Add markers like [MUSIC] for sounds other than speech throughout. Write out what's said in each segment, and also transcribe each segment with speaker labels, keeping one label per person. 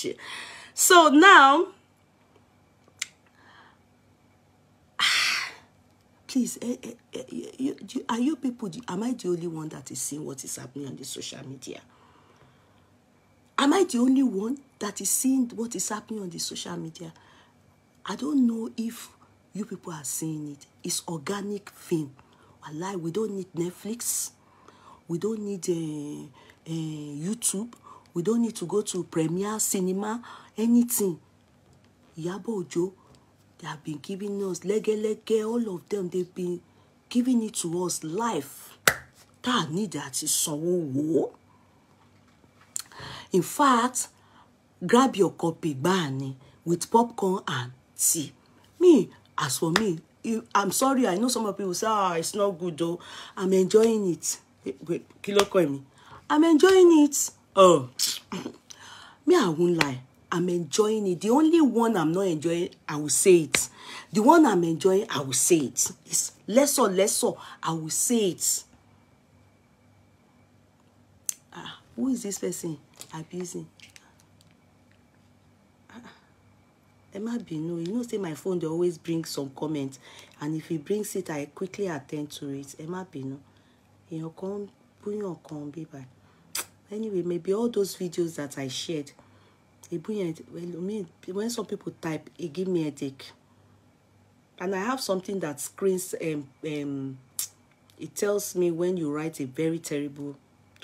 Speaker 1: shit. So now, please, eh, eh, eh, you, you, are you people, do, am I the only one that is seeing what is happening on the social media? Am I the only one that is seeing what is happening on the social media? I don't know if you people are seeing it. It's organic thing. A lie. we don't need Netflix. We don't need uh, uh, YouTube we don't need to go to premier cinema anything Iyabo Ojo they have been giving us lẹ́gẹ́lẹ́gẹ́ all of them they've been giving it to us life tá a need àti sanwó wò ó in fact grab your copy gbáà with popcorn and tea me as for me i'm sorry i know some of people say ah it's not good o i'm enjoying it Wait, kilo kọ́ me. i'm enjoying it. Oh, [TSK] me, I won't lie. I'm enjoying it. The only one I'm not enjoying, I will say it. The one I'm enjoying, I will say it. It's less or less or I will say it. Ah, who is this person abusing? Emma be no. you know, say my phone, they always bring some comment. And if he brings it, I quickly attend to it. Emma be no. you know, come, bring your combi be back anyway maybe all those videos that i shared well when some people type it e give me a headache and i have something that screens um, um it tells me when you write a very terrible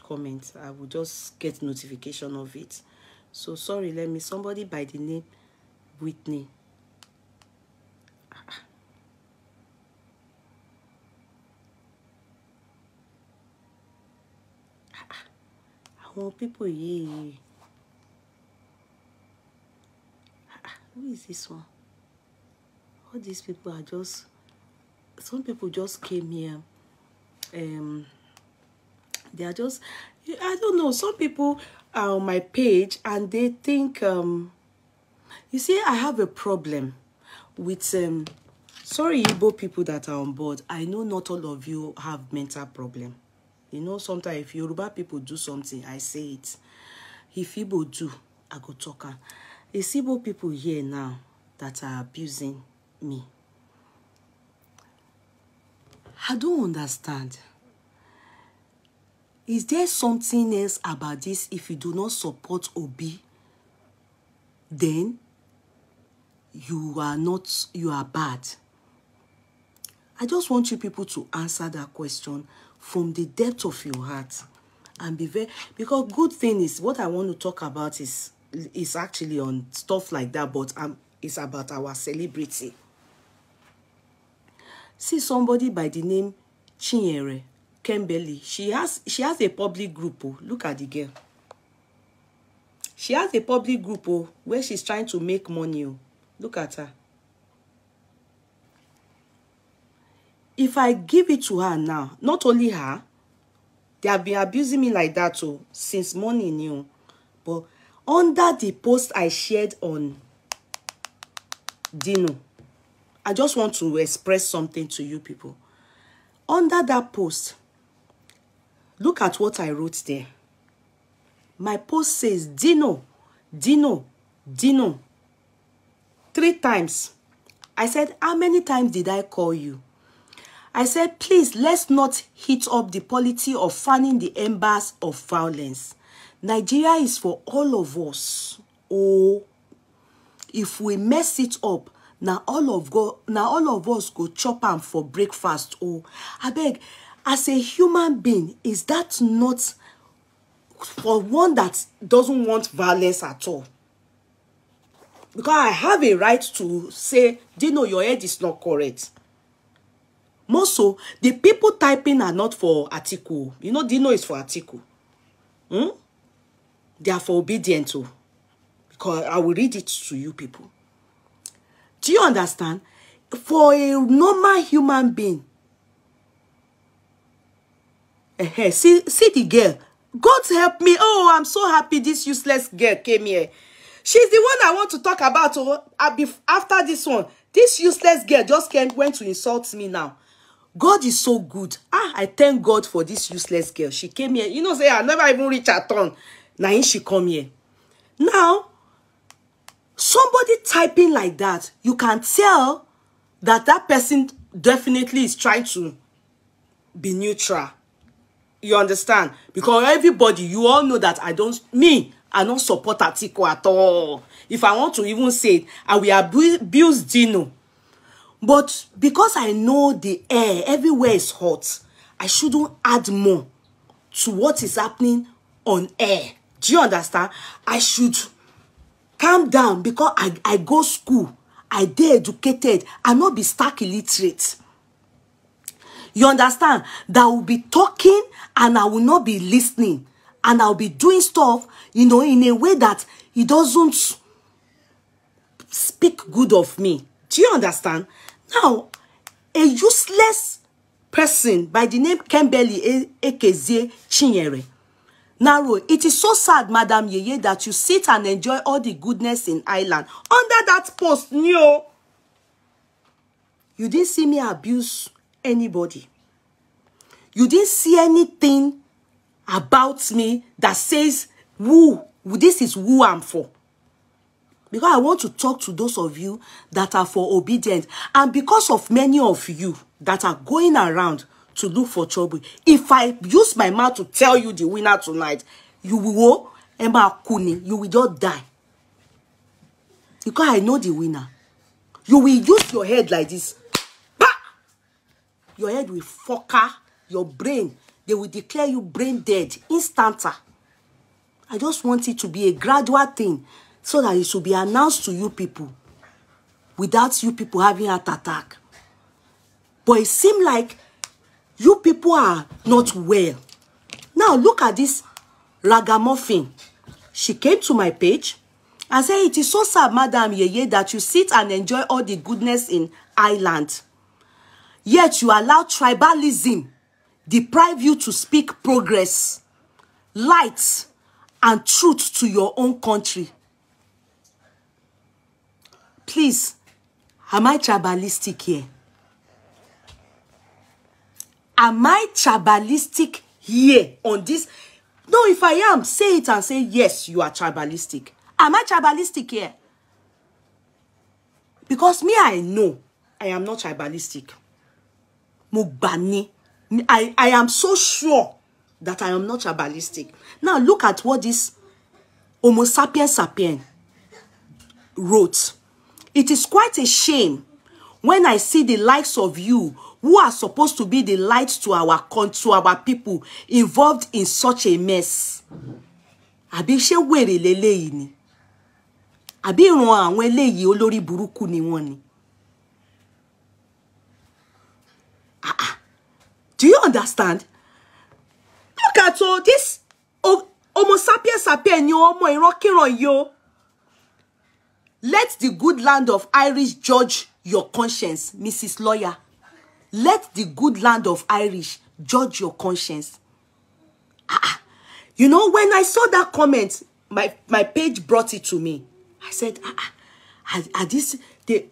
Speaker 1: comment i will just get notification of it so sorry let me somebody by the name whitney àwọn people here. Ah, ah, who is this one all these people are just some people just came here um they are just i don't know some people are on my page and they think um you see i have a problem with um sorry igbo people that are on board i know not all of you have mental problem You know, sometimes if Yoruba people do something, I say it. If Igbo do, I go talk am. It's Igbo people here now that are abusing me. I don't understand. Is there something else about this if you do not support Obi? Then you are not, you are bad. I just want you people to answer that question from the depth of your heart and be very because good thing is what I want to talk about is is actually on stuff like that, but um, it's about our celebrity. See somebody by the name Chinyere Kembele. She has she has a public group. Oh, look at the girl. She has a public group oh, where she's trying to make money. Oh. Look at her. if I give it to her now, not only her, they have been abusing me like that too, oh, since morning, you. But under the post I shared on Dino, I just want to express something to you people. Under that post, look at what I wrote there. My post says, Dino, Dino, Dino. Three times. I said, how many times did I call you? I said, please, let's not heat up the polity of fanning the embers of violence. Nigeria is for all of us. Oh, if we mess it up, now all of go, now all of us go chop them for breakfast. Oh, I beg, as a human being, is that not for one that doesn't want violence at all? Because I have a right to say, Dino, your head is not correct. More so, the people typing are not for article. You know, Dino is for article. Hmm? They are for obedient to. Oh. Because I will read it to you people. Do you understand? For a normal human being, uh, see, see the girl. God help me. Oh, I'm so happy this useless girl came here. She's the one I want to talk about. Oh, uh, after this one, this useless girl just came, went to insult me now. God is so good. Ah, I thank God for this useless girl. She came here. You know, say I never even reached her tongue. Now she come here. Now, somebody typing like that, you can tell that that person definitely is trying to be neutral. You understand? Because everybody, you all know that I don't, me, I don't support Atiku at all. If I want to even say it, I will abuse Dino. But because I know the air everywhere is hot, I shouldn't add more to what is happening on air. Do you understand? I should calm down because I, I go school. I dey educated. I not be stark illiterate. You understand? That I will be talking and I will not be listening. And I'll be doing stuff, you know, in a way that he doesn't speak good of me. Do you understand? Now, a useless person by the name Kembele Ekezie Chinyere Naro, it is so sad, Madam Yeye, that you sit and enjoy all the goodness in Ireland. Under that post, no. You didn't see me abuse anybody. You didn't see anything about me that says, who. this is who I'm for because I want to talk to those of you that are for obedient. And because of many of you that are going around to look for trouble, if I use my mouth to tell you the winner tonight, you will, Emma Kuni, you will just die. Because I know the winner. You will use your head like this. Bah! Your head will fucker your brain. They will declare you brain dead, instanta. I just want it to be a gradual thing so that it should be announced to you people without you people having heart attack. But it seems like you people are not well. Now look at this ragamuffin. She came to my page and said, it is so sad, Madam Yeye, that you sit and enjoy all the goodness in Ireland. Yet you allow tribalism deprive you to speak progress, light, and truth to your own country. Please, am I tribalistic here? Am I tribalistic here on this? No, if I am, say it and say, yes, you are tribalistic. Am I tribalistic here? Because me, I know I am not tribalistic. Mugbani, I, I am so sure that I am not tribalistic. Now, look at what this Homo sapiens sapien wrote. It is quite a shame when I see the likes of you who are supposed to be the light to our to our people involved in such a mess. Àbí ṣé wèrè leléyìí ni? Àbí ìran àwọn eléyìí olórí burúkú ni wọ́n ni? Ah ah. Do you understand? Look at all this Oh, Homo sapiens sapiens ni ọmọ ìrankíran yìí yo. Let the good land of Irish judge your conscience, Mrs. Lawyer. Let the good land of Irish judge your conscience. Ah, ah, you know, when I saw that comment, my, my page brought it to me. I said, ah, ah, are, are this, they,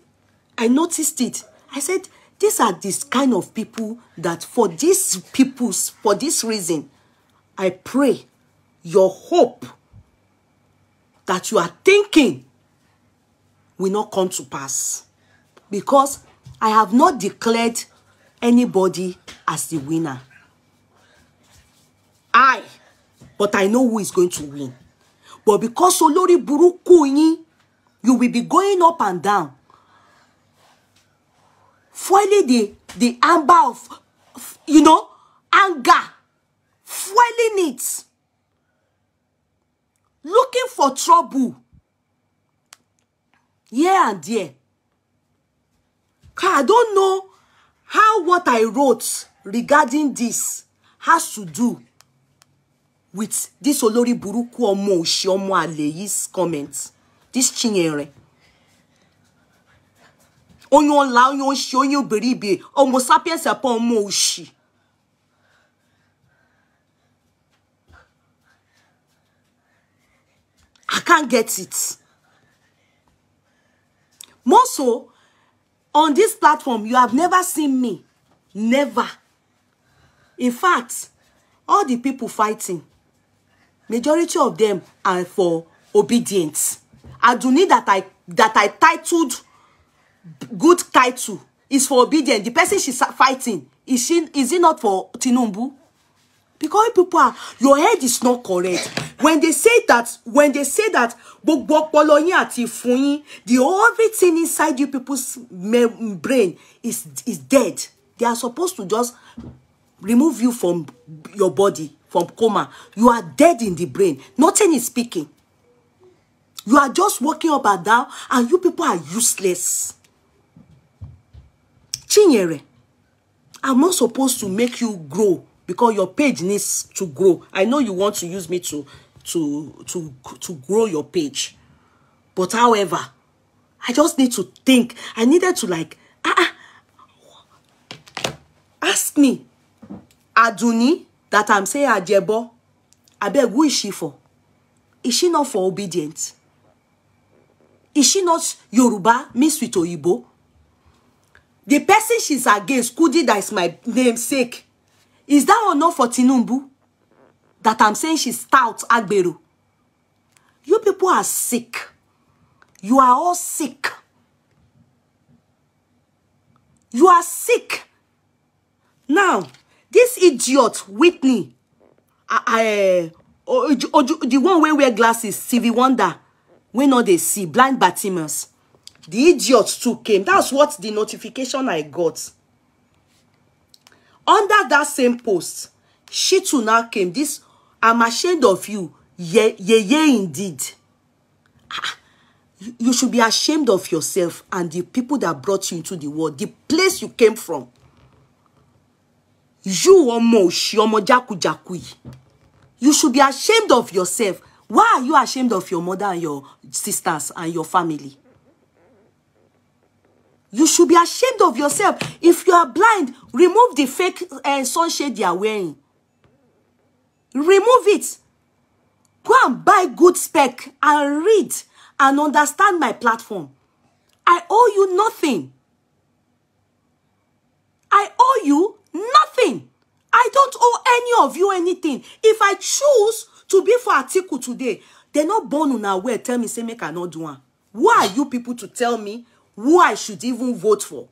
Speaker 1: I noticed it. I said, these are this kind of people that for these people's, for this reason, I pray your hope that you are thinking will not come to pass because I have not declared anybody as the winner. I, but I know who is going to win. But because olórí burúkú you will be going up and down, fueling the the amber of you know anger, fueling it, looking for trouble here and there i don't know how what i wrote regarding this has to do with this olori buruku omo òṣì omo àlè yìí comment this Chinyere oyún ọ̀la oyún òṣì oyún òbèrìbè omo sapiens ẹ̀pọ̀ ọmọ òṣì. I can't get it. More so, on this platform, you have never seen me. Never. In fact, all the people fighting, majority of them are for obedience. I do need that I that I titled good title is for obedience. The person she's fighting, is she is it not for Tinumbu because people are your head is not correct when they say that when they say that gbogbo ọpọlọ yín àti ìfun yín the everything inside you people's brain is is dead they are supposed to just remove you from your body from coma you are dead in the brain nothing is speaking you are just walking up and down and you people are useless Chinyere I'm not supposed to make you grow because your page needs to grow. I know you want to use me to to to to grow your page. But however, I just need to think. I needed to like ah, ah. ask me Aduni that I'm saying Ajebo. I beg who is she for? Is she not for obedient? Is she not Yoruba mixed with Oyibo? The person she's against, Kudi, that is my namesake. Is that one not for Tinubu? That I'm saying she's stout, Agbero. You people are sick. You are all sick. You are sick. Now, this idiot, Whitney, I, I, eh, oju, oju, the one where wear glasses, Stevie Wonder, when not they see, blind Batimus. The idiot too came. That's what the notification I got. Under that same post, she too now came. This, I'm ashamed of you. Yeah, yeah, yeah, indeed. Ah, you, should be ashamed of yourself and the people that brought you into the world, the place you came from. You ọmọ òṣì, ọmọ jákujàku yìí. You should be ashamed of yourself. Why are you ashamed of your mother and your sisters and your family? You should be ashamed of yourself. If you are blind, remove the fake uh, sunshade you are wearing. Remove it. Go and buy good spec and read and understand my platform. I owe you nothing. I owe you nothing. I don't owe any of you anything. If I choose to be for Atiku today, they're not born on our way. Tell me, say, make I not do one. Who are you people to tell me who I should even vote for.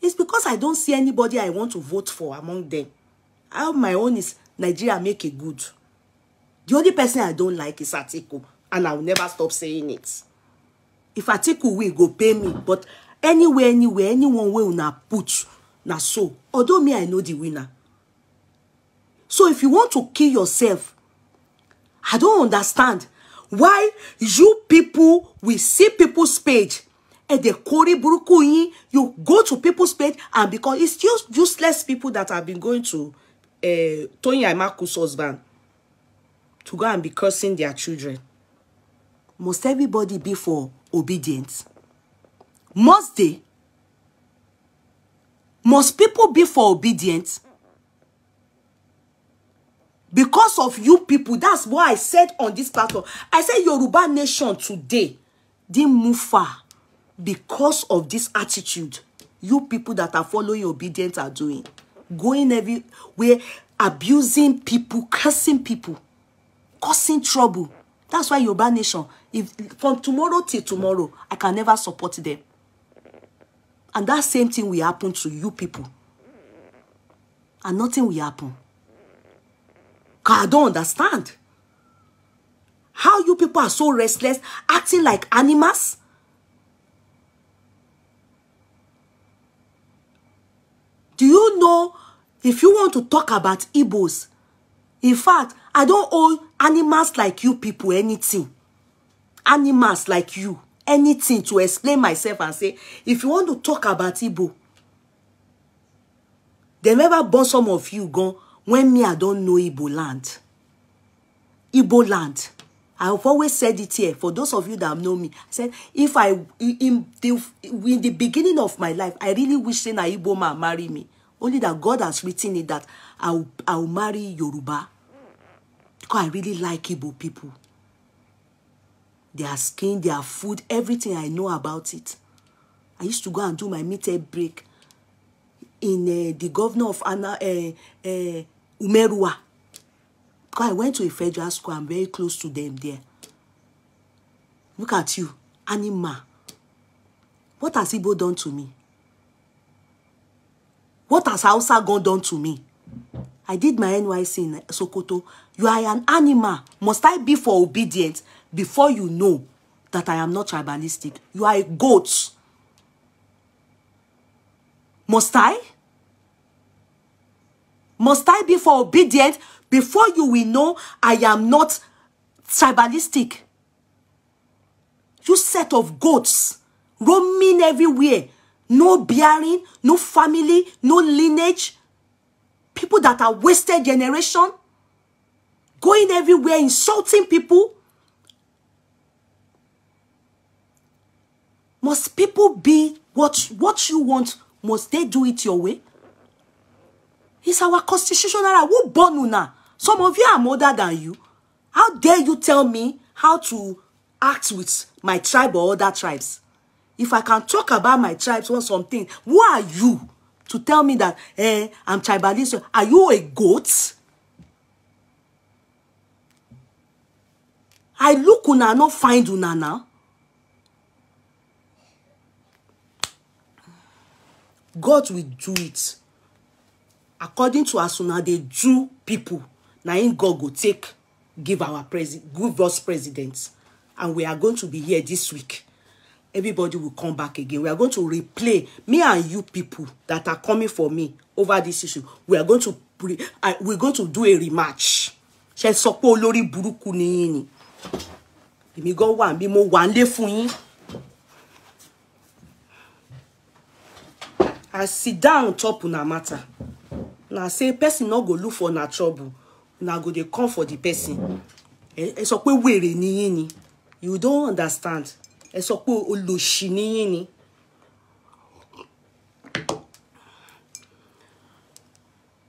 Speaker 1: It's because I don't see anybody I want to vote for among them. I have my own is Nigeria make it good. The only person I don't like is Atiku, and I'll never stop saying it. If Atiku will go pay me, but anywhere, anywhere, anyone will not put na so. Although me, I know the winner. So if you want to kill yourself, I don't understand why you people will see people's page And dẹ̀ kórí buruku, yín you go to people's page and because it's just useless people that have been going to uh, Toyin Aimaku's husband to go and be cursing their children must everybody be for obedience must they must people be for obedience because of you people that's why i said on this platform i said Yoruba nation today didn't move far because of this attitude you people that are following obedient are doing going everywhere abusing people cursing people causing trouble that's why yoruba nation if from tomorrow till tomorrow i can never support them and that same thing will happen to you people and nothing will happen cause i don't understand how you people are so restless acting like animals Do you know if you want to talk about Igbos? In fact, I don't owe animals like you people anything. Animals like you, anything to explain myself and say, if you want to talk about Igbo, dem ever born some of you gone when me I don't know Igbo land. Igbo land. I've always said it here for those of you that know me. I said, if I in the in the beginning of my life, I really wish saying Iboma marry me. Only that God has written it that I'll I'll marry Yoruba. Because I really like Igbo people. Their skin, their food, everything I know about it. I used to go and do my meetup break in uh, the governor of Anna, uh, eh, uh, eh, Umerua. Because I went to a federal school, I'm very close to them there. Look at you, Anima. What has Igbo done to me? What has Hausa gone done to me? I did my NYC in Sokoto. You are an animal. Must I be for obedience before you know that I am not tribalistic? You are a goat. Must I? Must I be for obedience Before you will know, I am not tribalistic. You set of goats roaming everywhere. No bearing, no family, no lineage. People that are wasted generation. Going everywhere, insulting people. Must people be what, what you want? Must they do it your way? It's our constitutional right. Who born una? Some of you, are older than you. How dare you tell me how to act with my tribe or other tribes? If I can talk about my tribes or something, who are you to tell me that, eh, I'm tribalist? Are you a goat? I look una, not find una now. God will do it according to as una they do people na him god go take give our president give us president and we are going to be here this week everybody will come back again we are going to replay me and you people that are coming for me over this issue we are going to pre uh, we are going to do a rematch ṣe sọ pé olórí burúkú ni yín ni èmi gan wà bí mo wà lé fún yín i sit down on top una matter na say person no go look for na trouble na go dey come for the person ẹ sọ pé wèrè nìyí ni you don't understand ẹ sọ pé olòṣì nìyí ni.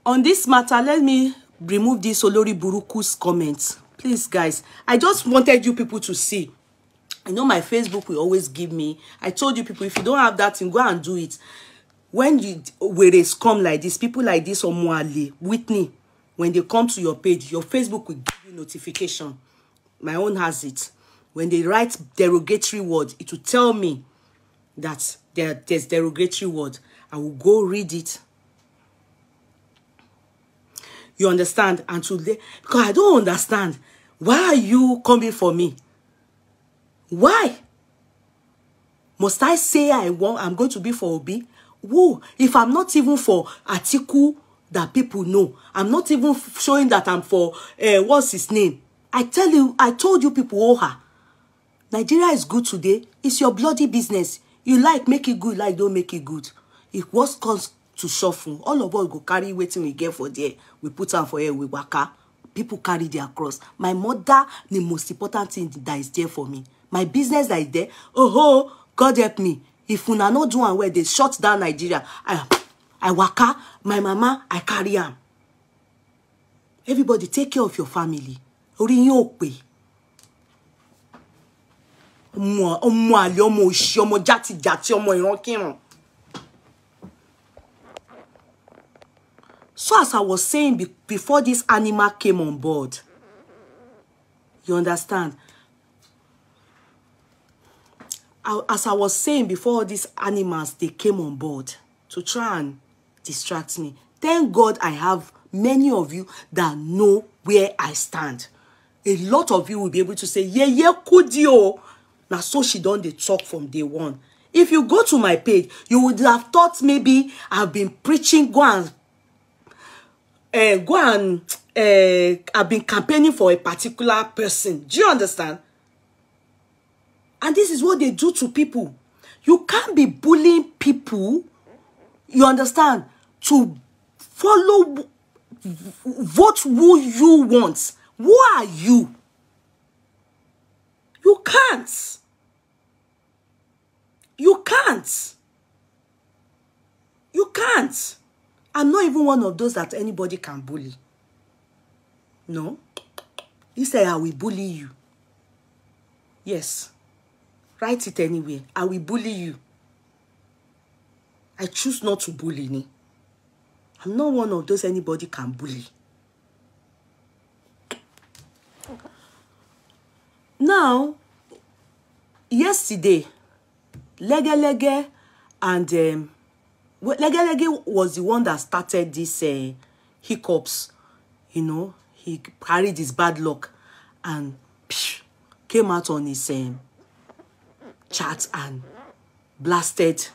Speaker 1: on this matter let me remove this olórí Buruku's comment please guys i just wanted you people to see i know my facebook will always give me i told you people if you don't have that thing go and do it when you whereas come like this people like this omo ale whitney when they come to your page your facebook will give you notification my own has it when they write derogatory word it will tell me that there, there's derogatory word i will go read it you understand and today because i don't understand why are you coming for me why must i say i want i'm going to be for obi who if i'm not even for atiku that people know. I'm not even showing that I'm for uh, what's his name. I tell you, I told you people, owe her. Nigeria is good today. It's your bloody business. You like, make it good. Like, don't make it good. If what comes to shuffle, all of us go carry waiting we get for there. We put on for here, we work waka. People carry their cross. My mother, the most important thing that is there for me. My business that is there. Oh, oh God help me. If we not do and where they shut down Nigeria, I I waka, my mama, I carry am. Everybody take care of your family. Orí yín ò pé. Ọmọ ọmọ àlè ọmọ jati jati játijàti ọmọ ìrankíran. So as I was saying before this animal came on board, you understand? as I was saying before these animals, they came on board to try and distracts me. Thank God I have many of you that know where I stand. A lot of you will be able to say, yeah, yeah, could you?" Now, so she done the talk from day one. If you go to my page, you would have thought maybe I've been preaching, go and, uh, go and, uh, I've been campaigning for a particular person. Do you understand? And this is what they do to people. You can't be bullying people. You understand? to follow vote who you want. Who are you? You can't. You can't. You can't. I'm not even one of those that anybody can bully. No. He said, I will bully you. Yes. Write it anyway. I will bully you. I choose not to bully me. I'm not one of those anybody can bully. Now, yesterday, Lege Lege and um, Lege Lege was the one that started this uh, hiccups. You know, he carried his bad luck and psh, came out on his um, chat and blasted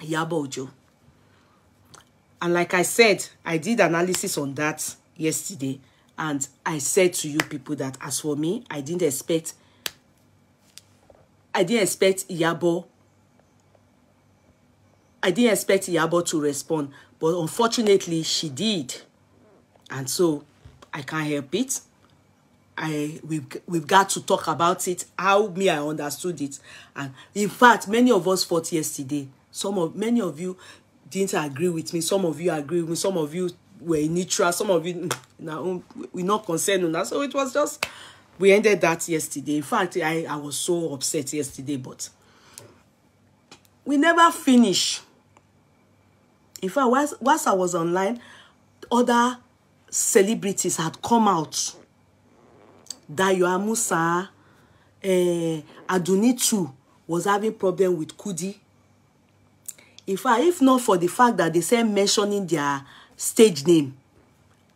Speaker 1: Yabojo. Ojo. And like I said, I did analysis on that yesterday. And I said to you people that as for me, I didn't expect I didn't expect Yabo. I didn't expect Yabo to respond, but unfortunately she did. And so I can't help it. I we've, we've got to talk about it, how me I understood it. And in fact, many of us fought yesterday. Some of many of you, didn't agree with me some of you agree with me some of you were neutral some of you mm, now mm, we're not concerned on that so it was just we ended that yesterday in fact i i was so upset yesterday but we never finish in fact whilst, whilst i was online other celebrities had come out dayo amusa uh, eh, adunitu was having problem with kudi If I, if not for the fact that they said mentioning their stage name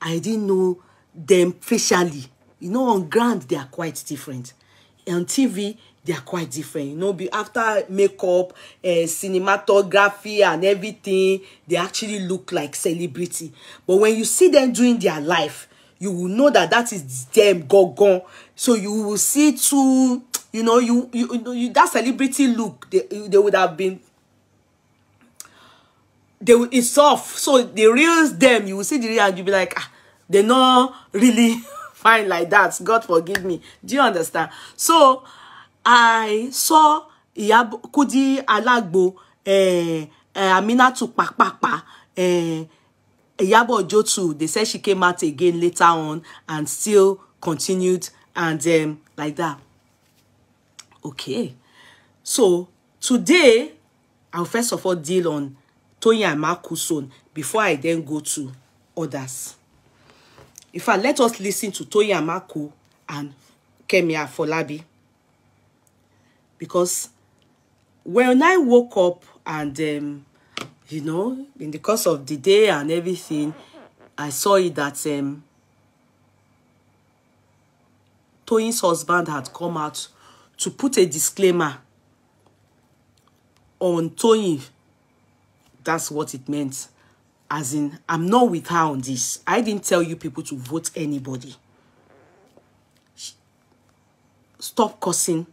Speaker 1: i didn't know them facially you know on ground they are quite different on tv they are quite different you know be after makeup uh, cinematography and everything they actually look like celebrity but when you see them doing their life you will know that that is them go gone so you will see two you know you you, you that celebrity look they, they would have been they it's soft. So the reels them, you will see the real and you'll be like, ah, they're not really [LAUGHS] fine like that. God forgive me. Do you understand? So I saw Iyabo Kudi Alagbo, eh, eh, Aminatu Pakpakpa, eh, Yabo Ojo They said she came out again later on and still continued and um, like that. Okay. So today, I'll first of all deal on Toyin and Marcus own before I then go to others. In fact, let us listen to Toyin and Marcus and Kemi Afolabi. Because when I woke up and, um, you know, in the course of the day and everything, I saw it that um, Toyin's husband had come out to put a disclaimer on Toyin That's what it meant. As in, I'm not with her on this. I didn't tell you people to vote anybody. Stop cursing.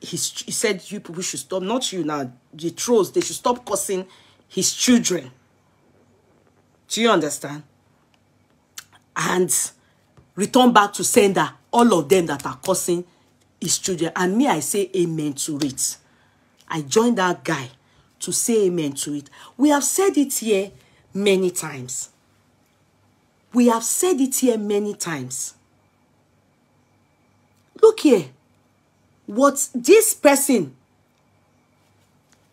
Speaker 1: He, he said you people should stop. Not you now. The trolls, they should stop cursing his children. Do you understand? And return back to sender all of them that are cursing his children. And me, I say amen to it. I joined that guy to say amen to it. We have said it here many times. We have said it here many times. Look here. What this person,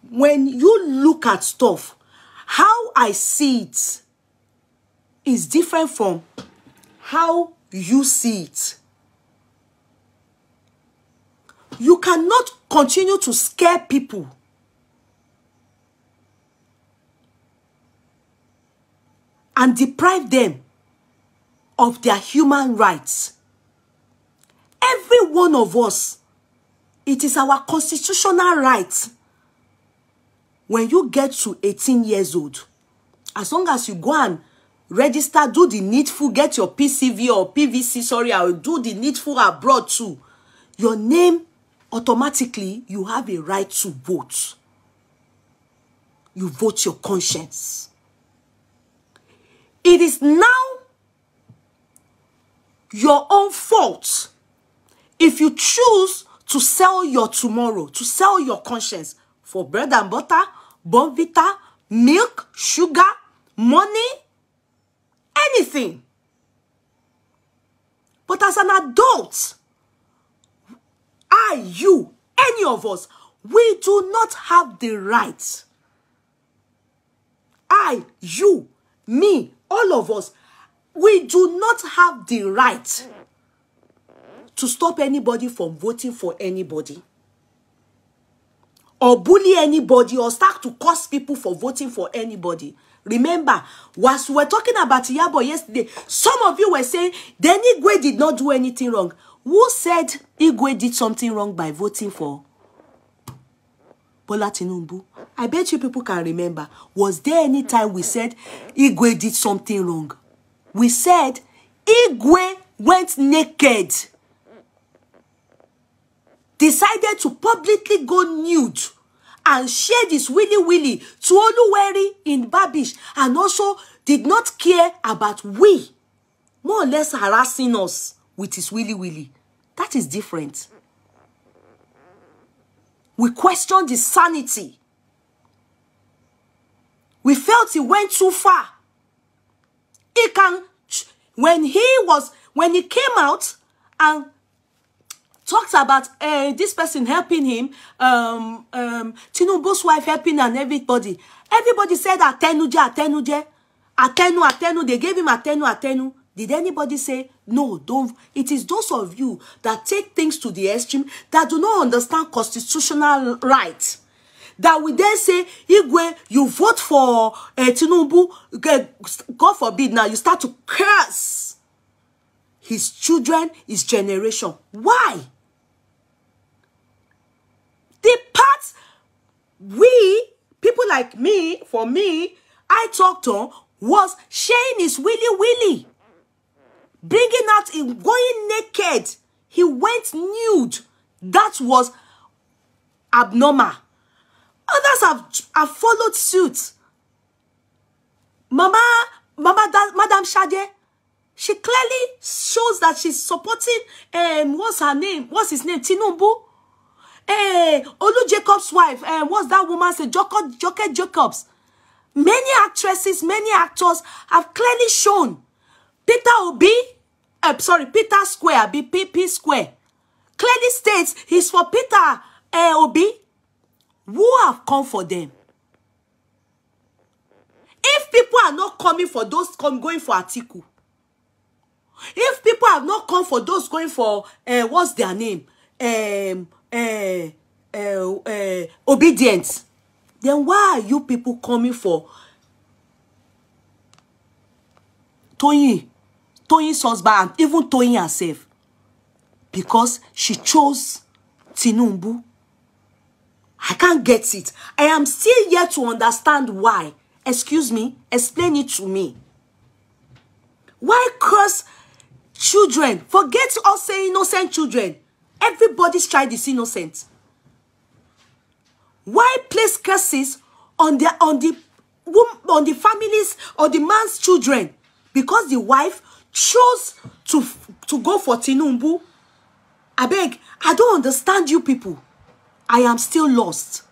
Speaker 1: when you look at stuff, how I see it is different from how you see it. You cannot continue to scare people and deprive them of their human rights. Every one of us, it is our constitutional right. When you get to 18 years old, as long as you go and register, do the needful, get your PCV or PVC, sorry, I will do the needful abroad too. Your name, automatically, you have a right to vote. You vote your conscience. It is now your own fault if you choose to sell your tomorrow, to sell your conscience for bread and butter, bonvita, milk, sugar, money, anything. But as an adult, I, you, any of us, we do not have the right. I, you, me, all of us, we do not have the right to stop anybody from voting for anybody or bully anybody or start to curse people for voting for anybody. Remember, whilst we were talking about Iyabo yesterday, some of you were saying then Igwe did not do anything wrong. Who said Igwe did something wrong by voting for Bola Tinubu, I bet you people can remember. Was there any time we said Igwe did something wrong? We said Igwe went naked, decided to publicly go nude and share this willy-willy to Oluweri in Babish and also did not care about we, more or less harassing us with his willy-willy. That is different. We questioned his sanity. We felt he went too far. He can, when he was, when he came out and talked about uh, this person helping him, um, um, Tinubu's wife helping and everybody. Everybody said Atenuje, Atenuje, Atenu, Atenu. They gave him Atenu, Atenu. Did anybody say, no, don't? It is those of you that take things to the extreme that do not understand constitutional rights. That we then say, Igwe, you vote for uh, Tinubu, eh, God forbid, now you start to curse his children, his generation. Why? The part we, people like me, for me, I talked on was Shane is willy-willy bringing out in going naked. He went nude. That was abnormal. Others have, have followed suit. Mama, Mama, da, Madam Shade, she clearly shows that she's supporting, um, what's her name? What's his name? Tinubu? Eh, Olu Jacobs' wife. Eh, what's that woman's name? Joker, Jacob, Jacobs. Many actresses, many actors have clearly shown Peter Obi, uh, sorry, Peter Square, BPP Square, clearly states he's for Peter uh, Obi, who have come for them. If people are not coming for those come going for Atiku, if people have not come for those going for uh, what's their name, um, uh, uh, uh, obedient, then why are you people coming for Toyin? Towing husband and even towing herself because she chose Tinubu. I can't get it. I am still yet to understand why. Excuse me, explain it to me. Why curse children? Forget us saying innocent children. Everybody's child is innocent. Why place curses on the on the on the families or the man's children? Because the wife chose to to go for Tinubu beg. i don't understand you people i am still lost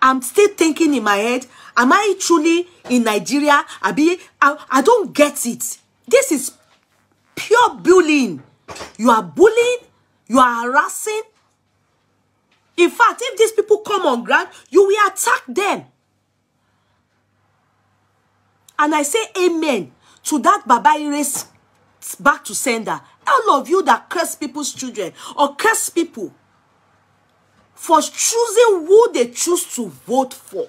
Speaker 1: i'm still thinking in my head am i truly in nigeria abi i i don't get it this is pure bullying you are bullying you are harassing in fact if these people come on ground you will attack them and i say amen to that Baba Ire's back to sender. All of you that curse people's children or curse people for choosing who they choose to vote for.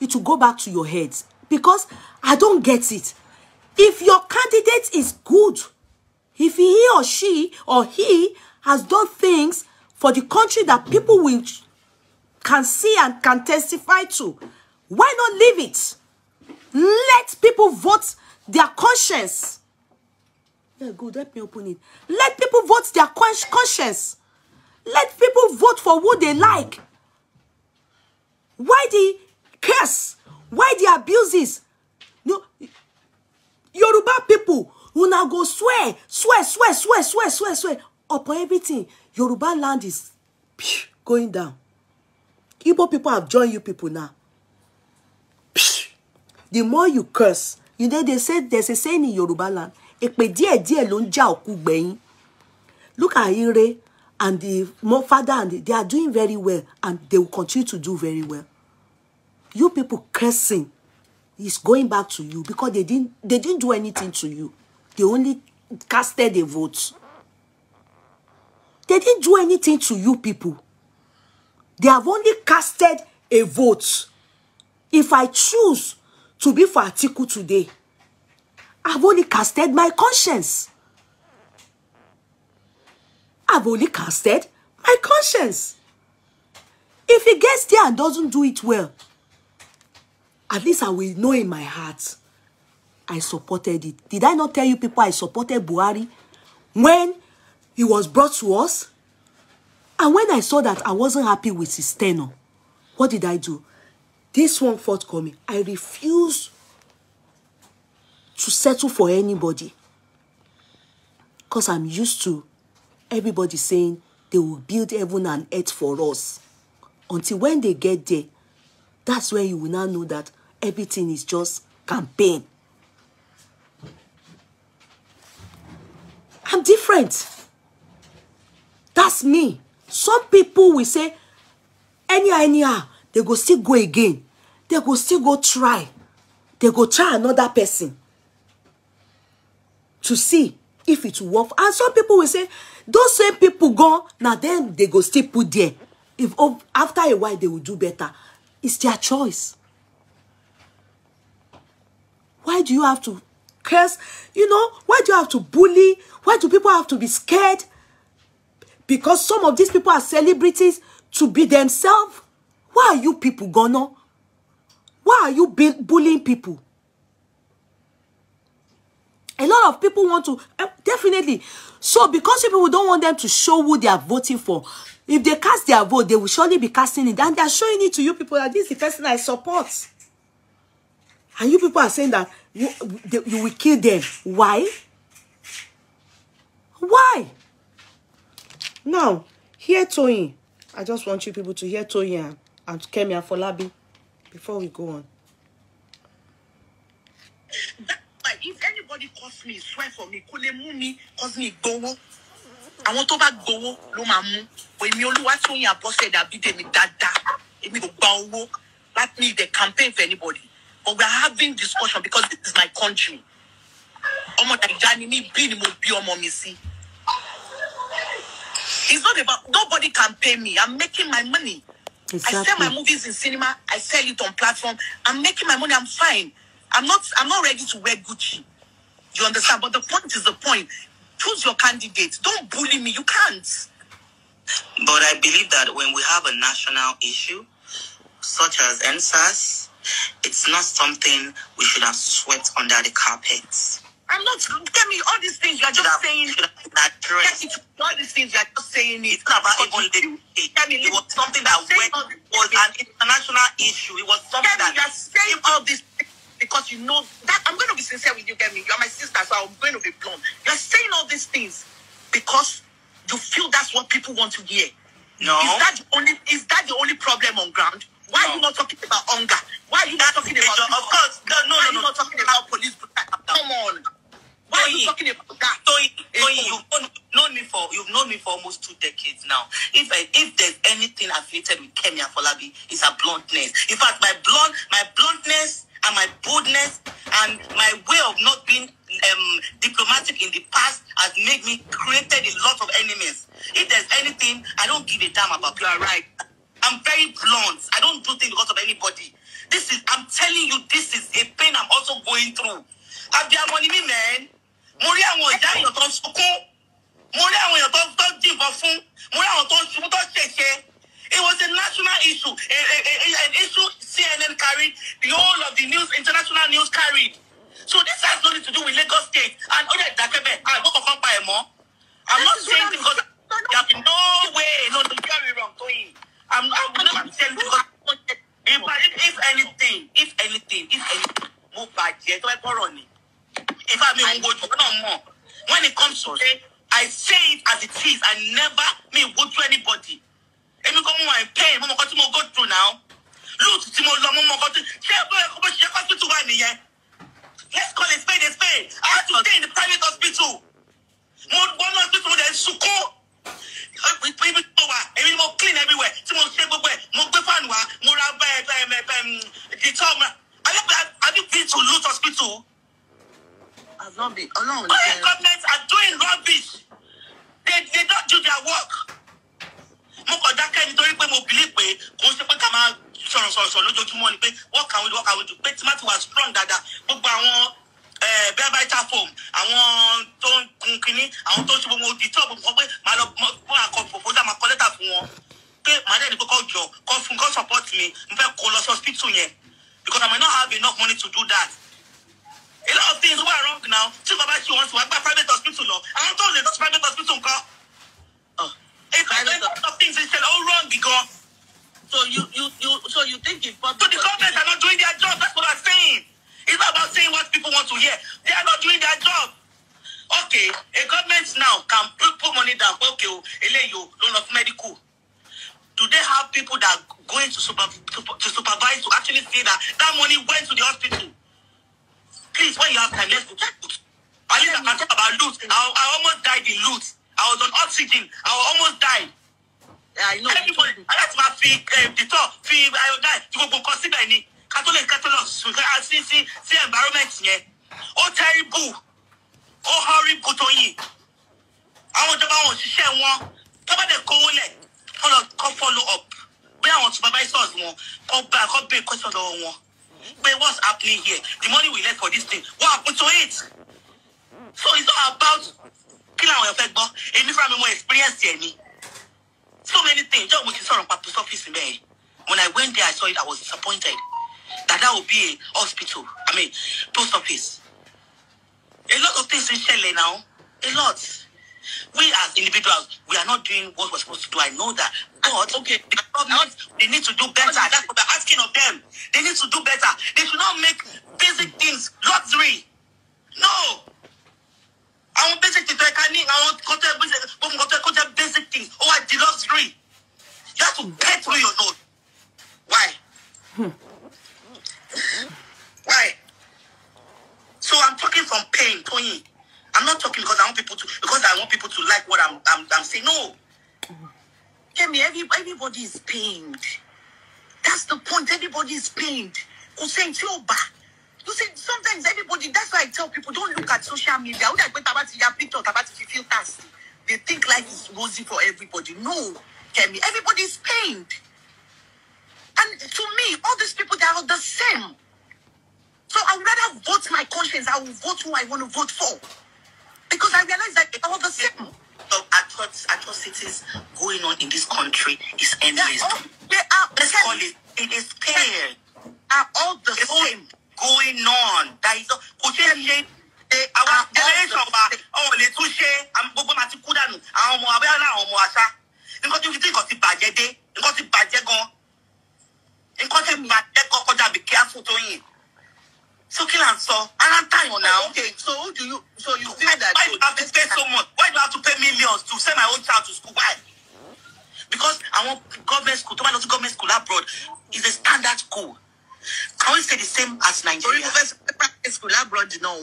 Speaker 1: It will go back to your heads because I don't get it. If your candidate is good, if he or she or he has done things for the country that people will can see and can testify to, why not leave it? Let people vote their conscience. Yeah, good. Let me open it. Let people vote their conscience. Let people vote for who they like. Why the curse? Why the abuses? No, Yoruba people, who now go swear, swear, swear, swear, swear, swear, swear upon everything. Yoruba land is going down. Igbo people have joined you people now the more you curse you know they say there's a saying in Yoruba land èpè die die ló ń já òkú look at Ire and the more father and the, they are doing very well and they will continue to do very well you people cursing is going back to you because they didn't they didn't do anything to you they only casted a vote they didn't do anything to you people they have only casted a vote if i choose to be for Atiku today. I've only casted my conscience. I've only casted my conscience. If he gets there and doesn't do it well, at least I will know in my heart I supported it. Did I not tell you people I supported Buhari when he was brought to us? And when I saw that I wasn't happy with his tenor, what did I do? this one forthcoming i refuse to settle for anybody because i'm used to everybody saying they will build heaven and earth for us until when they get there that's when you will now know that everything is just campaign i'm different that's me some people will say anyhow anyhow they go still go again they go still go try they go try another person to see if it will work and some people will say those same people go now then they go still put there if oh, after a while they will do better it's their choice why do you have to curse you know why do you have to bully why do people have to be scared because some of these people are celebrities to be themselves why are you people gonna Why are you bullying people? A lot of people want to, uh, definitely. So because people don't want them to show who they are voting for, if they cast their vote, they will surely be casting it. And they are showing it to you people that this is the person I support. And you people are saying that you, they, you will kill them. Why? Why? Now, hear Toyin. I just want you people to hear Toyin and Kemi and Afolabi before we go on. Like if anybody calls me, swear for me, go. kò lè mú go, cause me gbowó. Àwọn tó bá gbowó ló máa mú. Èmi Olúwatóyìn Abọ́sẹ̀dé Abídèmí dáadáa. Èmi kò go
Speaker 2: owó. That means they campaign for anybody. But we are having discussion because this is my country. Ọmọ Naija ni mi bí ni mo bí ọmọ mi sí. It's not about nobody can pay me. I'm making my money.
Speaker 3: Exactly. I sell my
Speaker 2: movies in cinema. I sell it on platform. I'm making my money. I'm fine. I'm not. I'm not ready to wear Gucci. You understand? But the point is the point. Choose your candidate. Don't bully me. You
Speaker 3: can't.
Speaker 2: But I believe that when we have a national issue, such as NSAS, it's not something we should have swept under the carpet.
Speaker 3: I'm not. Get me all these things you are just saying. Get it, all these things
Speaker 4: you are just saying. It. It's not about even it, it was something that went, was an international
Speaker 2: issue. It was something that you are saying all this because you know that I'm going to be sincere with you, Get me. You are my sister, so I'm going to be blunt. You are saying all these things because you feel that's what people want to hear. No. Is that the only? Is that the only problem on ground? Why are you not talking about hunger? Why are you not talking about? Of course, no, no, no, no. not talking about police. Come on. Why are you talking about that? Toyin, Toyin, you've known me for you've known me for almost two decades now. If I, if there's anything affiliated with Kenya, Falabi, it's her bluntness. In fact, my blunt, my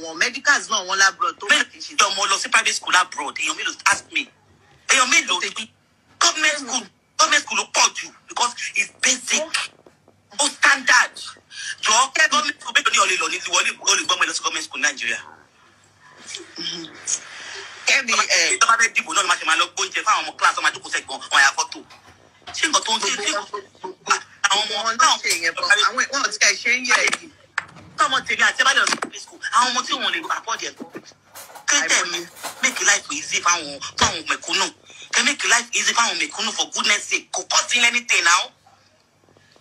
Speaker 1: wọn medicals náà wọn labroad tó bẹ́ẹ̀ kì í ṣe. bẹ́ẹ̀ ọmọ lọ sí private school labroad èèyàn mélòó ask me èèyàn mélòó government school government school ló pọ̀ because it's basic oh.
Speaker 5: ó standard jọ kẹ́ government school mélòó ni ọ̀lẹ́ lọ ní wọlé olùgbọ́mọ lọ sí government school Nàìjíríà.
Speaker 2: Mm-hmm. kẹ́mi ẹ̀ tọ́ba eh. bẹ́ẹ̀ dìbò náà ni màá ṣe máa lọ gbóúnjẹ fáwọn ọmọ kíláàsì ọmọ àjókòó sẹ́gbọ̀n wọn yà fọ́tò ṣé nǹkan tó ń ṣe ṣé nǹkan tó ń ṣe àwọn ọmọ náà. àwọn ọmọ náà ṣe yẹn bọ̀ àwọn ìwọ̀n tí ẹ ṣe ń yẹ yìí tọmọ tèmi àti ẹbá lọ sí play school àwọn ọmọ tí wọn lè afford ẹ̀kọ́ kéde mi make life easy fáwọn fáwọn mẹ̀kúnnù kẹ make
Speaker 1: life easy fáwọn mẹ̀kúnnù for goodness sake kò cost yín anything now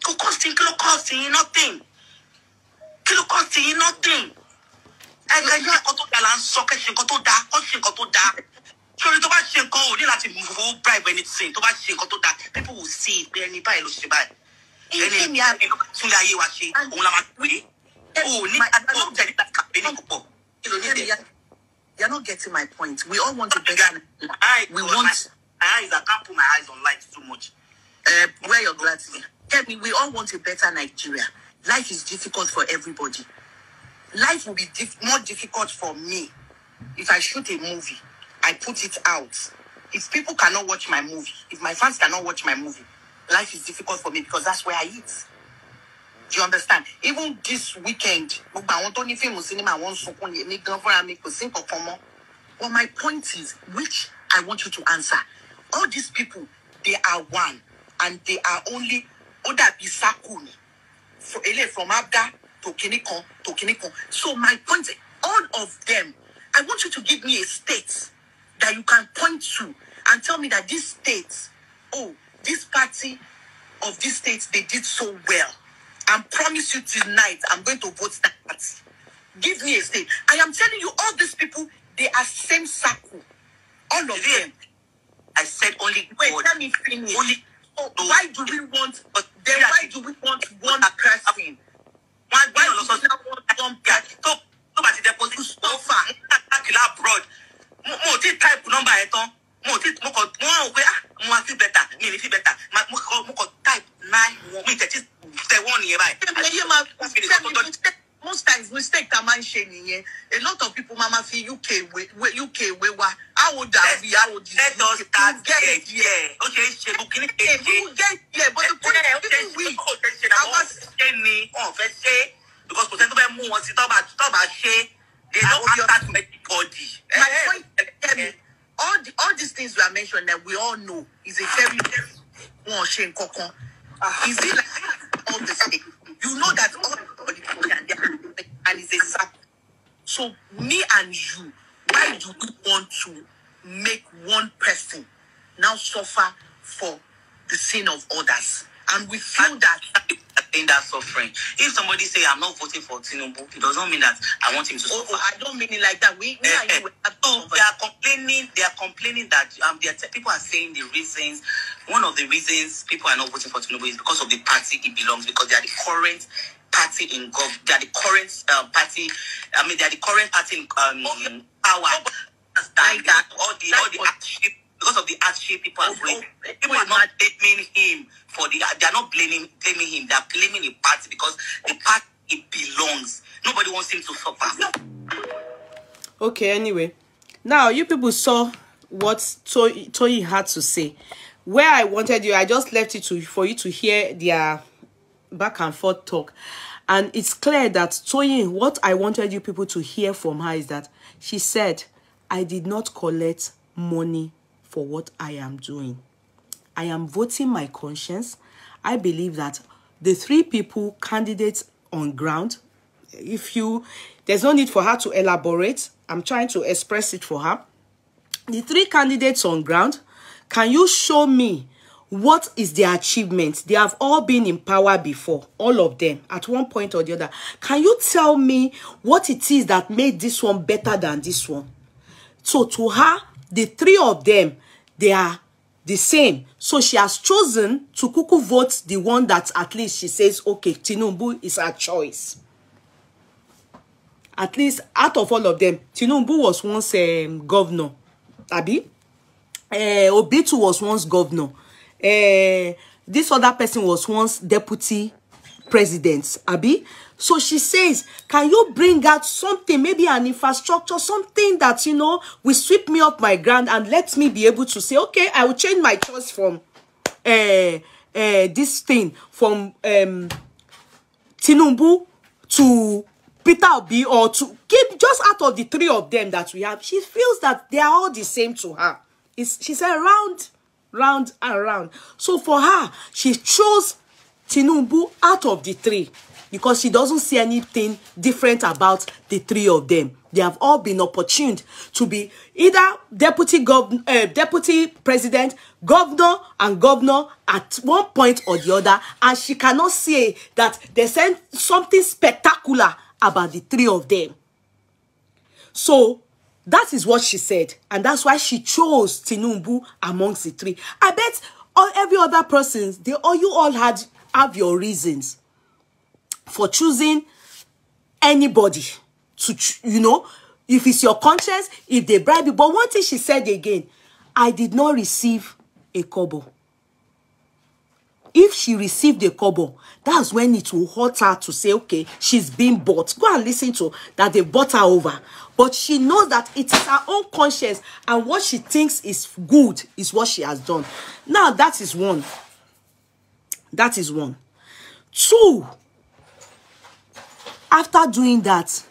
Speaker 1: kò cost yín kí ló cost yín nothing kí ló cost yín nothing ẹgbẹ́ yín nǹkan
Speaker 2: tó dáa là ń sọ kẹ́ ṣe nǹkan tó dáa kọ́ ṣe nǹkan tó dáa sori tó bá ṣe nǹkan ò ní láti fowó bribe ẹni sìn tó bá ṣe nǹkan tó dáa people will see pé ẹni báyìí ló ṣe báyìí ẹni ẹni ló tún lé ayé wa ṣe òun la máa pè é. Oh, my, don't get that campaigning You're not getting my point. We all want to be I, we want. My eyes, I can't put my eyes on life too much. Uh, wear your glasses. Tell me, we all want a better
Speaker 1: Nigeria. Life is difficult for everybody. Life will be diff- more difficult for
Speaker 2: me if I shoot a movie. I put it out. If people cannot watch my movie, if my fans cannot watch my movie, life is difficult for me because that's where I eat. you understand even this weekend well, my point is which I want you to answer
Speaker 1: all these people they are one and they are only Oda dàbí
Speaker 2: from abda to kinní to kinní so my point is all of them I want you to give me a state that you can point to and tell me that this state oh this party of this state they did so well and promise you tonight I'm going to vote that. Give me a state. I am telling
Speaker 1: you, all these people, they are same circle. All of yeah. them. I said
Speaker 2: only Wait, God. let me finish. Only so why do we want but then why do we want one person? Why, why do we not want one person? Tó tó so far. Kìlá abroad. Mo type number ẹ̀ tán. Mo More. tí
Speaker 1: More. feel better Me feel better. More. kọ̀ type nine one mi tẹ̀ tẹ wọ́n
Speaker 4: nìyẹn báyìí. most times mistake ta máa ń ṣe nìyẹn a lot of people máa ma fi uk we uk we wa how old are we how old is uk you get
Speaker 3: there o ṣe ṣe bukini keke you get there but the point is even we our ṣe ni wọn fẹ́ ṣe because kò sẹ́ni tó fẹ́ mú wọn sí tọ́ba tọ́ba ṣe they don't
Speaker 2: answer to anybody. my eh, eh. point Tell me. all the all these things we are mentioning that we all know is a very very wọn ṣe nǹkan kan ah. is it like what they say,
Speaker 1: you know that all the politicians and is a So me and you, why do we want to make one person now
Speaker 2: suffer for the sin of others? And we feel that in that suffering. If somebody say I'm not voting for Tinubu, it does not mean that I want him to. Oh, oh I don't mean it like that. We, we uh, are uh, so they are complaining. They are complaining that um, are people are saying the reasons. One of the reasons people are not voting for Tinubu is because of the party he belongs, because they are the
Speaker 1: current party in gov. They are the current um, party. I mean, they are the current party in
Speaker 2: um, power. Oh, like that, all the all the because of the hardship people are oh, going. Oh, people are not blaming him for the. They are not blaming blaming him. They are blaming the party because the party it belongs. Nobody wants him to suffer.
Speaker 1: Okay. Anyway, now you people saw what Toy Toy had to say. Where I wanted you, I just left it to for you to hear their back and forth talk. And it's clear that Toyin, what I wanted you people to hear from her is that she said, I did not collect money for what I am doing. I am voting my conscience. I believe that the three people candidates on ground, if you, there's no need for her to elaborate. I'm trying to express it for her. The three candidates on ground, can you show me what is their achievement? They have all been in power before, all of them, at one point or the other. Can you tell me what it is that made this one better than this one? So to her, the three of them They are the same. So she has chosen to cuckoo vote the one that at least she says, okay, Tinubu is her choice. At least out of all of them, Tinubu was once um, governor. Abi? Uh, Obitu was once governor. Uh, this other person was once deputy president. Abi? So she says, can you bring out something, maybe an infrastructure, something that, you know, will sweep me up my ground and let me be able to say, okay, I will change my choice from uh, uh, this thing, from um, Tinubu to Peter Obi or to keep just out of the three of them that we have. She feels that they are all the same to her. It's, she said round round and round. So for her, she chose Tinumbu out of the three because she doesn't see anything different about the three of them. They have all been opportuned to be either deputy gov uh, deputy president, governor, and governor at one point or the other, and she cannot say that they sent something spectacular about the three of them. So that is what she said, and that's why she chose Tinubu amongst the three. I bet all every other persons, they all you all had have your reasons for choosing anybody to, you know, if it's your conscience, if they bribe you. But one thing she said again, I did not receive a kobo. If she received a kobo, that's when it will hurt her to say, okay, she's being bought. Go and listen to that they bought her over. But she knows that it is her own conscience and what she thinks is good is what she has done. Now, that is one. That is one. Two, After doing that,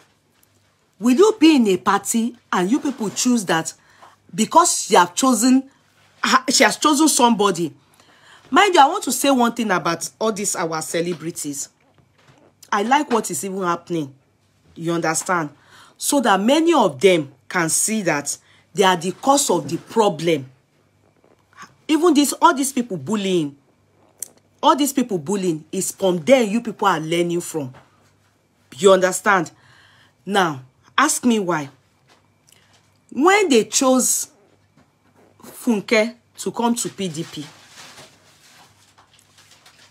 Speaker 1: will you be in a party and you people choose that because she have chosen she has chosen somebody? Mind you, I want to say one thing about all these our celebrities. I like what is even happening. You understand? So that many of them can see that they are the cause of the problem. Even this, all these people bullying, all these people bullying is from there. you people are learning from. You understand? Now, ask me why. When they chose Funke to come to PDP,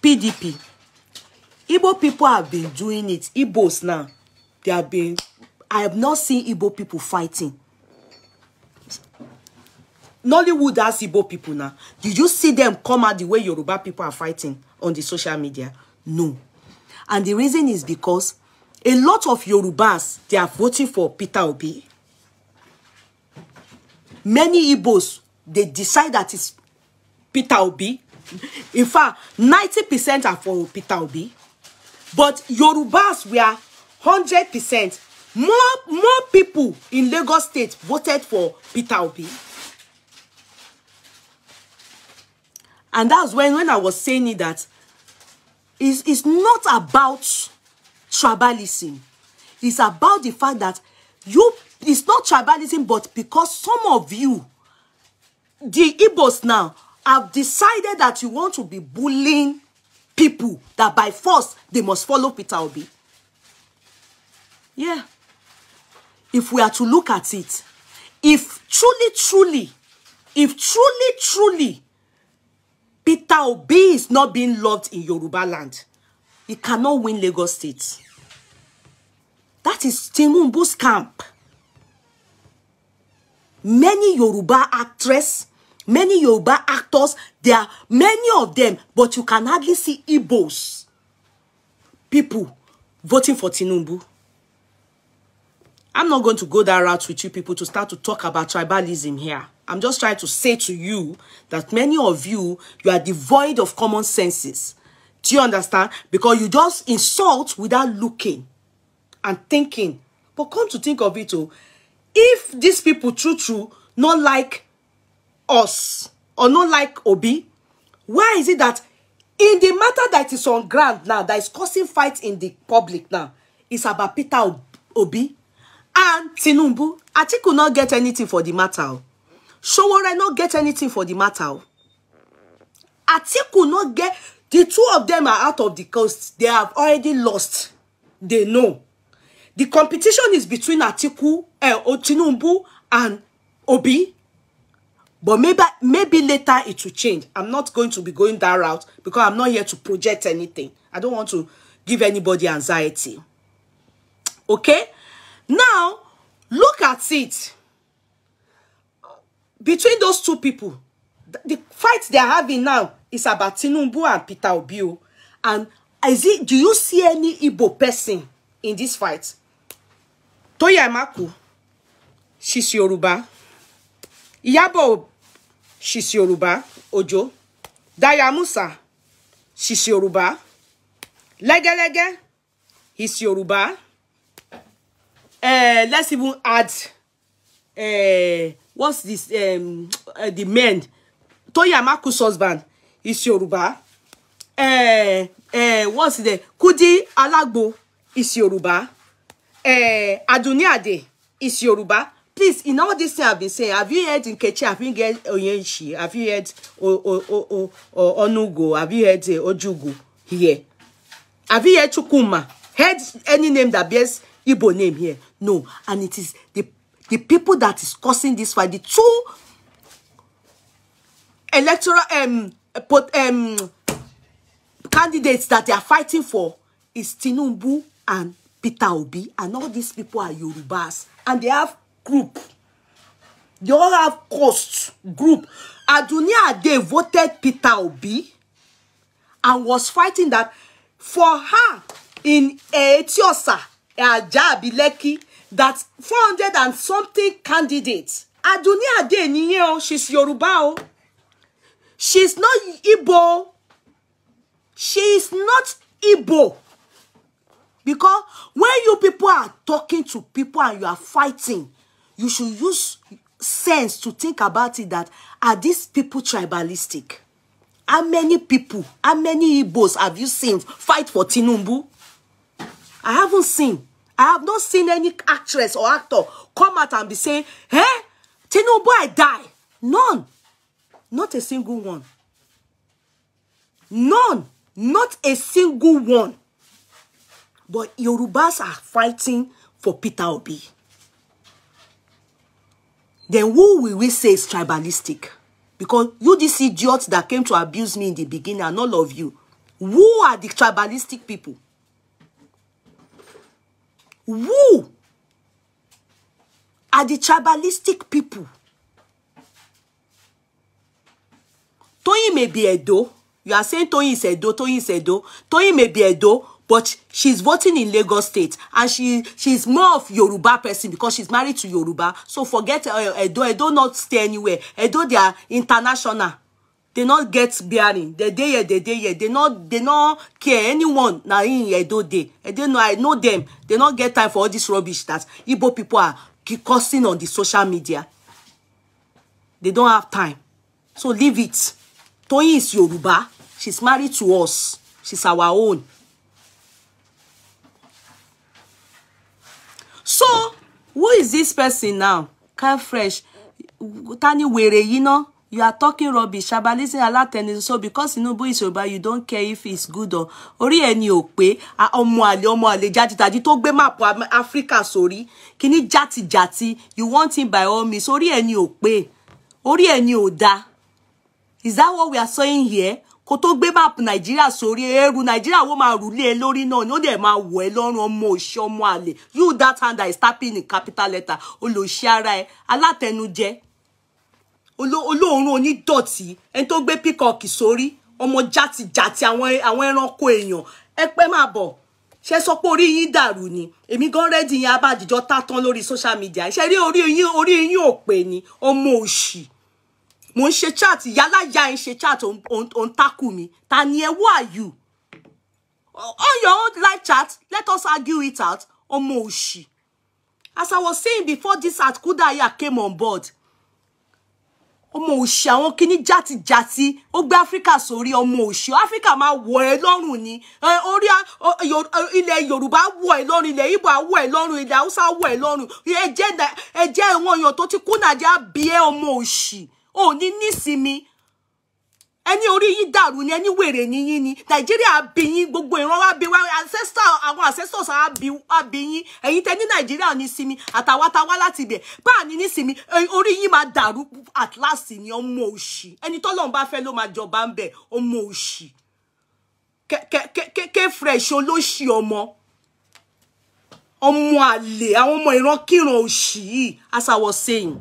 Speaker 1: PDP, Igbo people have been doing it. Igbos now, they have been, I have not seen Igbo people fighting. Nollywood has Igbo people now. Did you see them come out the way Yoruba people are fighting on the social media? No. And the reason is because A lot of Yorubas, they are voting for Peter Obi. Many Igbos, they decide that it's Peter Obi. In fact, 90% are for Peter Obi. But Yorubas we were 100%. More, more people in Lagos State voted for Peter Obi. And that's when, when I was saying it that it's, it's not about tribalism. It's about the fact that you, it's not tribalism, but because some of you, the Igbos now, have decided that you want to be bullying people that by force they must follow Peter Obi. Yeah. If we are to look at it, if truly, truly, if truly, truly, Peter Obi is not being loved in Yoruba land, He cannot win Lagos State. That is Tinubu's camp. Many Yoruba actresses, many Yoruba actors, there are many of them, but you can hardly see Igbos people voting for Tinubu. I'm not going to go that route with you people to start to talk about tribalism here. I'm just trying to say to you that many of you, you are devoid of common senses. Do you understand? Because you just insult without looking and thinking. But come to think of it, oh, if these people true true not like us or not like Obi, why is it that in the matter that is on ground now, that is causing fight in the public now, it's about Peter Obi and Ati could not get anything for the matter. Oh. Showore not get anything for the matter. Oh. Ati could not get The two of them are out of the coast. They have already lost. They know. The competition is between Atiku, uh, eh, Otinumbu, and Obi. But maybe, maybe later it will change. I'm not going to be going that route because I'm not here to project anything. I don't want to give anybody anxiety. Okay? Now, look at it. Between those two people, the fight are having now It's about Tinubu and Peter Obi oh. And is it, do you see any Igbo person in this fight? Toya Emaku, she's Yoruba. Iyabo, she's Yoruba. Ojo. Daya Musa, she's Yoruba. Legelege, he's Yoruba. Uh, let's even add uh, what's this um uh, the man Toya Emaku's husband is Yoruba, Eh, eh, what's it? Kudi Alagbo is Yoruba, Eh, Aduni Ade is Yorùbá. Please, in all this thing I've been saying, have you heard Nkechi? Have you heard Oyenshi? Have you heard o o o o Onugo? Have you heard eh, Ojugu here? Have you heard Chukuma? Heard any name that bears Igbo name here? No, and it is the the people that is causing this fight. The two electoral um but, um, candidates that they are fighting for is Tinubu and Peter Obi, and all these people are Yorubas, and they have group. They all have cost group. Adunia they voted Peter Obi and was fighting that for her in Etiosa, Ajah Abileki, that 400 and something candidates. Adunia Ade, she's Yoruba. She's not Igbo. She is not Igbo. Because when you people are talking to people and you are fighting, you should use sense to think about it that are these people tribalistic? How many people, how many Igbos have you seen fight for Tinubu? I haven't seen. I have not seen any actress or actor come out and be saying, hey, eh, Tinubu, I die. None. Not a single one. None. Not a single one. But Yorubas are fighting for Peter Obi. Then who will we say is tribalistic? Because you these idiots that came to abuse me in the beginning and all of you, who are the tribalistic people? Who are the tribalistic people? Toyin may be Edo. You are saying Toyin is Edo, Toyin is Edo. Toyin may be Edo, but she's voting in Lagos State and she she's more of Yoruba person because she's married to Yoruba. So forget uh, Edo. Edo not stay anywhere. Edo they are international. They not get bearing. They day yeah, they day yeah. They not they not care anyone. Na in Edo dey. Edo know. I know them. They not get time for all this rubbish that Igbo people are cursing on the social media. They don't have time. So leave it. Toyin is Yoruba. She's married to us. She's our own. So, who is this person now? Kind fresh. Tani wèrè yìí ná. You are talking rubbish. Shabalisi alateni. So because Tinubu is Yoruba, you don't care if it's good or orí ẹni ò pé ọmọ àlè Jati àlè játijàti tó Africa. Sorry, Áfíríkà sórí. Jati játijàti. You want him by all means. Orí ẹni ò pé. Orí ẹni ò dáa is that what we are saying here kó tó gbé map nàìjíríà sórí eérú nàìjíríà wo ma rúlé e lórí náà ni ó dẹ̀ máa wọ̀ ẹ́ lọ́rùn ọmọ òṣì ọmọ you that hand that is tapping in capital letter olóṣì ara ẹ alátẹnujẹ olóòórùn onídọ̀tí ẹni tó gbé píkọ̀kì sórí jati játijàti àwọn ẹranko èèyàn ẹ pẹ́ máa bọ̀ ṣe sọ pé orí yín dàrú ni èmi gan rẹ́dì yín abájíjọ tá tán lórí social media ṣe rí ori yín ori yín ò ni ní ọmọ mo ń ṣe chat yálàyà ń ṣe chat òun takù mi ta ni ẹ who are you on your own live chat let us argue it out ọmọ òṣì as i was saying before this at Kudaya came on board ọmọ òṣì àwọn kíní játijàti ó gbé áfíríkà sórí ọmọ òṣì áfíríkà máa wọ ẹ lọ́rùn ni orí ilẹ̀ yorùbá wọ ẹ lọ́rùn ilẹ̀ ibo wọ ẹ lọ́rùn ilẹ̀ haúsá wọ ẹ lọ́rùn ẹjẹ́ ẹwọn èèyàn tó ti kú nàìjíríà bí ẹ ọmọ òṣì ò ní nísinmi ẹni orí yín dàrú ni ẹni wèrè ni ni nàìjíríà bí yín gbogbo ìran wa bí wa ancestor àwọn ancestors wa bí yín ẹ̀yin tẹ ní nàìjíríà ní sinmi àtàwátàwá láti ibẹ̀ páàní ní sinmi orí yín máa dàrú àtláàsì ni ọmọ òṣì ẹni tọ́lọ́run bá fẹ́ ló máa jọba ń bẹ̀ ọmọ òṣì kẹ́kẹ́ fresh olóṣì ọmọ ọmọ àlè àwọn ọmọ ìrankíran òṣì yìí as I was saying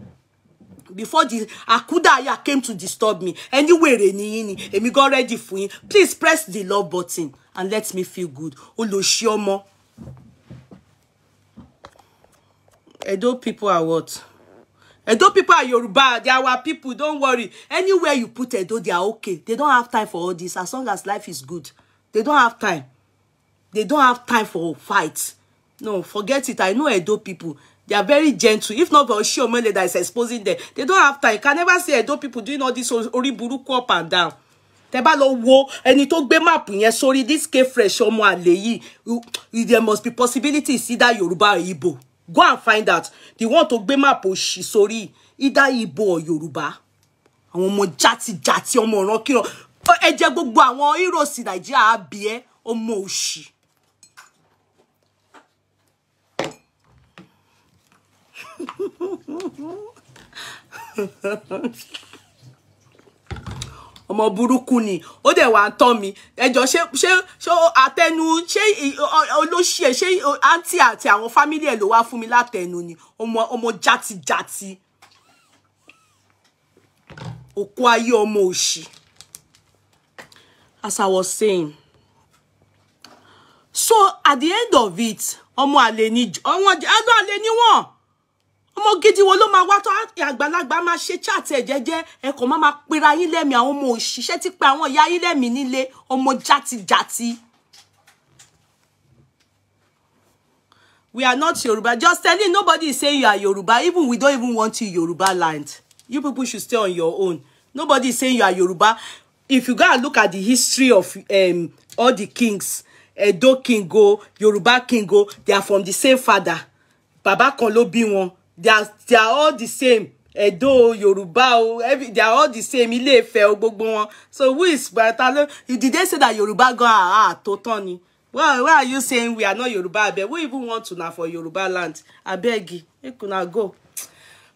Speaker 1: before the akudaya came to disturb me ẹni wèrè ni yín ready for yín please press the love button and let me feel good olóṣì Edo people are what? Edo people are Yoruba. They are our people. Don't worry. Anywhere you put Edo, they are okay. They don't have time for all this. As long as life is good, they don't have time. They don't have time for fights. No, forget it. I know Edo people. They are very gentle. If not for Oshiomele that is exposing them, they don't have time. You can never see Edo people doing all this orí burúkú up and down. Tẹ́ bá lọ wo ẹni tó gbé map yẹn Sorry, this came fresh ọmọ àlè yìí. There must be possibility. See that Yoruba or Igbo. Go and find out. The one tó gbé map òṣì sórí either Igbo or Yoruba. Àwọn ọmọ jati jati ọmọ ran kiran. Ẹ jẹ́ gbogbo àwọn heroes Nigeria abi e ọmọ òṣì. ọmọ burúkú ni ó dẹ̀ wá ń tán mi ẹjọ́ ṣé ṣé ṣé àtẹnu ṣé olóṣìẹ ṣé àǹtí àti àwọn fámílì ẹ̀ ló wá fún mi látẹnu ni ọmọ ọmọ játijàti òkú ayé ọmọ òṣì as I was saying so at the end of it ọmọ àlè ni ọmọ àlè ni wọ́n ọmọ gidi wo ló máa wá tó àgbàlagbà máa ṣe chaàtì ẹ̀ jẹ́jẹ́ ẹ kàn máa máa pera yín lẹ́mìí àwọn ọmọ òṣìṣẹ́ ti pe àwọn ìyá yín lẹ́mìí nílé ọmọ játijàti. We are not Yoruba. Just telling nobody is saying you are Yoruba. Even we don't even want you Yoruba land. You people should stay on your own. Nobody is saying you are Yoruba. If you go and look at the history of um, all the kings, Edo kingo, Yoruba kingo, they are from the same father. Baba kan ló bí wọn they are, they are all the same Edo Yoruba o every they are all the same Ilé Ifẹ̀ o gbogbo wọn so who is better did they say that Yoruba go ah to ah, tan ni why why are you saying we are not Yoruba abeg we even want to na for Yoruba land abeg make una go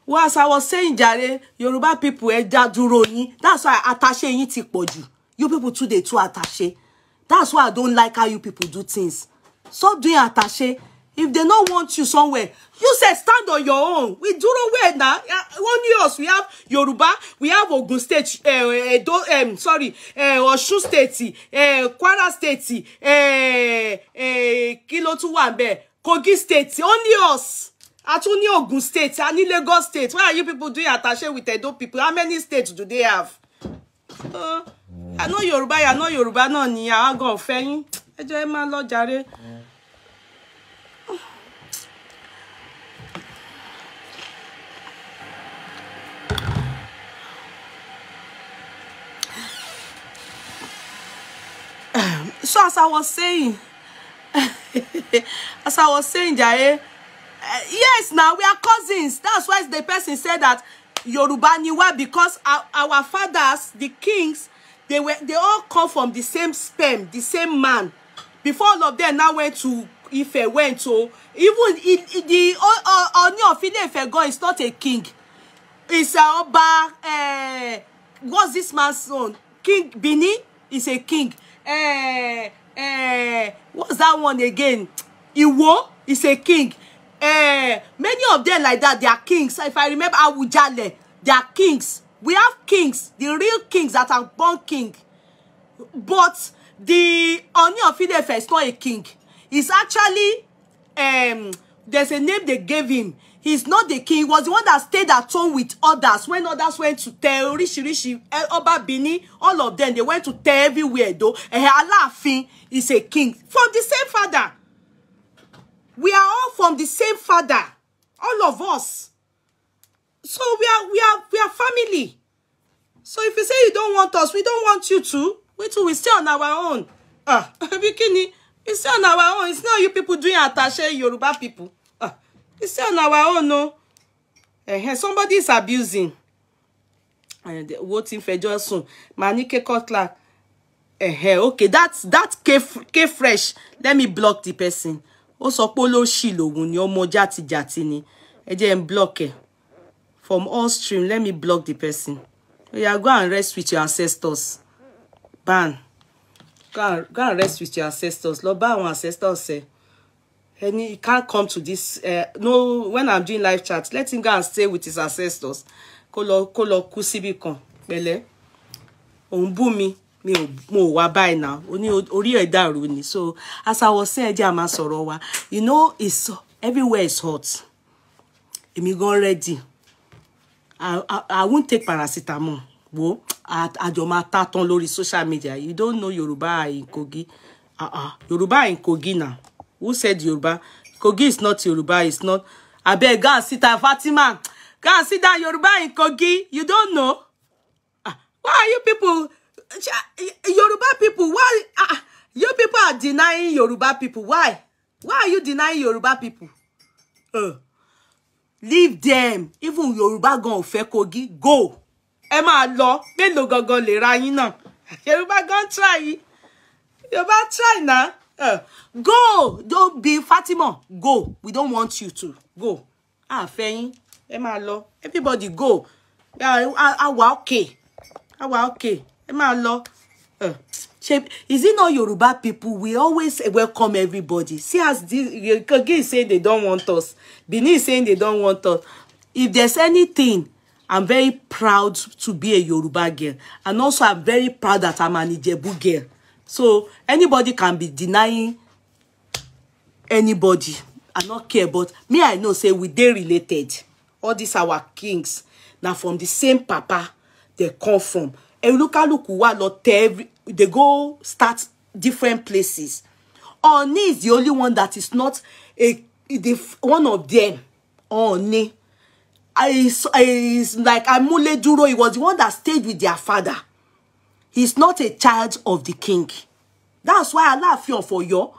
Speaker 1: well as I was saying jare Yoruba people ẹ dá dúró that's why attaché yín ti pọ̀jù you people too dey too attaché that's why I don't like how you people do things stop doing attaché If they don't want you somewhere, you say stand on your own. We do not wait now. Only us. We have Yoruba. We have Ogun State. Uh, eh, do um, sorry, uh, eh, Oshu State. Uh, Kwara State. Uh, uh, kí ló tún Kogi State. Only us. A tún Ogun State. A ní Lagos State. Where are you people doing attaché with Edo people? How many states do they have? Uh, I know Yoruba. I know Yoruba. No, ni. I go fẹ́ you. Ẹ jọ̀ọ́ ẹ má lọ so as I was saying, [LAUGHS] as I was saying, Jaye, uh, yes, now we are cousins. That's why the person said that Yoruba Niwa because our, our fathers, the kings, they were they all come from the same sperm, the same man. Before all of them now went to Ife, went to even it, it, the Oni of Ile Ife God is not a king. It's a Oba. Uh, what's this man's son? King Bini is a king eh, eh, what's that one again? Iwo is a king. Eh, many of them like that, they are kings. If I remember Jale, they are kings. We have kings, the real kings that are born king. But the Oni of Ife is not a king. It's actually, um, there's a name they gave him. He's not the king. He was the one that stayed at home with others. When others went to tell Orishirishi, Oba Bini, all of them, they went to tell everywhere though. and Aláàfin is a king from the same father. We are all from the same father. All of us. So we are, we are, we are family. So if you say you don't want us, we don't want you to. We too, we stay on our own. Ah, [LAUGHS] Bikini, we stay on our own. It's not you people doing attaché Yoruba people. Ah, It's on our own, no. Uh, somebody is abusing. And uh, what in fẹjọ́ sùn? Manike Cutler. Uh, okay, that's that K, fresh. Let me block the person. Ó sọ pé olóṣì lòun ni ọmọ jàtijàti ni. Ẹ jẹ́ block ẹ. From all stream, let me block the person. Yeah, go and rest with your ancestors. Ban. Go and, go and rest with your ancestors. Lo ban àwọn ancestors say. Eh any he can't come to this uh, no when i'm doing live chat let him go and stay with his ancestors kó lọ kó lọ bele. síbi kan pẹ̀lẹ́ mi mi mo ò wá báyìí náà oní orí ẹ̀ so as i was saying ẹ jẹ́ wa you know it's everywhere is hot èmi gan ready i i, I won't take paracetamol wo at máa ta tán lórí social media you don't know Yoruba in kogi uh -uh. yorùbá in kogi ah, ah, now who said Yoruba? Kogi is not Yoruba, it's not. I beg, go and sit down, Fatima. Go and sit down, Yoruba in Kogi. You don't know? Ah, why are you people, Yoruba people, why? Uh, you people are denying Yoruba people. Why? Why are you denying Yoruba people? Uh, leave them. Even Yoruba gan ò fẹ́ Kogi. Go. Ẹ máa lọ. Mélòó go lè ra yín náà. Yoruba gan try. Yoruba try now. Eh, go, don't be Fatima. Go. We don't want you to. Go. Ah, fẹ́yìn. Ẹ máa lọ. Everybody go. Ah, wa okay. Ah, okay. Ẹ máa lọ. Eh, is it not Yoruba people? We always welcome everybody. See, as Kogi is saying they don't want us, Benin is saying they don't want us. If there's anything, I'm very proud to be a Yoruba girl. And also, I'm very proud that I'm an Ijebu girl. So anybody can be denying anybody. I not care, but me I know say we they related. All these our kings now from the same papa they come from. Erukaluku wa lo every they go start different places. Oni is the only one that is not a the one of them. Oni. I is like mule Duro, he was the one that stayed with their father. He's not a child of the king. That's why Allah fear for you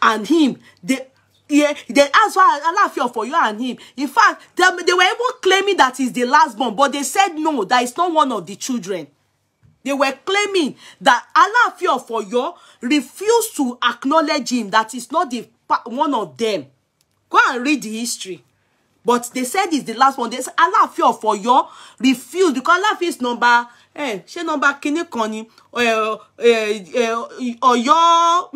Speaker 1: and him, they, yeah, they, that's why Allah fear for you and him. In fact, they, they were even claiming that he's the last born, but they said no, that it's not one of the children. They were claiming that Allah fear for you refused to acknowledge him, that is not the one of them. Go and read the history. But they said it's the last one. They said fear for you refused because Allah is number ẹ eh, ṣé nọ́mbà kinní kan ni eh, eh, Ọ̀yọ́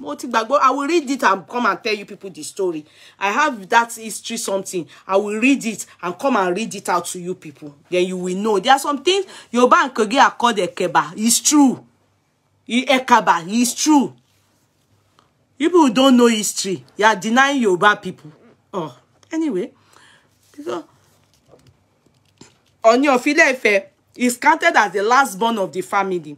Speaker 1: mo ti gbàgbọ́ I will read it and come and tell you people the story I have that history something I will read it and come and read it out to you people then you will know there are some things Yorùbá nkege akọọdẹ kẹba is true Ekaba. is true people who don't know history you are denying Yorùbá people oh anyway. Because, Ọ̀ní ọ̀fílẹ̀ ìfẹ́ is counted as the last born of the family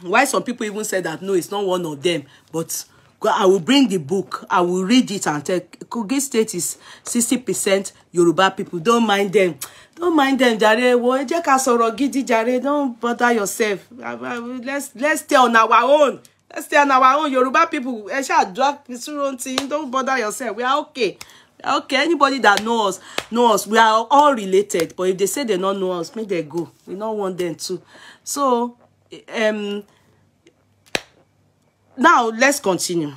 Speaker 1: why some people even said that no it's not one of them but I will bring the book. I will read it and tell Kogi State is 60% Yoruba people. Don't mind them. Don't mind them, jare. Don't bother yourself. Let's let's stay on our own. Let's stay on our own. Yoruba people, Don't bother yourself. We are okay okay anybody that know us know us we are all related but if they say they don't know us make they go we don't want them to so um now let's continue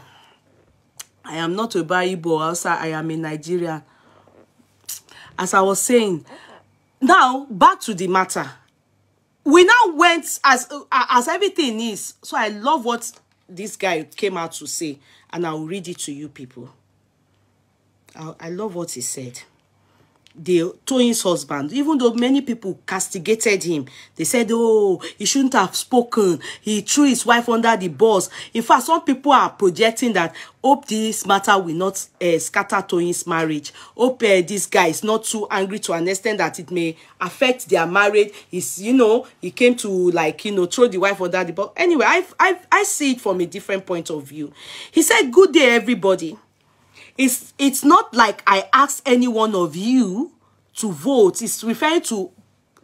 Speaker 1: i am not a Igbo also i am a nigerian as i was saying now back to the matter we now went as uh, as everything is so i love what this guy came out to say and i'll read it to you people I, I love what he said. The Toyin's husband, even though many people castigated him, they said, Oh, he shouldn't have spoken. He threw his wife under the bus. In fact, some people are projecting that hope this matter will not uh, scatter Toyin's marriage. Hope uh, this guy is not too angry to understand that it may affect their marriage. Is you know, he came to like, you know, throw the wife under the bus. Anyway, I I I see it from a different point of view. He said, Good day, everybody. It's, it's not like I asked any one of you to vote. It's referring to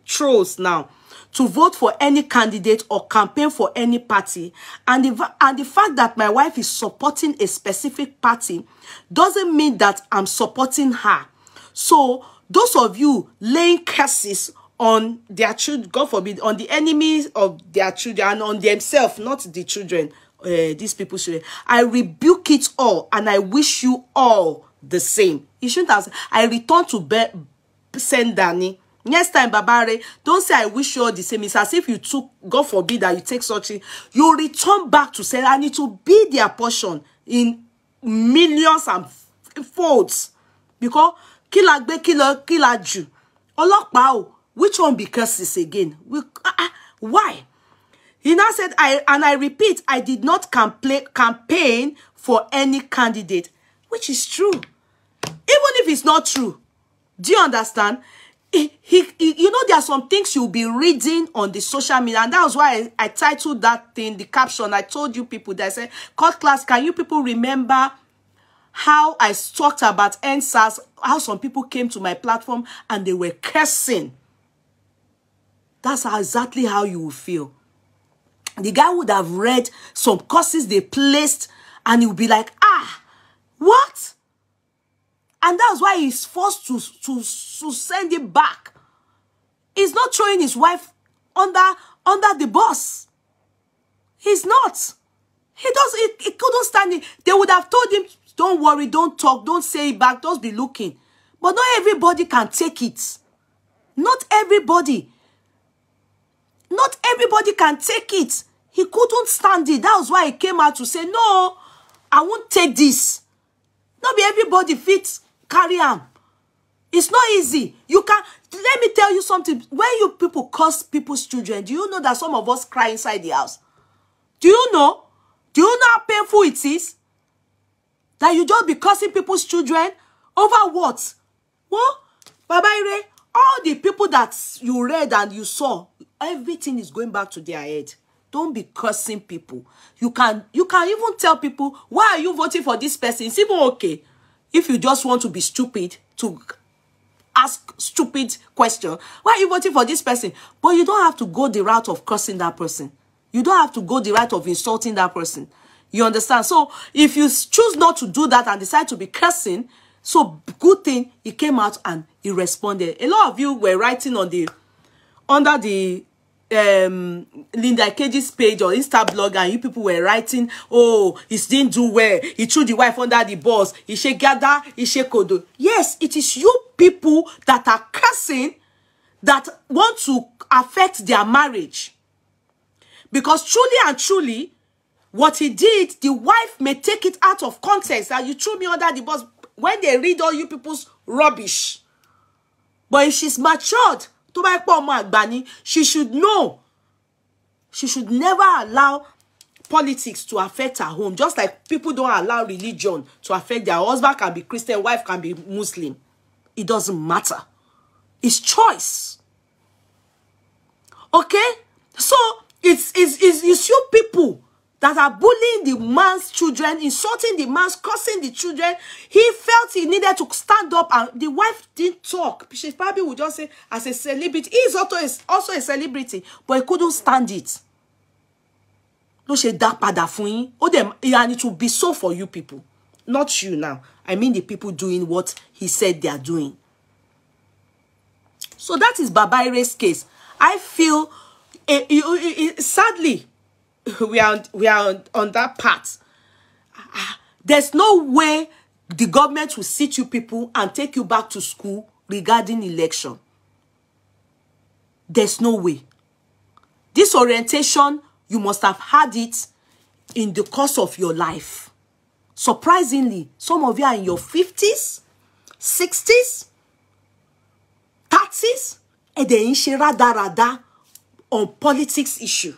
Speaker 1: trolls now to vote for any candidate or campaign for any party and the, and the fact that my wife is supporting a specific party doesn't mean that I'm supporting her. So those of you laying curses on their children, God forbid, on the enemies of their children and on themselves, not the children, uh, these people should. I rebuke it all and I wish you all the same. You shouldn't have. I return to be, send Danny. Next time, Babare, don't say I wish you all the same. It's as if you took, God forbid that you take such a, you return back to say, I need to be their portion in millions and folds. Because, kila gbe kila kila ju. Olokpa o, which one be curses again? We, uh, uh, why? He now said, I, and I repeat, I did not campaign for any candidate, which is true. Even if it's not true. Do you understand? He, he, he, you know, there are some things you'll be reading on the social media. And that was why I, I titled that thing, the caption. I told you people that I said, Court class, can you people remember how I talked about answers, how some people came to my platform and they were cursing? That's how, exactly how you will feel the guy would have read some courses they placed and he'll be like, ah, what? And that's why he's forced to, to, to send it back. He's not throwing his wife under, under the bus. He's not. He does he, he couldn't stand it. They would have told him, don't worry, don't talk, don't say it back, just be looking. But not everybody can take it. Not everybody. Not everybody can take it. He couldn't stand it. That was why he came out to say, no, I won't take this. Not be everybody fits carry on. It's not easy. You can let me tell you something. When you people curse people's children, do you know that some of us cry inside the house? Do you know? Do you know how painful it is? That you just be cursing people's children over what? What? Baba Ire, all the people that you read and you saw, everything is going back to their head. Don't be cursing people. You can you can even tell people, why are you voting for this person? It's even okay if you just want to be stupid to ask stupid question. Why are you voting for this person? But you don't have to go the route of cursing that person. You don't have to go the route of insulting that person. You understand? So if you choose not to do that and decide to be cursing, so good thing he came out and he responded. A lot of you were writing on the under the um, Linda Ikeji's page or Insta blog and you people were writing, oh, he didn't do well. He threw the wife under the bus. He shegada, he kodo." Yes, it is you people that are cursing that want to affect their marriage. Because truly and truly, what he did, the wife may take it out of context that you threw me under the bus when they read all you people's rubbish. But if she's matured, To bá pọ̀ ọmọ àgbà ni she should know she should never allow politics to affect her home just like people don't allow religion to affect their husband can be Christian wife can be Muslim it doesn't matter it's choice okay so it's it's it's, it's you people that are bullying the man's children, insulting the man's, cursing the children. He felt he needed to stand up and the wife didn't talk. She probably would just say, as a celebrity, he's also a, also a celebrity, but he couldn't stand it. No, she dá padà fún yín. them, and it will be so for you people. Not you now. I mean the people doing what he said they are doing. So that is Baba Ire's case. I feel, eh, eh, eh, sadly, [LAUGHS] we are we are on, on that path. Ah, there's no way the government will sit you people and take you back to school regarding election. There's no way. This orientation, you must have had it in the course of your life. Surprisingly, some of you are in your 50s, 60s, 30s, and they on politics issue.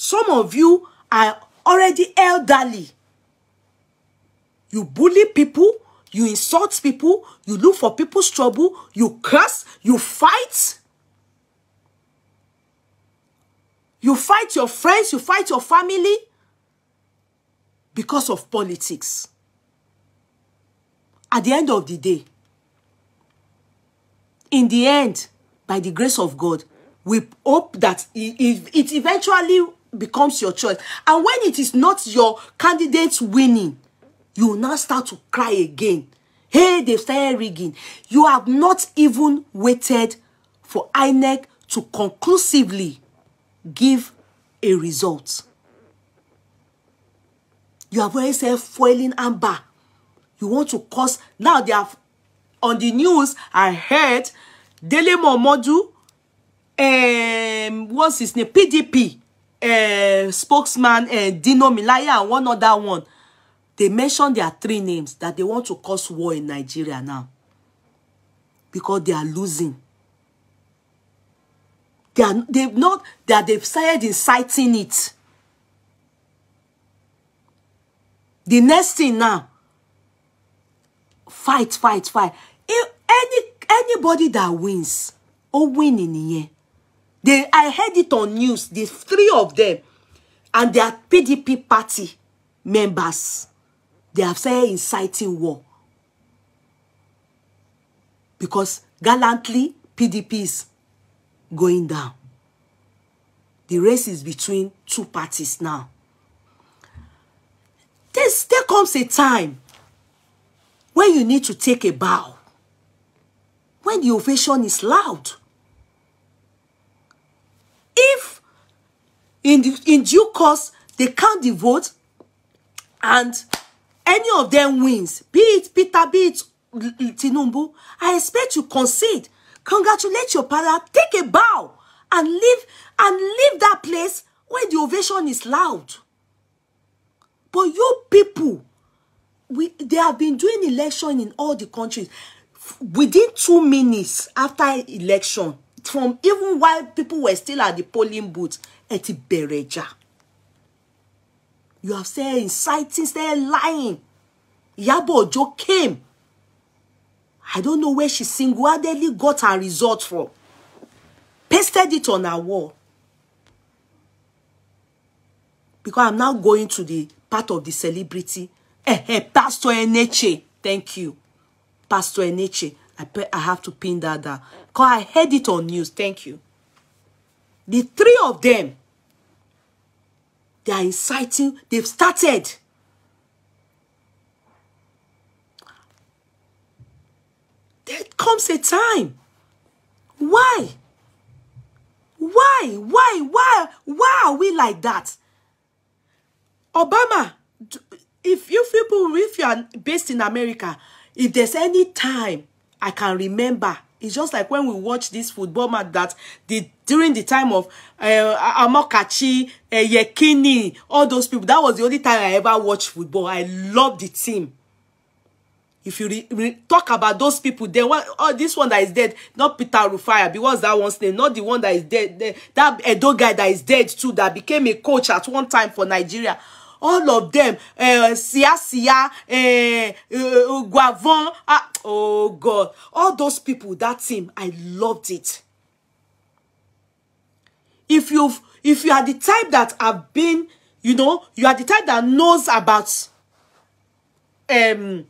Speaker 1: Some of you are already elderly. You bully people, you insult people, you look for people's trouble, you curse, you fight. You fight your friends, you fight your family because of politics. At the end of the day, in the end, by the grace of God, we hope that if it eventually becomes your choice. And when it is not your candidate winning, you now start to cry again. Hey, they've started rigging. You have not even waited for INEC to conclusively give a result. You have already said foiling amber. You want to cause. Now they have, on the news, I heard Dele Modu. um, what's his name, PDP, uh, spokesman uh, Dino Milaya and one other one, they mentioned their three names that they want to cause war in Nigeria now because they are losing. They are they've not they are they've started inciting it. The next thing now, fight, fight, fight. If any anybody that wins, or win in the end. They, I heard it on news, the three of them, and their PDP party members, they have said inciting war. Because gallantly, PDP is going down. The race is between two parties now. This there comes a time when you need to take a bow. When the ovation is loud. If in, the, in due course they count the vote and any of them wins, be it Peter, be it Tinubu, I expect you concede, congratulate your partner, take a bow and leave and leave that place where the ovation is loud. But you people, we they have been doing election in all the countries within two minutes after election from even while people were still at the polling booth ẹ ti bẹ̀rẹ̀ you have said inciting said lying Yabo Ojo came I don't know where she single-handedly got her result from pasted it on her wall because I'm now going to the part of the celebrity eh, eh, Pastor Eneche thank you Pastor Eneche I, I have to pin that down Because I heard it on news. Thank you. The three of them, they are inciting, they've started. There comes a time. Why? Why? Why? Why? Why are we like that? Obama, if you people, if you are based in America, if there's any time I can remember It's just like when we watch this football match that the during the time of uh, Amokachi, uh, Yekini, all those people. That was the only time I ever watched football. I loved the team. If you re re talk about those people, then what? Oh, this one that is dead, not Peter Rufaya, because that one's name, not the one that is dead, the, that Edo guy that is dead too, that became a coach at one time for Nigeria all of them uh, sia sia uh, uh, guavon uh, oh god all those people that team i loved it if you if you are the type that have been you know you are the type that knows about um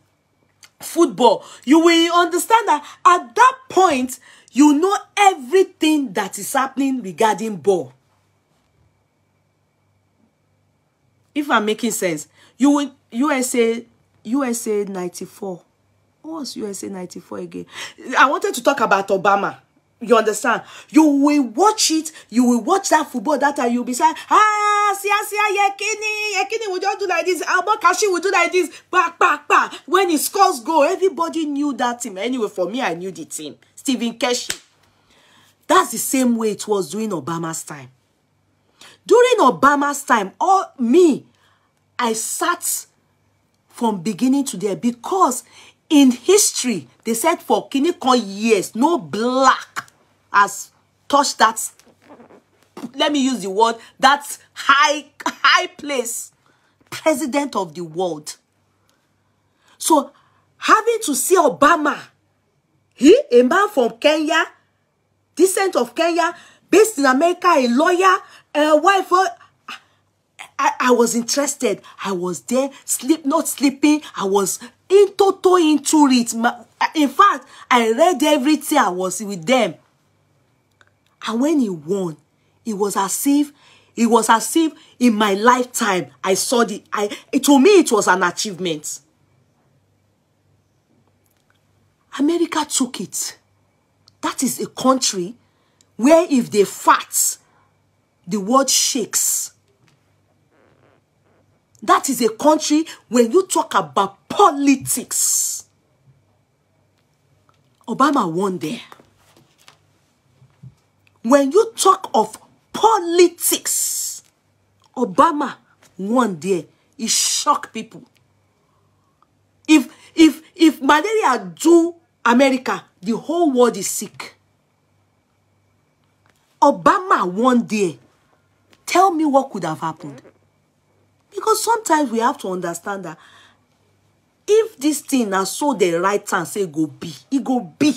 Speaker 1: football you will understand that at that point you know everything that is happening regarding ball if i'm making sense you will usa usa 94 what was usa 94 again i wanted to talk about obama you understand? You will watch it. You will watch that football. That time you'll be saying, ah, see, ah, see, Yekini, ah, Yekini will just do like this. Alba Kashi will do like this. Back, back, back. When he scores go. everybody knew that team. Anyway, for me, I knew the team. Stephen Keshi. That's the same way it was during Obama's time. During Obama's time, all me, I sat from beginning to there because in history, they said for Kinikon years, no black has touched that, let me use the word, that high, high place, president of the world. So having to see Obama, he, a man from Kenya, descent of Kenya, based in America, a lawyer, a wife. I, I was interested. I was there, sleep not sleeping. I was in total into it. In fact, I read everything. I was with them. And when he won, it was as if it was as if in my lifetime I saw the I to me it was an achievement. America took it. That is a country where if they fart, the world shakes. That is a country when you talk about politics. Obama won there. When you talk of politics, Obama won there. It shocked people. If if if malaria do America, the whole world is sick. Obama one day, tell me what could have happened. Because sometimes we have to understand that if this thing na so the right hand say e go be, it e go be.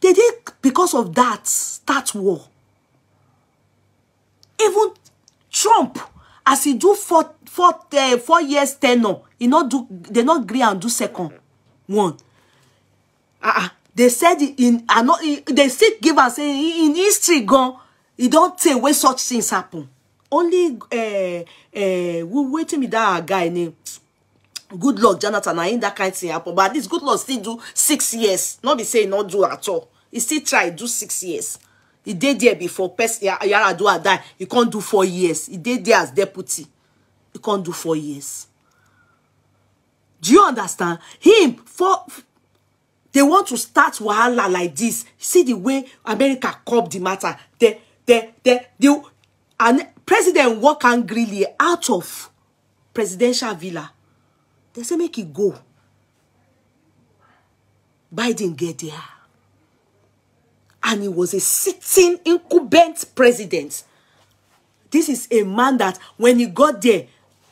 Speaker 1: They did because of that start war. Even Trump, as he do four, four, uh, four years tenure, he not do, they not agree and do second one. Uh -uh they said in they still give am say eh, in history gone. e don't tey where such things happen only uh, uh, wetin be that guy name good luck jonathan I him that kind thing happen but at least good luck still do six years not be saying not do at all He still try do six years He dey there before person yaradua die e can't do four years He dey there as deputy e can't do four years do you understand him for They want to start wahala like this. See the way America cop the matter. The, the, the, the, and President walk angrily out of presidential villa. They say make it e go. Biden get there. And he was a sitting incumbent president. This is a man that when he got there,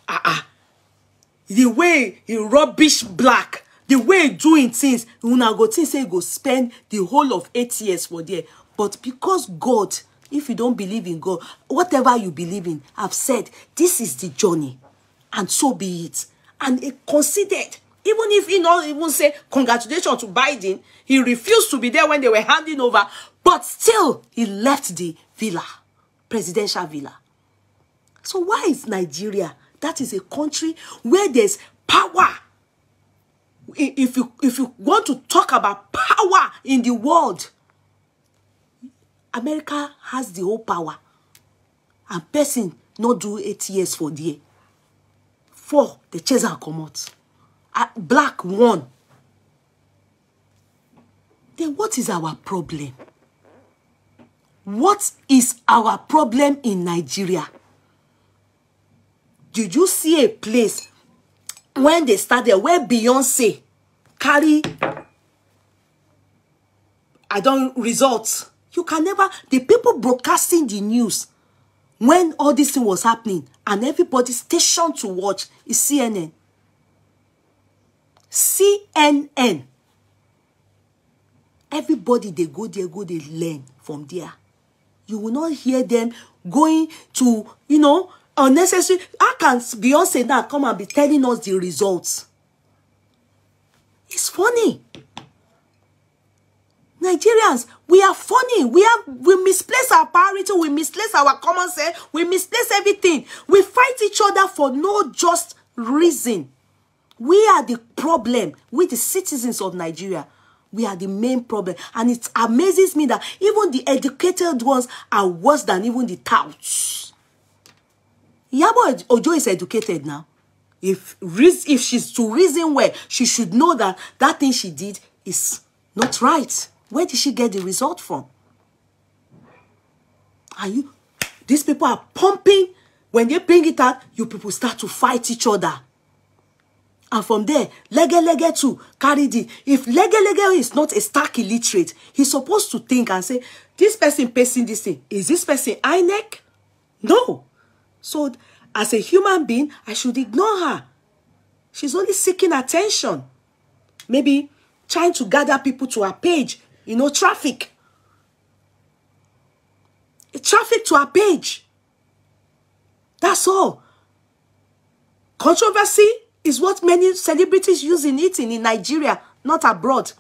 Speaker 1: ah, uh -uh, the way he rubbish black the way doing things una go think say e go spend the whole of eight years for there but because god if you don believe in god whatever you believe in i've said this is the journey and so be it and e considered even if he not even say congratulations to biden he refused to be there when they were handing over but still he left the villa presidential villa so why is nigeria that is a country where there's power if you if you want to talk about power in the world america has the whole power and person not do eight years for there four the chase am comot black one then what is our problem what is our problem in nigeria did you see a place when they started, where beyonce carry i don't results. you can never the people broadcasting the news when all this thing was happening and everybody stationed to watch is cnn cnn everybody they go there go they learn from there you will not hear them going to you know unnecessary how can beyonce now come and be telling us the results it's funny nigerians we are funny we are we misplace our priority we misplace our common sense we misplace everything we fight each other for no just reason we are the problem with the citizens of nigeria we are the main problem and it amazes me that even the educated ones are worse than even the touts Iyabo Ojo is educated now. If if she's to reason well, she should know that that thing she did is not right. Where did she get the result from? Are you? These people are pumping. When they bring it out, you people start to fight each other. And from there, Lege Lege too carry the. If Lege Lege is not a stark illiterate, he's supposed to think and say, this person pacing this thing, is this person eye neck? No. So as a human being, I should ignore her. She's only seeking attention. Maybe trying to gather people to her page, you know, traffic. Traffic to her page. That's all. Controversy is what many celebrities use in eating in Nigeria, not abroad.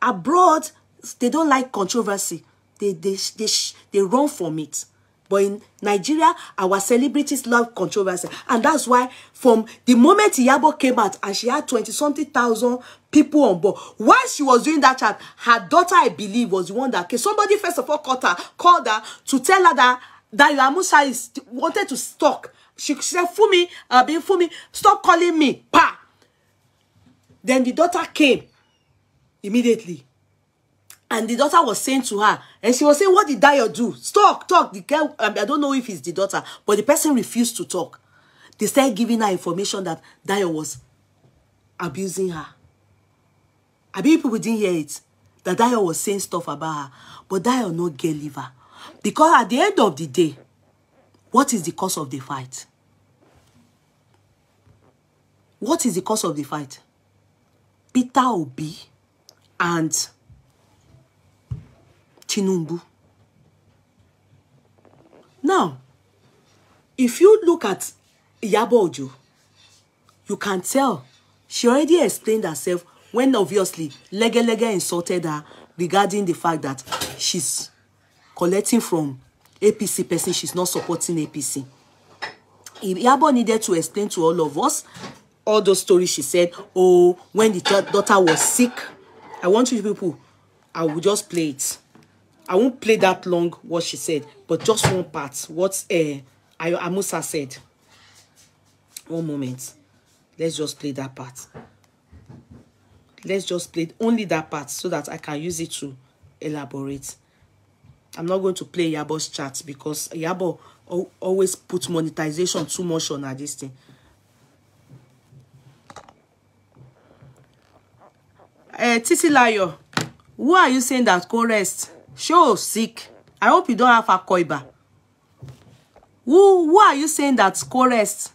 Speaker 1: Abroad, they don't like controversy. They, they, they, they run from it. But in Nigeria, our celebrities love controversy. And that's why from the moment Iyabo came out and she had twenty something thousand people on board, while she was doing that chat, her daughter, I believe, was the one that came. Somebody, first of all, called her, called her to tell her that, that Lamusa is wanted to stalk. She, she said, Fumi, uh, being Fumi, stop calling me. Pa! Then the daughter came immediately. And the daughter was saying to her, and she was saying, what did Dayo do? Talk, talk. The girl, um, I don't know if it's the daughter, but the person refused to talk. They started giving her information that Dayo was abusing her. I believe people didn't hear it. That Dayo was saying stuff about her. But Dayo no get liver. Because at the end of the day, what is the cause of the fight? What is the cause of the fight? Peter Obi and Tinubu. Now, if you look at Iyabo you can tell she already explained herself when obviously Lege Lege insulted her regarding the fact that she's collecting from APC person, she's not supporting APC. Yabo needed to explain to all of us all those stories she said, oh, when the daughter was sick, I want you people, I will just play it. I won't play that long what she said, but just one part. What uh, Ayo Amusa said. One moment. Let's just play that part. Let's just play only that part so that I can use it to elaborate. I'm not going to play Yabo's chat because Yabo always put monetization too much on her this thing. Uh, eh, Layo, who are you saying that go rest? show sick i hope you don't have a akoiba who who are you saying that, correct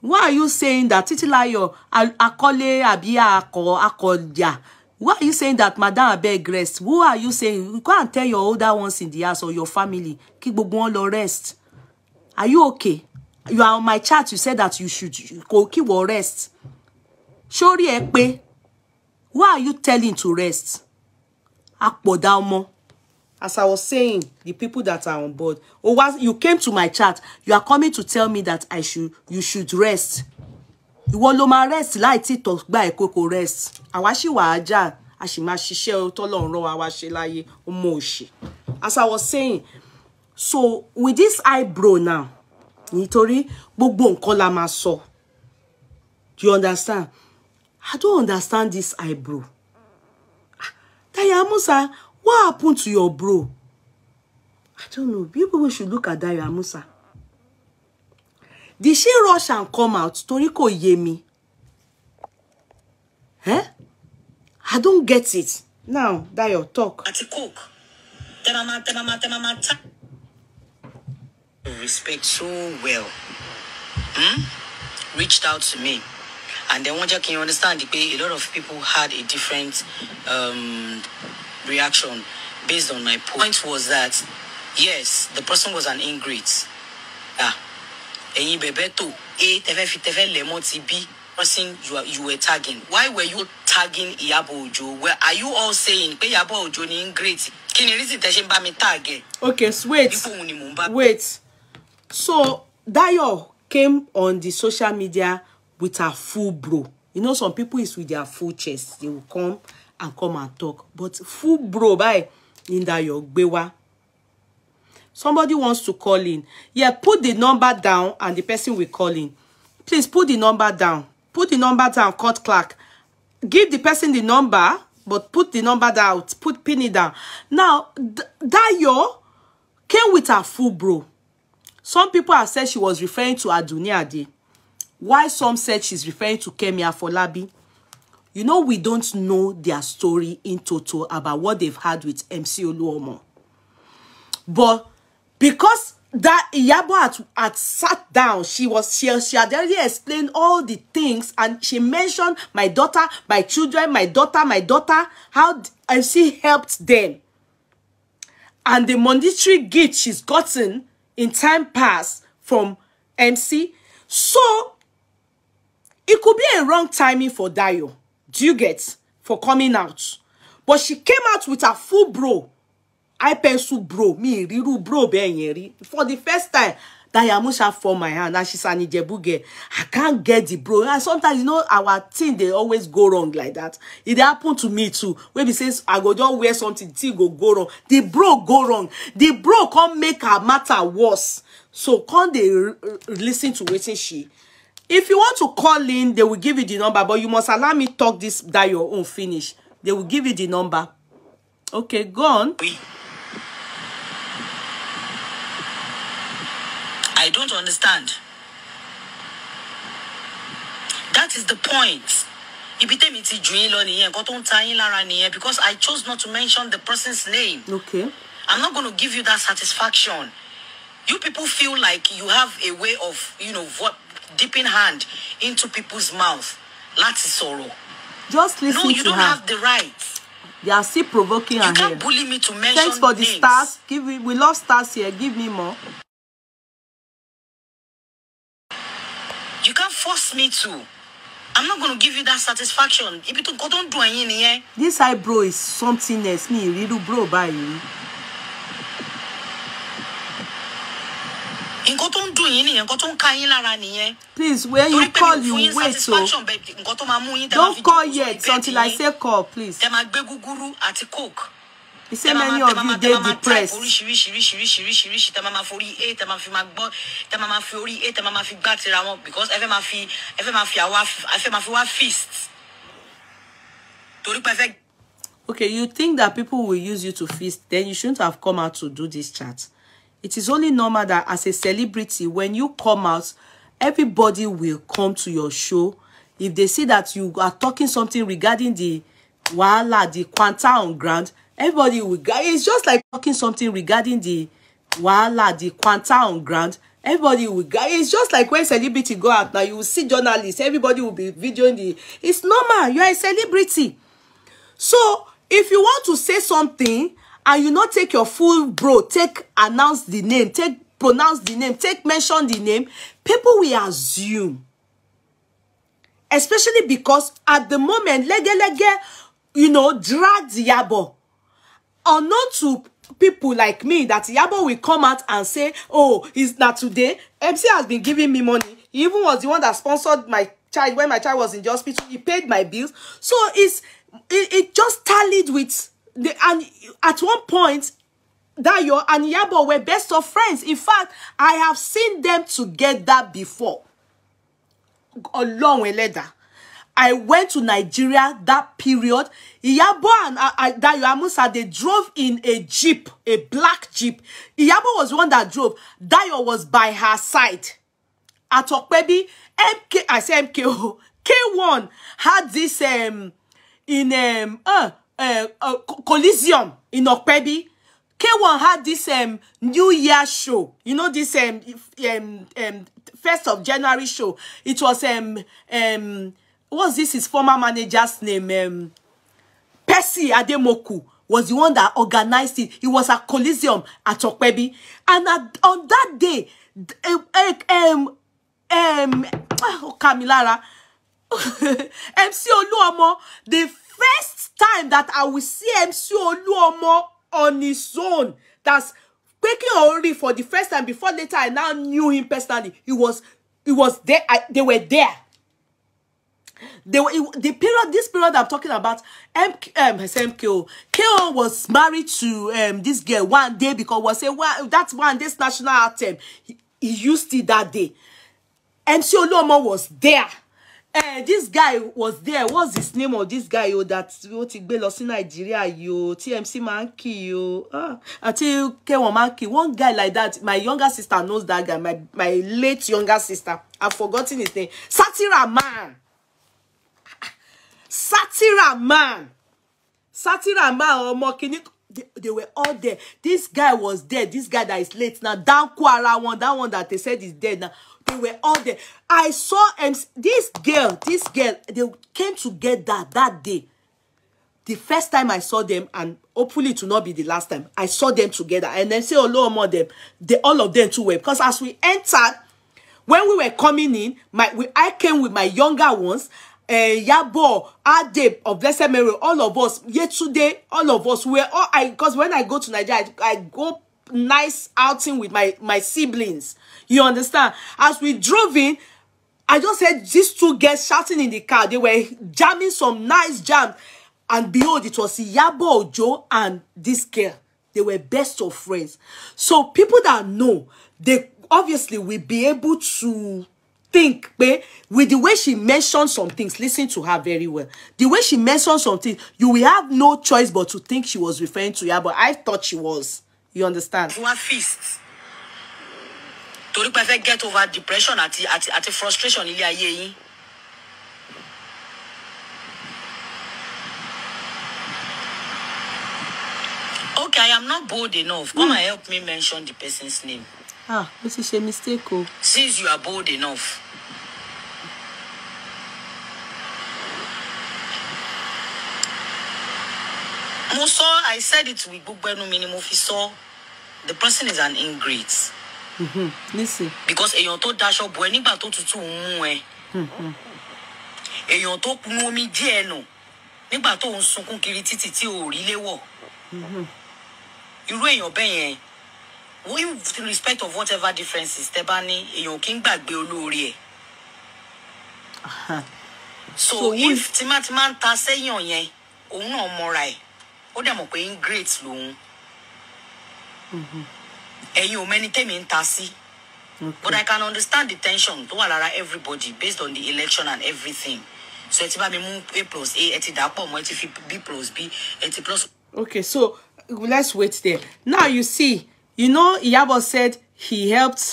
Speaker 1: why are you saying that titilayo akole abia akọ akọjà why are you saying that madam abeg rest who are you saying go and tell your older ones in the house or your family Keep gbogbo wọn rest are you okay you are on my chat you said that you should go keep wọ rest Surely, ẹ pé are you telling to rest àpọ̀dá ọmọ as I was saying, the people that are on board, oh, was, you came to my chat. You are coming to tell me that I should, you should rest. Ìwọ ló máa rest láì tí tó gba eko kò rest. Àwa ṣì wà aja, a ṣì máa ṣiṣẹ́ t'Ọlọ́run rán wa ṣe láyé ọmọ òṣì. As I was saying, so with this eyebrow now, nítorí gbogbo nǹkan la máa sọ. Do you understand? I don't understand this eyebrow. Yaya Musa, what happened to your bro? I don't know. People should look at Yaya Musa. Did she rush and come out? Story kò yé mi. Eh? I don't get it. Now, Dayo, talk. Àti cook.
Speaker 3: Temama, temama, temama, ta. Respect so well. Hmm? Reached out to
Speaker 1: me and then one jẹ́ kí n understand pé a lot of people had a different um, reaction based on my point was that yes the person was an ingrate ah ẹ̀yin bẹ̀bẹ̀ tó a tẹ́fẹ́ fi tẹ́fẹ́ lẹ̀ mọ́ ti bí person you, are, you were tagging why were you tagging Iyabo Ojo where are you all saying pé Iyabo Ojo ni ingrate kí ni reason tẹ́ ṣe ba bá mi tag ẹ̀. okay wait wait so Dayo came on the social media with her full bro you know some people is with their full chest they will come and come and talk but full bro by in that your gbewa somebody wants to call in yeah put the number down and the person will call in please put the number down put the number down court clerk give the person the number but put the number down put pin it down now th Dayo came with her full bro some people have said she was referring to Aduni Ade Why some said she's referring to Kemi Afolabi. You know, we don't know their story in total about what they've had with MC Oluomo. But because that Iyabo had, had sat down, she was she, she had already explained all the things and she mentioned my daughter, my children, my daughter, my daughter, how MC helped them. And the monetary gift she's gotten in time past from MC. So It could be a wrong timing for Dayo. Do you get? For coming out. But she came out with her full bro. I pencil bro. Me riru bro benyeri. For the first time. Dayamusha for my hand and she's an Ijebu I can't get the bro. And sometimes, you know, our thing, they always go wrong like that. It happened to me too. Where he says, I go just wear something, thing go go wrong. The bro go wrong. The bro can't make her matter worse. So can't they listen to what she If you want to call in, they will give you the number, but you must allow me talk this that your own finish. They will give you the number. Okay, go on. I don't understand. That is the point. Ibi ti jù yín lọ nìyẹn, nǹkan tó because I chose not to mention the person's name. Okay. I'm not going to give you that satisfaction. You people feel like you have a way of, you know, what dipping hand into people's mouth láti sorrow. just listen to her no you don't her. have the right. they are still provoking you her you can't bully
Speaker 3: me to mention thanks for names. the stars
Speaker 1: give me we love stars here give me more.
Speaker 3: you can't force me to. I'm not going to give you that satisfaction. Ibi tó kọ́ tó ń dùn
Speaker 1: This eyebrow is something else. Mi ìrírú bro you. nǹkan tó ń dùn yín nìyẹn nǹkan tó ń ka yín lára nìyẹn. please when you call you wait o oh. don't call yet until i say call please. tẹ máa gbé gúgúrú àti coke. he say many of you dey depressed. oríṣiríṣiríṣiríṣiríṣi tẹ máa ma forí a tẹ máa fi máa gbọ́ tẹ máa ma fi orí a tẹ máa ma fi gbá tira wọn because ẹ fẹ́ máa fi ẹ fẹ́ máa fi àwa ẹ fẹ́ máa fi wá feast. torí pé ẹ fẹ́. okay you think that people will use you to feast then you shouldn't have come out to do this chat it is only normal that as a celebrity when you come out everybody will come to your show if they see that you are talking something regarding the wahala the quanta on ground everybody will it's just like talking something regarding the wahala the quanta on ground everybody will it's just like when celebrity go out now you will see journalists everybody will be videoing the it's normal you are a celebrity so if you want to say something and you not take your full bro take announce the name take pronounce the name take mention the name people will assume especially because at the moment lege lege you know drag the Iyabo unknown to people like me that yabo will come out and say oh is that today MC has been giving me money he even was the one that sponsored my child when my child was in the hospital he paid my bills so it's it, it just tallied with they, and at one point, Dayo and Yabo were best of friends. In fact, I have seen them together before. Along with later. I went to Nigeria that period. Iyabo and uh, uh, Dayo Amusa, they drove in a jeep, a black jeep. Iyabo was one that drove. Dayo was by her side. Atokpebi, MK, I say MKO, K1 had this um, in um, uh, uh, uh, Coliseum in Okpebi. K1 had this um, New Year show. You know this um, um, um, first of January show. It was um um what's this his former manager's name? Um, Percy Ademoku was the one that organized it. It was at Coliseum at Okpebi, and at, on that day, eh, um, um, oh, ah, Kamilara, [LAUGHS] MC Oluomo, the first time that I will see MC Oluomo on his own. That's Quaking Ori for the first time before later I now knew him personally. He was he was there. I, they were there. They were it, the period this period I'm talking about M, um SMKO KO was married to um this girl one day because was saying well that's one This national attempt. He, he used it that day. MC Oluomo was there eh, this guy was there what's his name of this guy yo, oh, that ó ti gbé lọ Nigeria yo oh, TMC máa yo àti kẹwọn máa ń kì oh. ah, one guy like that my younger sister knows that guy my my late younger sister I've forgotten his name Satira man Satira man Satira man ọmọ kìíní they, they were all there this guy was dead. this guy that is late now Dankwara one that one that they said is dead now They were all there. I saw and this girl, this girl, they came together that day. The first time I saw them, and hopefully it will not be the last time, I saw them together. And then say, oh, Lord, more them. They, all of them two were. Because as we entered, when we were coming in, my we, I came with my younger ones, uh, Yabo, Adeb of Blessed Mary, all of us, Yesterday, today, all of us, were all, I, because when I go to Nigeria, I, I go nice outing with my, my siblings. You understand? As we drove in, I just heard these two girls shouting in the car. They were jamming some nice jam. And behold, it was Yabo Joe and this girl. They were best of friends. So people that know, they obviously will be able to think eh? with the way she mentioned some things listen to her very well the way she mentioned something, you will have no choice but to think she was referring to Iyabo I thought she was you understand one feasts? torí pé ẹ fẹ́ get over depression àti àti àti frustration nílé ayé yín. okay i am not bold enough come mm. and help me mention the person's name. ah mo ti ṣe mistake o. since you are bold enough. mo sọ i said it with gbogbo ẹnu mi ni mo fi sọ the person is an ingrate. Mhm. because èèyàn tó daṣọ bò ẹ nígbà tó tutù ń mú ẹ mhm. èèyàn tó kunu omi díẹ̀ nù nígbà tó ń sunkún kiri títì tí ò rí léwọ̀ mhm. irú èèyàn bẹ́ẹ̀ yẹn with respect of whatever differences tẹ bá ní èèyàn kì í gbàgbé olóore ẹ̀ so, if tímátímá ń ta sẹ́yìn yẹn òun náà mọ́ra ẹ̀ ó dẹ̀ mọ̀ pé ingrate lòun. Mm-hmm ẹ̀yin ò mẹ́ni tèmi ń ta sí. but I can understand the tension tó wà lára everybody based on the election and everything. so ẹ ti bá mi mú a plus a ẹ ti dà pọ̀ mọ́ ẹ ti fi b plus b ẹ ti plus. okay so let's wait there now you see you know Iyabo said he helped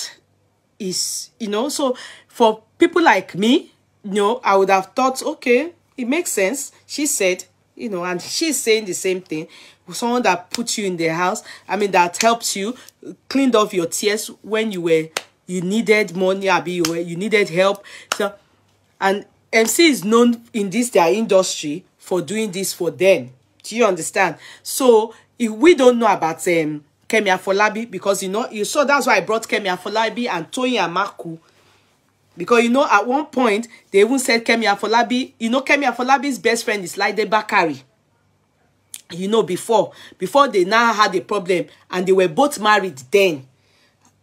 Speaker 1: his you know so for people like me you know I would have thought okay it makes sense she said you know and she's saying the same thing someone that put you in the house, I mean, that helped you, cleaned off your tears when you were, you needed money, Abi, you, were, you needed help. So, and MC is known in this, their industry, for doing this for them. Do you understand? So, if we don't know about um, Kemi Afolabi, because, you know, you saw that's why I brought Kemi Afolabi and Toyin Amaku. Because, you know, at one point, they even said Kemi Afolabi, you know, Kemi Afolabi's best friend is Laide Bakari you know before before they now had a problem and they were both married then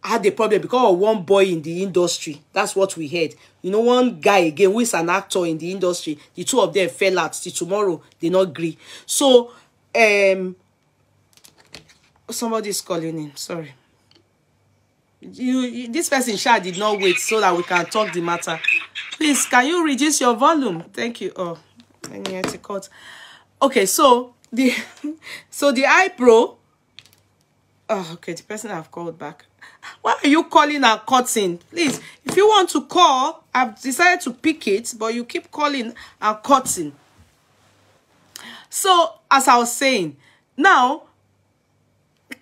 Speaker 1: had a problem because of one boy in the industry that's what we heard you know one guy again who is an actor in the industry the two of them fell out till tomorrow they not agree so um somebody's calling him sorry you, you this person sha did not wait so that we can talk the matter please can you reduce your volume thank you oh okay so the [LAUGHS] so the eyebrow oh okay the person i've called back why are you calling and cutting please if you want to call i've decided to pick it but you keep calling and cutting so as i was saying now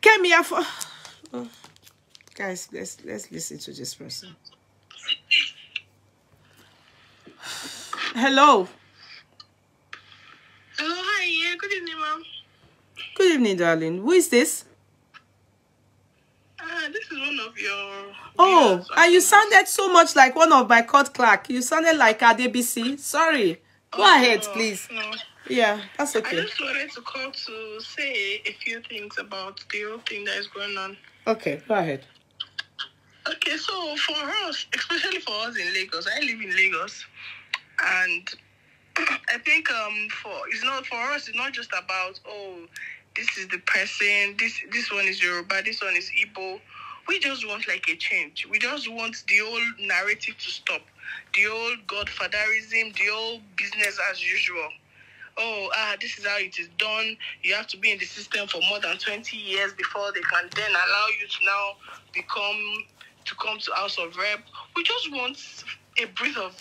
Speaker 1: came here for oh, guys let's let's listen to this person [SIGHS] hello
Speaker 4: Hello, oh, hi. Yeah, good evening, ma'am.
Speaker 1: Good evening, darling. Who is this?
Speaker 4: Uh, this is one of your...
Speaker 1: Oh, viewers, and you sounded so much like one of my court clerk. You sounded like A, B, C. Sorry. Go oh, ahead, no, please. No. Yeah, that's okay. I just
Speaker 4: wanted to call to say a few things about the whole thing that is going on. Okay, go ahead. Okay, so for us, especially for us in Lagos, I live in Lagos, and I think um for it's not for us it's not just about oh this is the person this this one is Yoruba this one is Igbo we just want like a change we just want the old narrative to stop the old godfatherism the old business as usual oh ah this is how it is done you have to be in the system for more than 20 years before they can then allow you to now become to come to house of rep we just want a breath of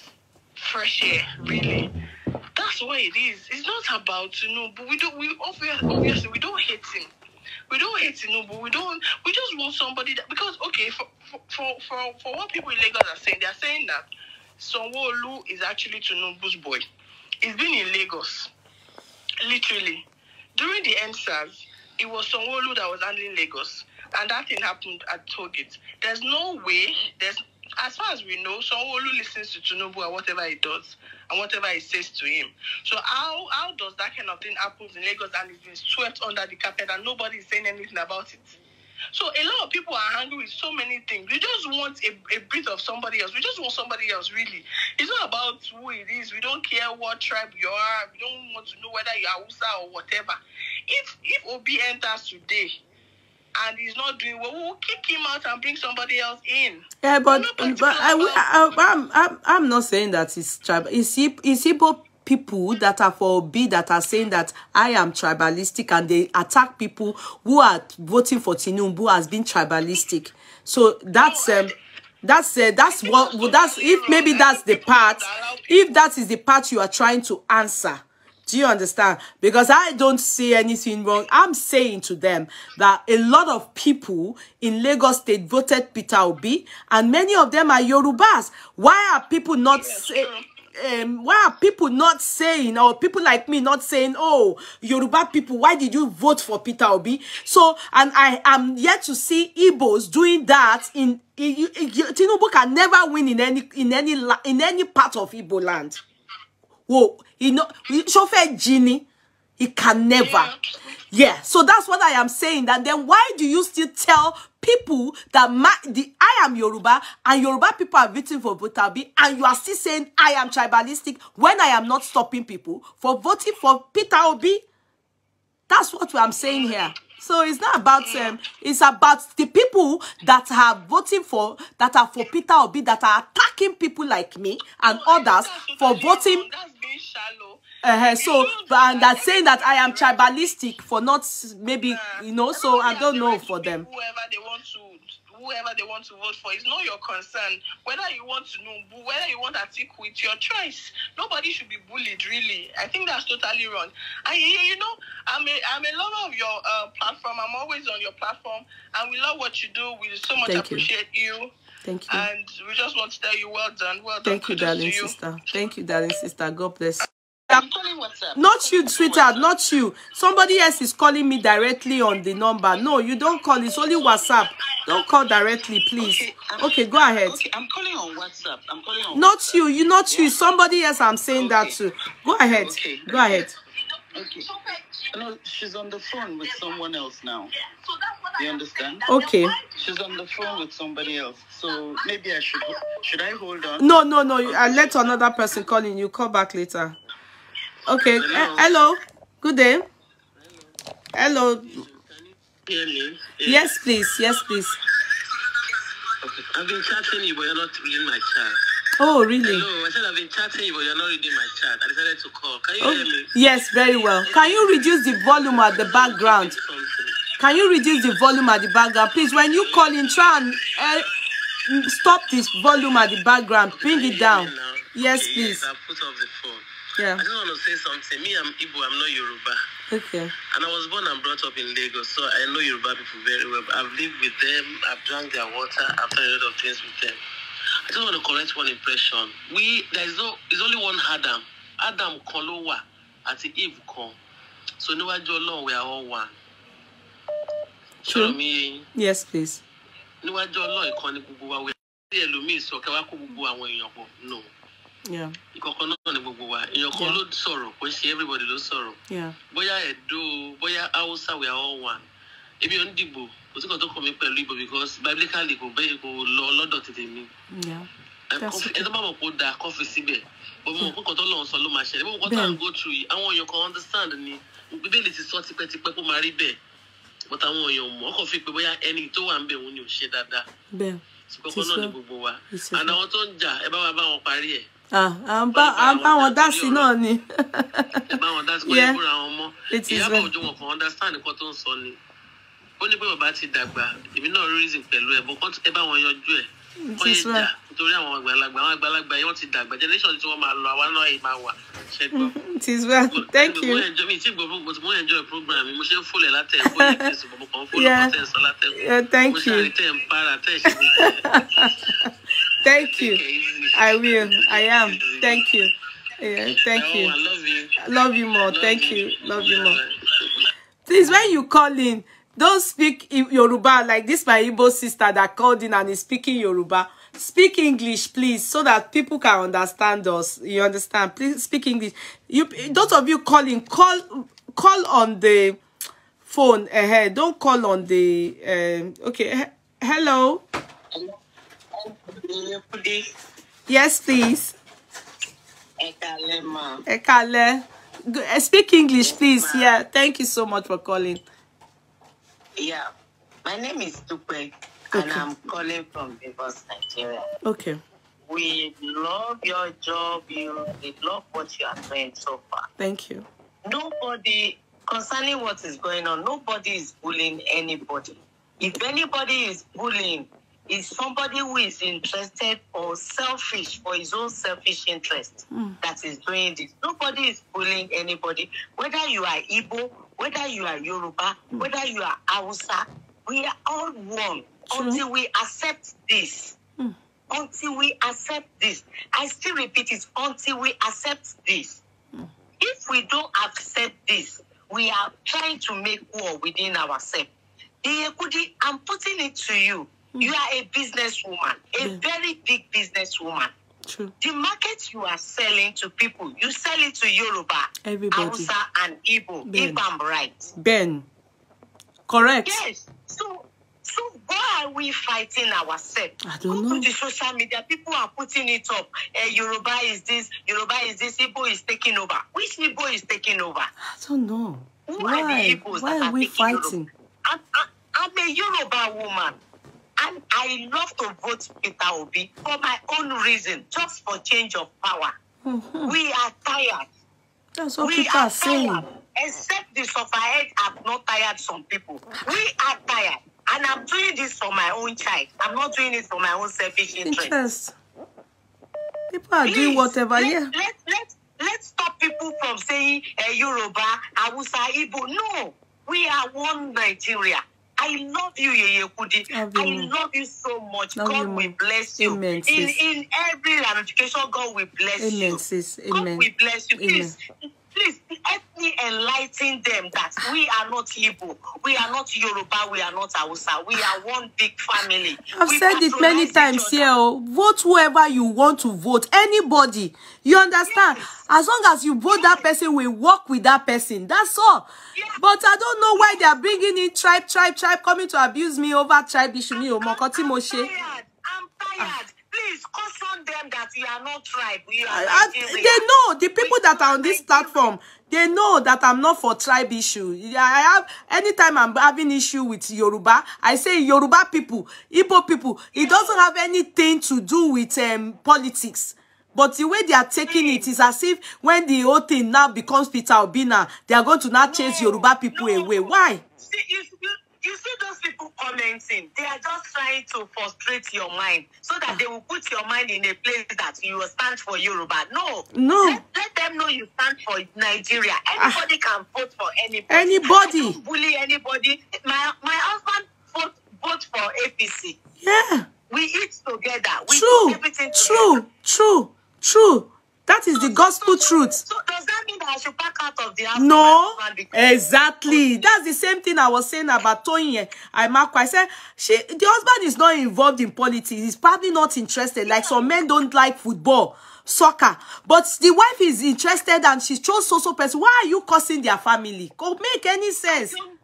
Speaker 4: fresh air really that's why it is. It's not about know, but We don't. We obviously, obviously we don't hate him. We don't hate but We don't. We just want somebody that because okay for for for, for what people in Lagos are saying, they are saying that Sonwolu is actually Tinubu's boy. He's been in Lagos, literally. During the NSAS, it was Sonwolu that was handling Lagos, and that thing happened at Target. There's no way. There's as far as we know, Sonwolu listens to Tunubu and whatever he does and whatever he says to him. So how how does that kind of thing happen in Lagos and it's been swept under the carpet and nobody is saying anything about it? So a lot of people are angry with so many things. We just want a, a bit of somebody else. We just want somebody else, really. It's not about who it is. We don't care what tribe you are. We don't want to know whether you are Hausa or whatever. If if Obi enters today and he's not doing well, we'll kick him out and bring somebody else in.
Speaker 1: Yeah, but but, I, I, I'm I'm I'm not saying that it's tribal. Is he is he both people that are for B that are saying that I am tribalistic and they attack people who are voting for Tinubu as being tribalistic. So that's um, that's uh, that's what well, that's if maybe that's the part if that is the part you are trying to answer Do you understand? Because I don't see anything wrong. I'm saying to them that a lot of people in Lagos State voted Peter Obi, and many of them are Yorubas. Why are people not saying? Um, why are people not saying, or people like me not saying, oh, Yoruba people, why did you vote for Peter Obi? So, and I am yet to see Igbos doing that in, in, in, Tinubu can never win in any, in any, in any part of Igbo land. Whoa, you know, chauffeur genie, He can never. Yeah, so that's what I am saying. That then why do you still tell people that my, the I am Yoruba and Yoruba people are voting for Butabi and you are still saying I am tribalistic when I am not stopping people for voting for Peter Obi? That's what I'm saying here. So it's not about them. Um, it's about the people that are voting for, that are for Peter Obi, that are attacking people like me and no, others for voting. Uh -huh, so, but, and that saying that I am tribalistic for not maybe, you know, so I don't know for them.
Speaker 4: Whoever they want to whoever they want to vote for. It's not your concern. Whether you want to know, whether you want Atiku, with your choice. Nobody should be bullied, really. I think that's totally wrong. hear you know, I'm a, I'm a lover of your uh, platform. I'm always on your
Speaker 2: platform. And we love what you do. We so much Thank appreciate
Speaker 4: you. you. Thank you. And we just want to tell you well done. Well done. Thank you, darling you. sister. Thank you, darling
Speaker 1: sister. God bless you. I'm calling WhatsApp. Not you, Twitter. not you. Somebody else is calling me directly on the number. No, you don't call. It's only WhatsApp. Don't call directly, please. Okay, okay go ahead. Okay, I'm calling on WhatsApp. I'm calling on Not WhatsApp. you, you not yeah. you. Somebody else I'm saying okay. that to. Go ahead. Okay. Go ahead.
Speaker 2: Okay. No, she's on the phone with someone else now. You understand? Okay. She's on the phone with somebody else. So maybe I should should I hold on? No,
Speaker 1: no, no. I let another person call in. You call back later.
Speaker 2: Okay. Hello. Eh, hello.
Speaker 1: Good day. Hello. Hello. Yes. yes, please. Yes, please.
Speaker 5: Okay. I've been chatting you, but you're not reading my
Speaker 1: chat. Oh, really? Hello. I said I've been chatting you, but you're not reading my chat. I decided to call. Can you oh. hear me? Yes, very well. Can you reduce the volume at the background? Can you reduce the volume at the background? Please, when you call in, try and uh, stop this volume at the background. Bring it down. Yes, please. i put off the
Speaker 4: phone. Yeah. I just want to say something. Me, I'm Igbo, I'm not Yoruba. Okay. And I was
Speaker 5: born and brought up in Lagos, so I know Yoruba people very well. I've lived with them, I've drank their water, I've done a lot of things with them. I just want to correct one impression. We there is no It's only one Adam. Adam kan ló wà àti Eve kan. So níwájú Ọlọ́run we are all one. True.
Speaker 1: Yes please.
Speaker 5: No Ọlọ́run ìkan ni gbogbo wa we are all one. Ẹlòmíì sọ kẹwàá kó gbogbo No ìkọ̀kọ̀ náà ni gbogbo wa èèyàn kan ló sọ̀rọ̀ kò ṣe everybody ló sọ̀rọ̀ bóyá Ẹ̀dó bóyá Hausa we are all one èmi ò ń dìbò kò sí kan tó kàn mí pẹ̀lú ìbò because biblically kò bẹ́ẹ̀ kò lọ lọ́dọ̀ tètè mi
Speaker 3: ẹ tó
Speaker 5: bá mọ̀ pé ó dáa kọ́ fi síbẹ̀ bọ́ mọ̀ hmm. pé kọ́tọ́ lọ́hún sọ ló máa ṣẹlẹ̀ bí wọ́n tàn go through yìí àwọn èèyàn kan understand ni bíbélì ti sọ tipẹ́tipẹ́ kó máa rí bẹ́ẹ̀ but àwọn èèyàn mọ̀ ọkọ̀ fi pé bóyá ẹni tó wà ń bẹ̀ òun ni ò ṣe dáadáa
Speaker 4: ṣùgbọ́n náà ni
Speaker 1: gbogbo
Speaker 5: wa àná àwọn tó ń jà ẹ bá wa
Speaker 4: bá wọn parí ẹ̀ Ah, à ń bá wọn
Speaker 1: dá náà ni. ẹ bá wọn dá kọ́ ẹ búra wọn mọ́ ìyábọ̀ òjò wọn kàn understand nǹkan tó ń sọ ni ó ní pé bàbá
Speaker 5: ti dàgbà èmi náà reason pẹ̀lú ẹ̀ bọ́ ẹ bá wọn yanjú
Speaker 1: ẹ̀ ó yẹ jà nítorí àwọn
Speaker 4: it is well thank you. mi ti gbọ́ thank you [LAUGHS] i will i am thank you. Yeah, thank you. love you. more. thank you. Love you more. Please, when
Speaker 1: you call in, Don't speak Yoruba like this, my Igbo sister that called in and is speaking Yoruba. Speak English, please, so that people can understand us. You understand? Please speak English. You, those of you calling, call, call on the phone. Uh, don't call on the. Uh, okay. H hello. Yes, please.
Speaker 3: Ekale, ma'am.
Speaker 1: Ekale. Speak English, please. Yeah. Thank you so much for calling.
Speaker 2: Yeah, my name is Tupe, and I'm calling from Rivers, Nigeria. Okay. We love your job. You, we love what you are doing so far. Thank you. Nobody, concerning what is going on, nobody is bullying anybody. If anybody is bullying, it's somebody
Speaker 1: who is interested or selfish for his own selfish interest mm. that is doing this. Nobody is bullying anybody, whether you are Igbo whether you are Yoruba, hmm. whether you are Hausa, we are all one until we accept this. Hmm. Until we accept this. I still repeat it until we accept this. Hmm. If we don't accept this, we are trying to make war within ourselves. I'm putting it to you. You are a businesswoman, a very big businesswoman. True. The market you are selling to people, you sell it to Yoruba, Everybody. Hausa, and Igbo, ben. if I'm right.
Speaker 4: Ben.
Speaker 3: Correct.
Speaker 1: Yes. So, so why are we fighting ourselves? I don't Go know. to the social media, people are putting it up. Uh, Yoruba is this, Yoruba is this, Igbo is taking over. Which Igbo is taking over? I don't know. Who why? Are the Igbos why are, are we fighting? I'm, I'm a Yoruba woman. And I love to
Speaker 3: vote Peter Obi for my own reason, just for change of power. Mm-hmm. We are tired. That's what we people are, are saying. Tired. Except the sufferers have not tired
Speaker 1: some people. We are tired. And I'm doing this for my own child. I'm not doing it for my own selfish interest. interest. People are Please, doing whatever, let, yeah. Let, let,
Speaker 3: let's stop people from saying uh, Yoruba, Awusa, Igbo. No, we are one Nigeria. I love you, Yeye Kudi. I love you so much. Love God will bless you. Amen, in, in every ramification, God will bless Amen, you. Sis. Amen. God will bless you. Please,
Speaker 1: Amen. please help me enlighten them that we are not Igbo, we are not Yoruba, we are not Hausa, we are one big family. I've we said it many times here. Oh. vote whoever you want to vote, anybody. You understand? Yes. As long as you vote yes. that person, we work with that person. That's all. Yes. But I don't know why they are bringing in tribe, tribe, tribe, coming to abuse me over tribe issue. Oh, I'm, I'm, I'm tired. I'm tired. Ah please
Speaker 3: caution them that you are not tribe. You are I, They
Speaker 1: know the people we that are on this platform. They know that I'm not for tribe issue. I have anytime I'm having issue with Yoruba, I say Yoruba people, Igbo people. It doesn't have anything to do with um, politics. But the way they are taking it is as if when the whole thing now becomes Peter Obina, they are going to now chase Yoruba people away. Why? See, you, you, you see those people commenting, they are just trying
Speaker 3: to frustrate your mind so that they will put your mind in a place that you will stand for Yoruba. No. No. Let, let them know you stand for Nigeria. Ah. Anybody ah. can vote for anybody. Anybody. I don't bully anybody. My my husband vote vote for APC. Yeah. We eat together. We true. do everything together. True.
Speaker 1: True. True. That is so, the gospel so, so, truth. So, so, that mean that I should pack out of the house? No, exactly. That's the same thing I was saying about Tony. I mark. I said she, the husband is not involved in politics. He's probably not interested. Like some men don't like football, soccer, but the wife is interested and she chose social person. Why are you cursing their family? Could make any sense? I don't,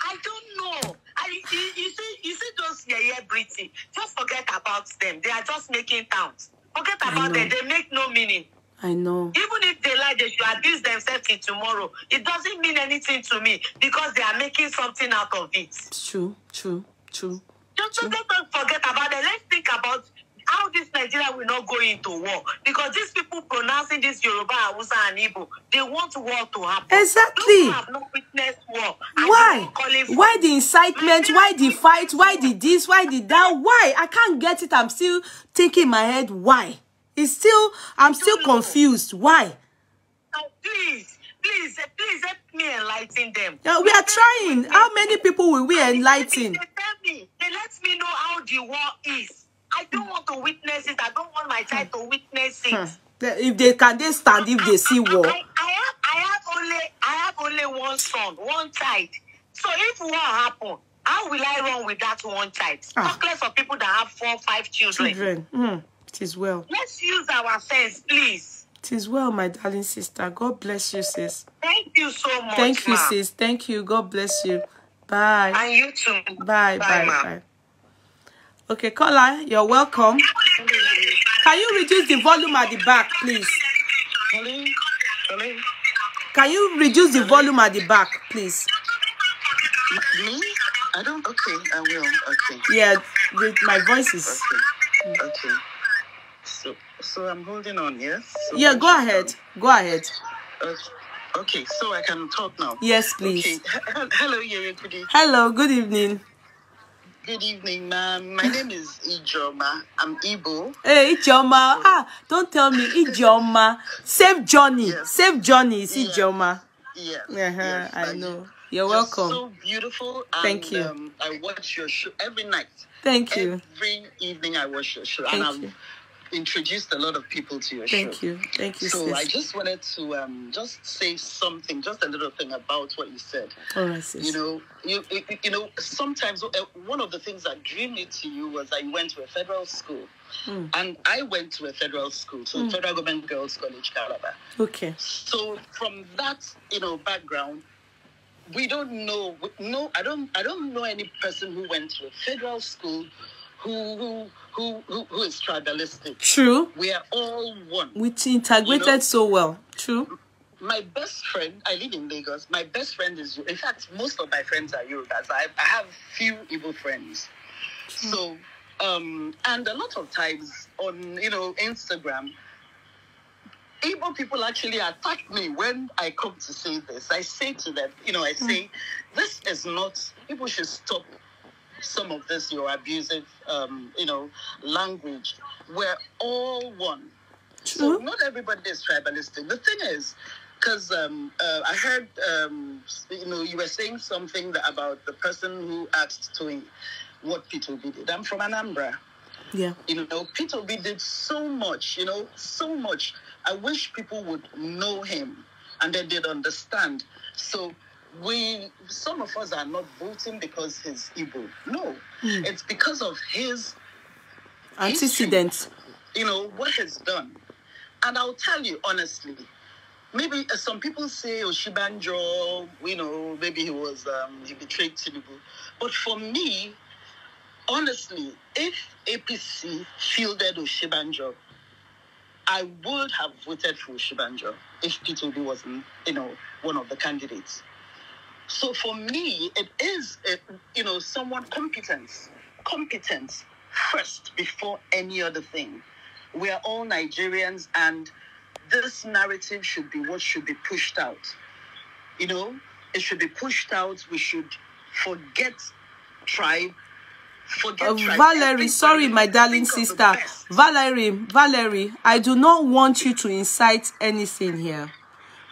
Speaker 3: I don't know. I, you, you see, you see those yeah, yeah, British. Just forget about them. They are just making towns. Forget about them. They make no meaning. I know. Even if they lie, they should abuse themselves till tomorrow. It doesn't mean anything to me because they are making something out of it.
Speaker 4: True, true, true.
Speaker 3: Just true. let forget about it. Let's think about how this Nigeria will not go into war because these people pronouncing this Yoruba, Hausa, and Igbo, they want war to happen. Exactly. Those have no witnessed war. Why? Why
Speaker 1: the incitement? Why the fight? Why the this? Why the that? Why? I can't get it. I'm still thinking in my head. Why? It's still, I'm still know. confused. Why? So please, please, eh, please help me enlighten them. Yeah, we are trying. How many people will we enlighten? They tell me. They let me know how the war is. I don't want to witness it. I don't want my child hmm. to witness it. Hmm. If they can, they stand if they see war. I, I, have, I have only, I have only one son, one child.
Speaker 3: So if war happen, how will I run with that one child? Ah. Talk less of people that have four, five children. children.
Speaker 1: Mm. Tis well.
Speaker 3: Let's use our sense, please.
Speaker 1: Tis well, my darling sister. God bless you, sis.
Speaker 3: Thank you so much. Thank you, sis.
Speaker 1: Thank you. God bless you. Bye. And you too. Bye, bye, bye. bye. Okay, caller, you're welcome. Can you reduce the volume at the back, please?
Speaker 2: Hello? Hello?
Speaker 1: Can you reduce the volume at the back, please?
Speaker 2: Me? I don't. Okay, I will. Okay. Yeah,
Speaker 1: the, my voice is.
Speaker 2: Okay. okay. So, so I'm holding on, yes? So yeah, go
Speaker 1: ahead. Um, go ahead.
Speaker 2: Okay. okay, so I can talk now. Yes, please. Okay. [LAUGHS] hello, Yeah.
Speaker 1: Good evening. Hello, good evening.
Speaker 2: Good evening, ma'am. My [LAUGHS] name is Ijoma. I'm Ibo.
Speaker 1: Hey, Ijoma. So, oh. ah, don't tell me. Ijoma. Save Johnny. Yes. Save Johnny. Is yes. Ijoma.
Speaker 2: Yes. Uh -huh, yes, I
Speaker 1: know. You're, You're welcome. so
Speaker 2: beautiful. And, Thank you. Um, I watch your show every night. Thank you. Every evening I watch your show. Thank and I'm, you introduced a lot of people to your Thank show. you. Thank you. So sis. I just wanted to um, just say something, just a little thing about what you said. All right, sis. You know, you, you know, sometimes uh, one of the things that drew me to you was I went to a federal school. Mm. And I went to a federal school, so mm. Federal Government Girls College, Calabar. Okay. So from that, you know, background, we don't know. No, I don't. I don't know any person who went to a federal school who who who who, who is tribalistic. True. We are all one.
Speaker 1: Which integrated you know? so well.
Speaker 3: True.
Speaker 2: My best friend, I live in Lagos. My best friend is, in fact, most of my friends are Yorubas. I, I have few evil friends. True. So, um, and a lot of times on, you know, Instagram, Able people actually attack me when I come to say this. I say to them, you know, I hmm. say, this is not, people should stop some of this, your abusive, um, you know, language. We're all one. True. So not everybody is tribalistic. The thing is, because um, uh, I heard, um, you know, you were saying something about the person who asked to what Peter B did. I'm from Anambra. Yeah. You know, Peter B did so much, you know, so much. I wish people would know him and they did understand. So we some of us are not voting because he's evil. No, mm. it's because of his antecedents. You know what he's done, and I'll tell you honestly. Maybe uh, some people say Oshibanjo, you know, maybe he was um, he betrayed Tinubu, but for me, honestly, if APC fielded Oshibanjo, I would have voted for Oshibanjo if Peter wasn't, you know, one of the candidates. So for me, it is, a, uh, you know, someone competence, competence first before any other thing. We are all Nigerians, and this narrative should be what should be pushed out. You know, it should be pushed out. We should forget tribe. Forget uh, Valerie,
Speaker 1: sorry, my darling sister. Valerie, Valerie, I do not want you to incite anything here.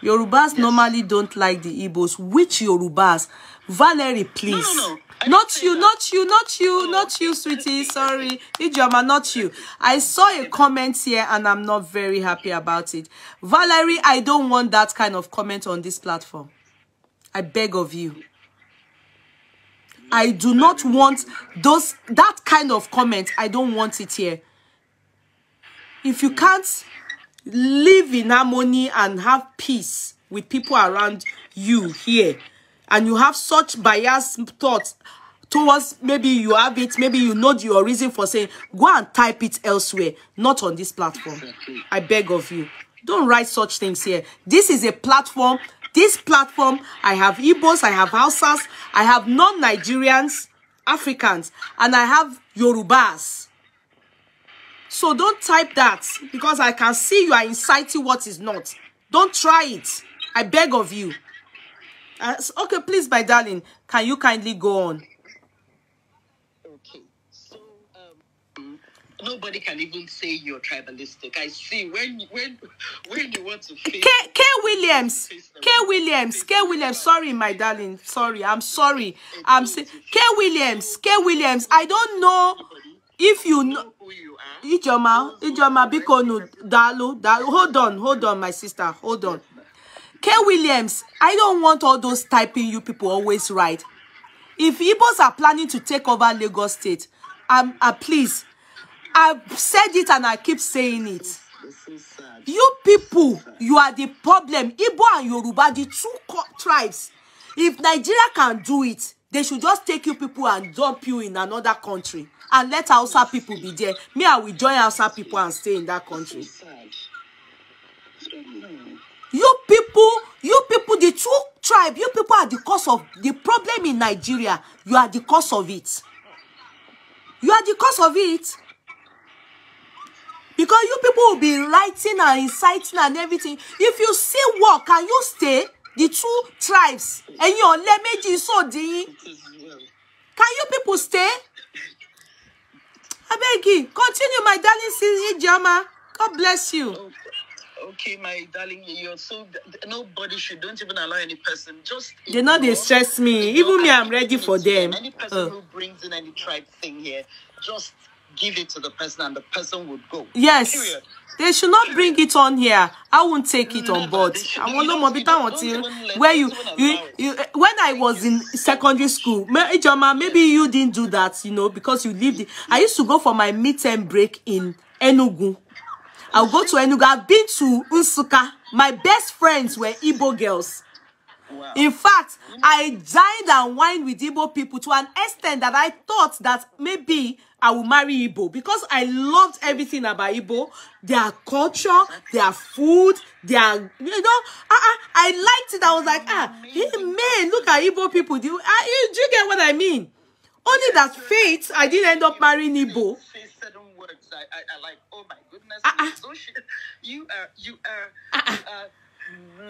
Speaker 1: Yorubas yes. normally don't like the Igbos. Which Yorubas? Valerie, please. No, no, no. Not you, not you, not you, oh, not you, sweetie. Sorry. Ijoma, not you. I saw a comment here and I'm not very happy about it. Valerie, I don't want that kind of comment on this platform. I beg of you. I do not want those that kind of comment. I don't want it here. If you can't live in harmony and have peace with people around you here and you have such biased thoughts towards maybe you have it, maybe you know your reason for saying, go and type it elsewhere, not on this platform. I beg of you. Don't write such things here. This is a platform. This platform, I have Igbos, I have Hausas, I have non-Nigerians, Africans, and I have Yorubas. So don't type that because I can see you are inciting what is not. Don't try it. I beg of you. Uh, okay, please, my darling, can you kindly go on?
Speaker 3: Okay. So,
Speaker 2: um, nobody can even say you're tribalistic. I see when when when you want to face
Speaker 1: K, K Williams, K Williams, K Williams. Sorry, my darling. Sorry, I'm sorry. I'm K Williams, K Williams. I don't know if you know who you Ijoma, Ijoma, Bikonu, Dalu, Dalu. Hold on, hold on, my sister, hold on. K. Williams, I don't want all those typing you people always right. If Igbos are planning to take over Lagos State, um, uh, please, I've said it and I keep saying it. You people, you are the problem. Igbo and Yoruba, the two tribes. If Nigeria can do it, they should just take you people and dump you in another country and let Hausa people be there. Me, I will join Hausa people and stay in that country. You people, you people, the two tribe, you people are the cause of the problem in Nigeria. You are the cause of it. You are the cause of it. Because you people will be writing and inciting and everything. If you see war, can you stay? The two tribes. And your is so Can you people stay? I beg you, continue, my darling sister Ijeoma. God bless you. Okay. okay, my darling, you're so nobody should don't even allow any person. Just they know they stress me. Even me, I'm ready for them. Any uh. person uh. who
Speaker 2: brings in any tribe thing here, just give it to the person and the person would go. Yes. Period.
Speaker 1: They should not bring it on here. I won't take it no, on board. I won't know more down until where you, you, you, when I was in secondary school, Ijoma, maybe you didn't do that, you know, because you lived. It. I used to go for my midterm break in Enugu. I'll go to Enugu. I've been to Unsuka. My best friends were Igbo girls.
Speaker 3: Wow. In fact,
Speaker 1: I dined and wined with Igbo people to an extent that I thought that maybe I will marry Igbo because I loved everything about Igbo, their culture, their food, their you know. I, ah, I, ah, I liked it. I was like, ah, man, look at Igbo people. Do ah, you, do you get what I mean? Only that fate, I didn't end up marrying Igbo.
Speaker 2: I, I, I like, oh my goodness, uh -uh.
Speaker 1: you are, you are, uh -uh. you are.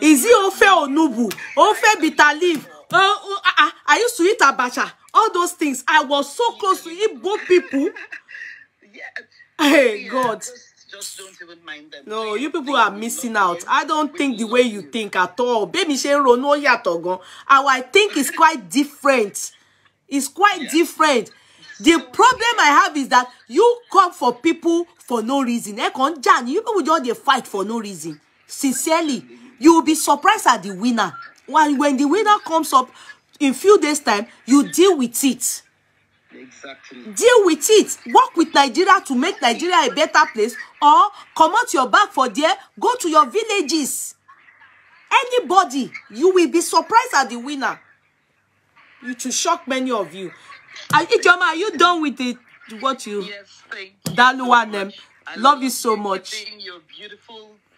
Speaker 1: Is it ofe onubu? Ofe bitter leaf? Uh, uh, uh, uh, I used to eat abacha. All those things. I was so close to eat both people. Yeah. Hey, yeah, God. Just, just don't even mind them. No, you people are missing out. I don't we think the way you, you think at all. Baby Shenro, no yatogon. Our think is quite different. It's quite yeah. different. The problem I have is that you come for people for no reason. You people just they fight for no reason. Sincerely you will be surprised at the winner when, when the winner comes up in few days time you deal with it
Speaker 3: Exactly.
Speaker 1: Deal with it. Work with Nigeria to make Nigeria a better place or come out your back for there, go to your villages. Anybody, you will be surprised at the winner. It will shock many of you. Are, Ijoma, are you done with it? What you?
Speaker 2: Yes, thank
Speaker 1: you. Daluanem. So Love you so much.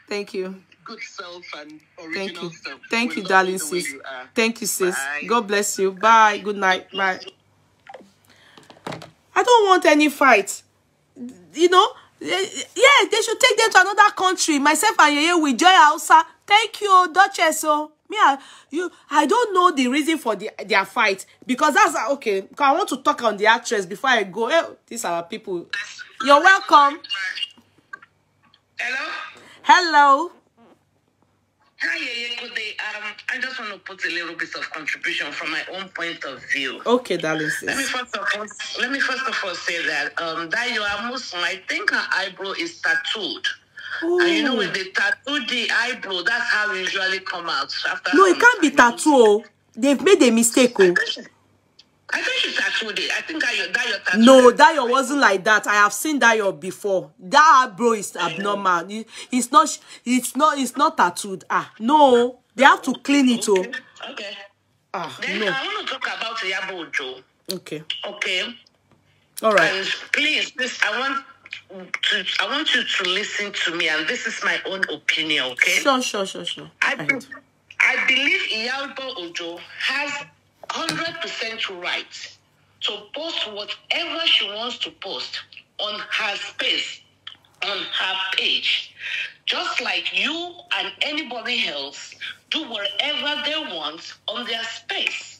Speaker 1: Thank you good self and original Thank you. self. Thank you, darling sis. You Thank you, sis. Bye. God bless you. Bye. Good night. Bye. I don't want any fight. You know, yeah, they should take them to another country. Myself and Yeye with Joy Hausa. Thank you, Duchess. Oh, me, I, you, I don't know the reason for the, their fight because that's okay. I want to talk on the actress before I go. Hey, these are people. You're
Speaker 3: welcome. Hello. Hello. Hi, Yekude. Um, I just want to put a little bit of contribution from my own point of view.
Speaker 1: Okay, darling. Let me first
Speaker 3: of all, let me first of all say that um, that you are Muslim. I think her eyebrow is tattooed. Ooh. And you know, oh. when they tattoo the eyebrow, that's how we usually come
Speaker 1: out. After no, it can't be tattoo. Oh. They've made a mistake. Oh. I think she tattooed it. I think Dayo, Dayo tattooed No, Dayo wasn't like that. I have seen Dayo before. That bro is abnormal. He, it's not, it's not, it's not tattooed. Ah, no. They have to clean it. Oh. Okay. Oh. Okay.
Speaker 3: Ah, then no. I want to talk about Iyabo Ojo. Okay. Okay. All right. And please, please, I want to, I want you to listen to me, and this is my own opinion, okay? Sure,
Speaker 4: sure, sure, sure.
Speaker 3: I, be, I believe Iyabo Ojo has 100% right to post whatever she wants to post on her space, on her page. Just like you and anybody else do whatever they want on their space.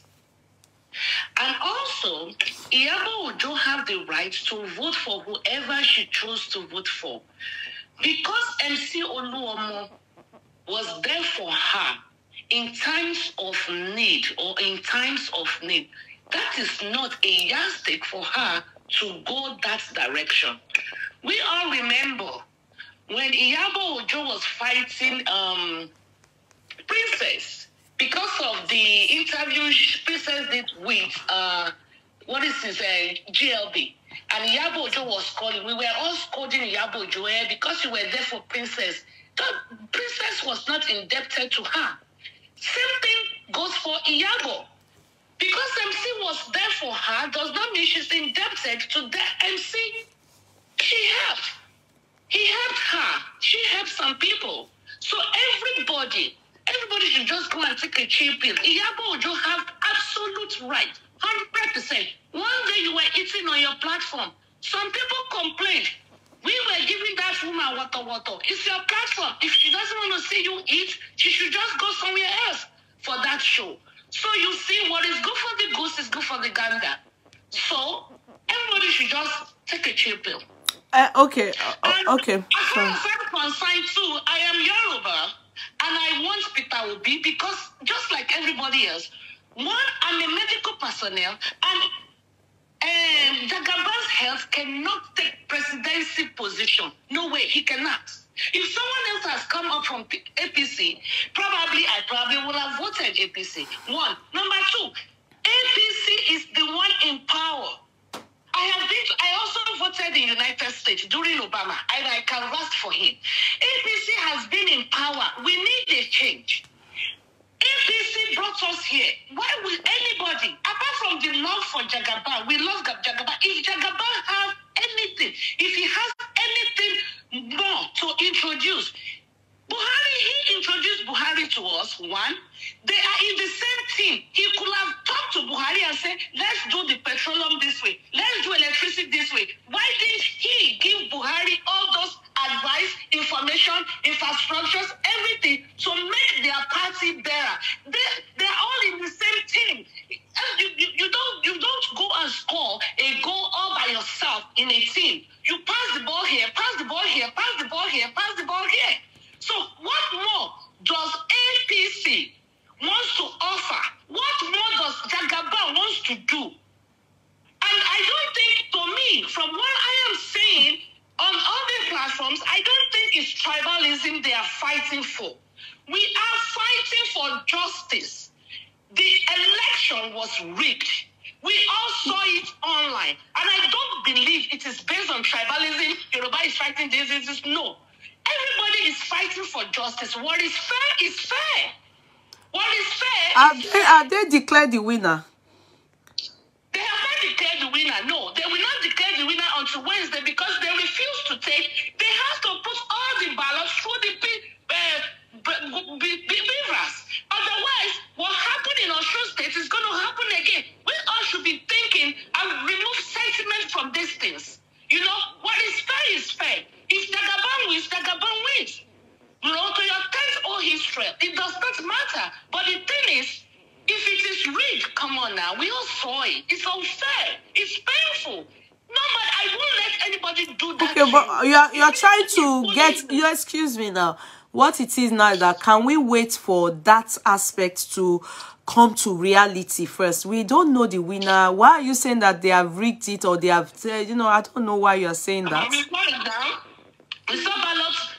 Speaker 3: And also, Iyaba Ujo have the right to vote for whoever she chose to vote for. Because MC Oluomo was there for her in times of need or in times of need, that is not a yardstick for her to go that direction. We all remember when Iyabo Ojo was fighting um, Princess because of the interview Princess did with uh, what is his uh, GLB. And Iyabo Ojo was calling. We were all scolding Iyabo Ojo eh, because you were there for Princess. That princess was not indebted to her. Same thing goes for Iago, Because MC was there for her does not mean she's indebted to the MC. She helped. He helped her. She helped some people. So everybody, everybody should just go and take a chill pill. you Ojo have absolute right, 100%. One day you were eating on your platform. Some people complained we were giving that woman water, water. It's your platform. If she doesn't want to see you eat, she should just go somewhere else for that show. So you see, what is good for the goose is good for the gander. So everybody should just take a chill pill. Uh,
Speaker 4: okay, uh, uh okay. As far as
Speaker 3: I'm concerned, too, I am Yoruba and I want Peter Obi because just like everybody else, one, I'm a medical personnel and um, Dagabans health cannot take presidency position. No way, he cannot. If someone else has come up from APC, probably I probably would have voted APC. One. Number two, APC is the one in power. I have been, I also voted in United States during Obama, and I can rest for him. APC has been in power. We need a change. APC brought us here. Why will anybody, apart from the love for Jagaba, we love Jagaba. If Jagaba has anything, if he has anything more to introduce, Buhari, he introduced Buhari to us, one. They are in the same team. He could have talked to Buhari and said, let's do the petroleum this way, let's do electricity this way. Why didn't he give Buhari all those advice, information, infrastructures, everything to make their party better? They, they're all in the same team. Eh, you, you, you, don't, you don't go and score a goal all by yourself in a team. You pass the ball here, pass the ball here, pass the ball here, pass the ball here. So what more does APC wants to offer, what more does Jagaba wants to do? And I don't think, to me, from what I am saying on other platforms, I don't think it's tribalism they are fighting for. We are fighting for justice. The election was rigged. We all saw it online. And I don't believe it is based on tribalism. Yoruba is fighting this, this, this. No. Everybody is fighting for justice. What is fair is fair. What is fair? Have they, have
Speaker 1: they declared the winner?
Speaker 3: They have not declared the winner. No, they will not declare the winner until Wednesday because they refuse to take. They have to put all the ballots through the uh, beavers. Otherwise, what happened in Osho State is going to happen again. We all should be
Speaker 1: are trying to get you excuse me now what it is now that can we wait for that aspect to come to reality first we don't know the winner why are you saying that they have rigged it or they have uh, you know i don't know why you're saying that we
Speaker 3: saw ballots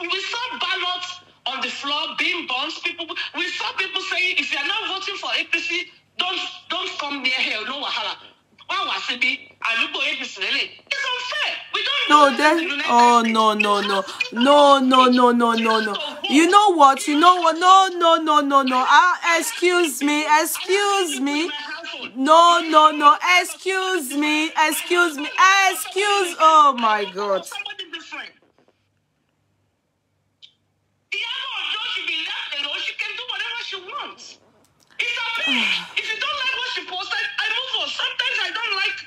Speaker 3: we saw ballots on the floor being bounced people we saw people saying if you are not voting for apc don't don't come near here no wahala wá wá síbi àdúgbò apc lélẹ̀ it's unfair we don't know no,
Speaker 1: then oh no no no no no no no no no you know what you know what no no no no no ah excuse me excuse me no no no excuse me excuse me excuse oh my god.
Speaker 3: Ìyá náà ló ṣe be left alone she can do whatever she wants. It's happening. Ah. if you don't like what she posted, I move on. Sometimes I don't like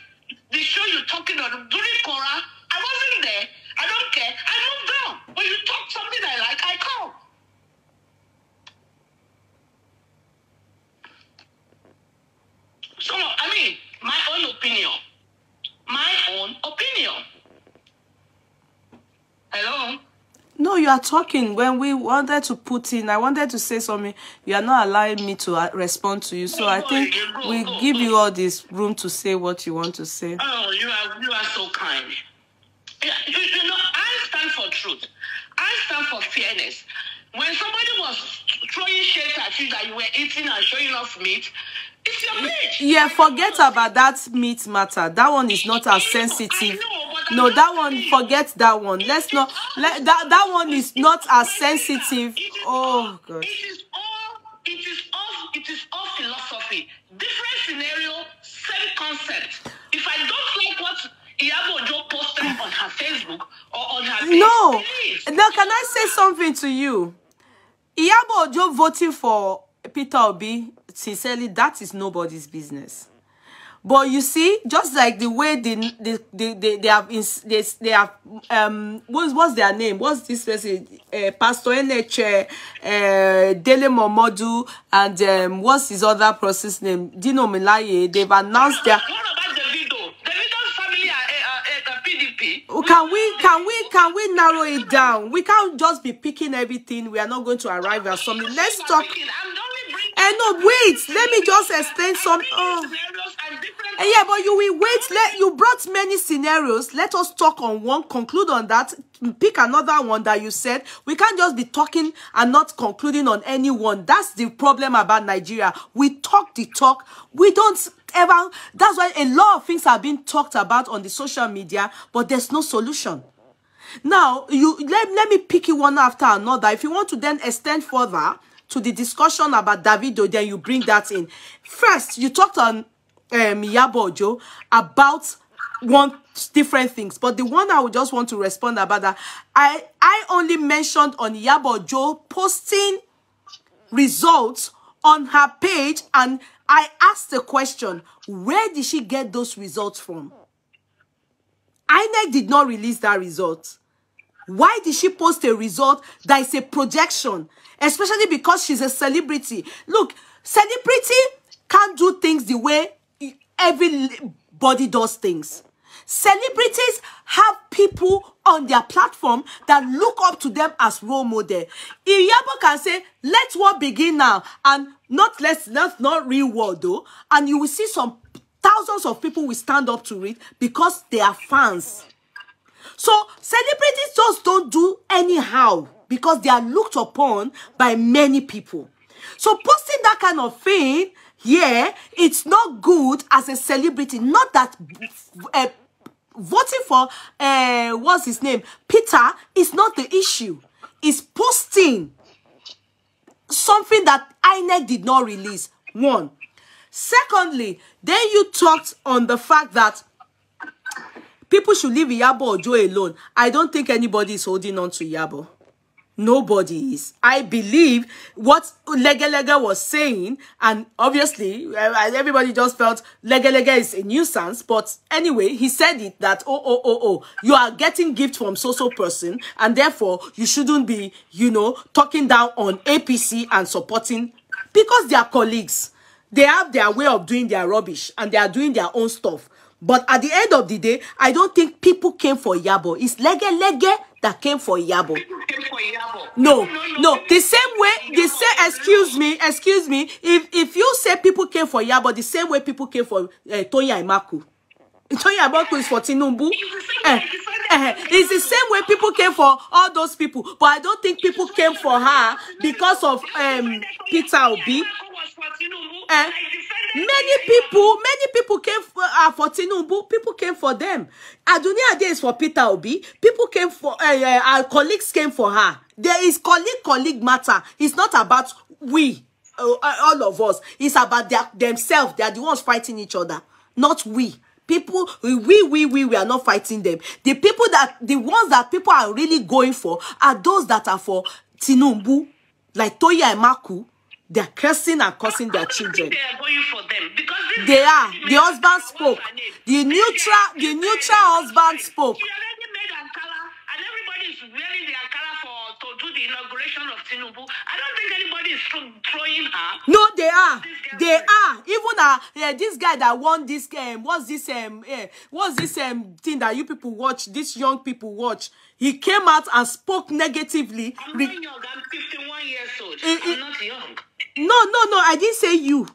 Speaker 3: the show you're talking on. During Cora, I wasn't there. I don't care. I moved on. When you talk something I like, I call. So, I mean, my own opinion. My own opinion.
Speaker 1: Hello? No, you are talking. When we wanted to put in, I wanted to say something. You are not allowing me to uh, respond to you. So I think we give you all this room to say what you want to say.
Speaker 3: Oh, you are you are so kind. You, you know, I stand for truth. I stand for fairness. When somebody was throwing shit at you that you were eating and showing off meat, Yeah,
Speaker 1: forget about that meat matter. That one is not as sensitive. No, that one, forget that one. Let's not, let, that, that one is not as sensitive.
Speaker 2: Oh, God.
Speaker 3: It is all, it is all, it is all philosophy. Different scenario, same concept. If I don't like what Iyabo Ojo posted on her Facebook or on her page, No,
Speaker 1: now can I say something to you? Iyabo Ojo voting for Peter Obi sincerely, that is nobody's business. But you see, just like the way they they they, they, they have they, they have um what's what's their name? What's this person? Uh, Pastor NH uh, Dele Momodu and um, what's his other process name? Dino Milaye. They've announced their. Can we can we can we narrow it down? We can't just be picking everything. We are not going to arrive at something. Let's talk. And eh, no, wait. Let me just explain some. Oh. Eh, yeah, but you will wait. Let you brought many scenarios. Let us talk on one. Conclude on that. Pick another one that you said. We can't just be talking and not concluding on any one. That's the problem about Nigeria. We talk the talk. We don't ever. That's why a lot of things are being talked about on the social media, but there's no solution. Now, you let, let me pick you one after another. If you want to then extend further, to the discussion about Davido, then you bring that in. First, you talked on um, Iyabo Ojo about one different things, but the one I would just want to respond about that, I I only mentioned on Iyabo Ojo posting results on her page, and I asked the question, where did she get those results from? INEC did not release that result. Why did she post a result that is a projection especially because she's a celebrity. Look, celebrity can't do things the way e, everybody does things. Celebrities have people on their platform that look up to them as role model. Iyabo can say, let's war begin now and not let's not, not real world though. And you will see some thousands of people will stand up to it because they are fans. So celebrities just don't do anyhow because they are looked upon by many people. So posting that kind of thing, yeah, it's not good as a celebrity. Not that uh, voting for, uh, what's his name, Peter is not the issue. It's posting something that INEC did not release, one. Secondly, then you talked on the fact that people should leave Yabo or Ojo alone. I don't think anybody is holding on to Yabo. Nobody is. I believe what Legelega was saying, and obviously uh, uh, everybody just felt Legelega is a nuisance. But anyway, he said it that oh oh oh oh, you are getting gift from so so person, and therefore you shouldn't be you know talking down on APC and supporting because they are colleagues. They have their way of doing their rubbish and they are doing their own stuff. But at the end of the day, I don't think people came for Yabo. It's Lege Lege that came for Yabo. No, no, the same way, the same, excuse me, excuse me, if, if you say people came for Yabo, the same way people came for uh, eh, Tonya Imaku talking about is for Tinubu. Eh, eh, it's the same way people came for all those people, but I don't think people came for her because of um, Peter Obi. Eh, many people, many people came for, uh, for Tinubu. People came for them. Adunia Day is for Peter Obi. People came for uh, uh, our colleagues came for her. There is colleague colleague matter. It's not about we, uh, all of us. It's about their, themselves. They are the ones fighting each other, not we people we we we we are not fighting them the people that the ones that people are really going for are those that are for Tinumbu, like Toya Emaku they are cursing and cursing their children they are going for them because they are the husband spoke the neutral the neutral husband spoke is wearing the Ankara
Speaker 3: for to do the inauguration of Tinubu. I don't think anybody is throwing her.
Speaker 1: No, they are. They are. Even uh, yeah. this guy that won this game. Um, what's this um uh, what's this um thing that you people watch? These young people watch. He came out and spoke negatively. I'm young. I'm 51 years old. Uh, I'm not young. No, no, no. I didn't say you.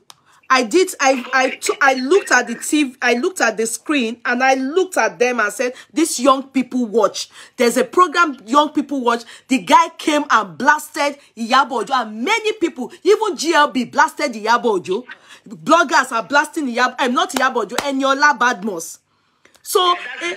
Speaker 1: I did, I, I, I looked at the TV, I looked at the screen and I looked at them and said, this young people watch. There's a program young people watch. The guy came and blasted Yabojo, and many people, even GLB blasted Iyabo Ojo. Bloggers are blasting Iyabo, I'm eh, not Yabojo. Ojo, Eniola Badmos. So yeah, eh,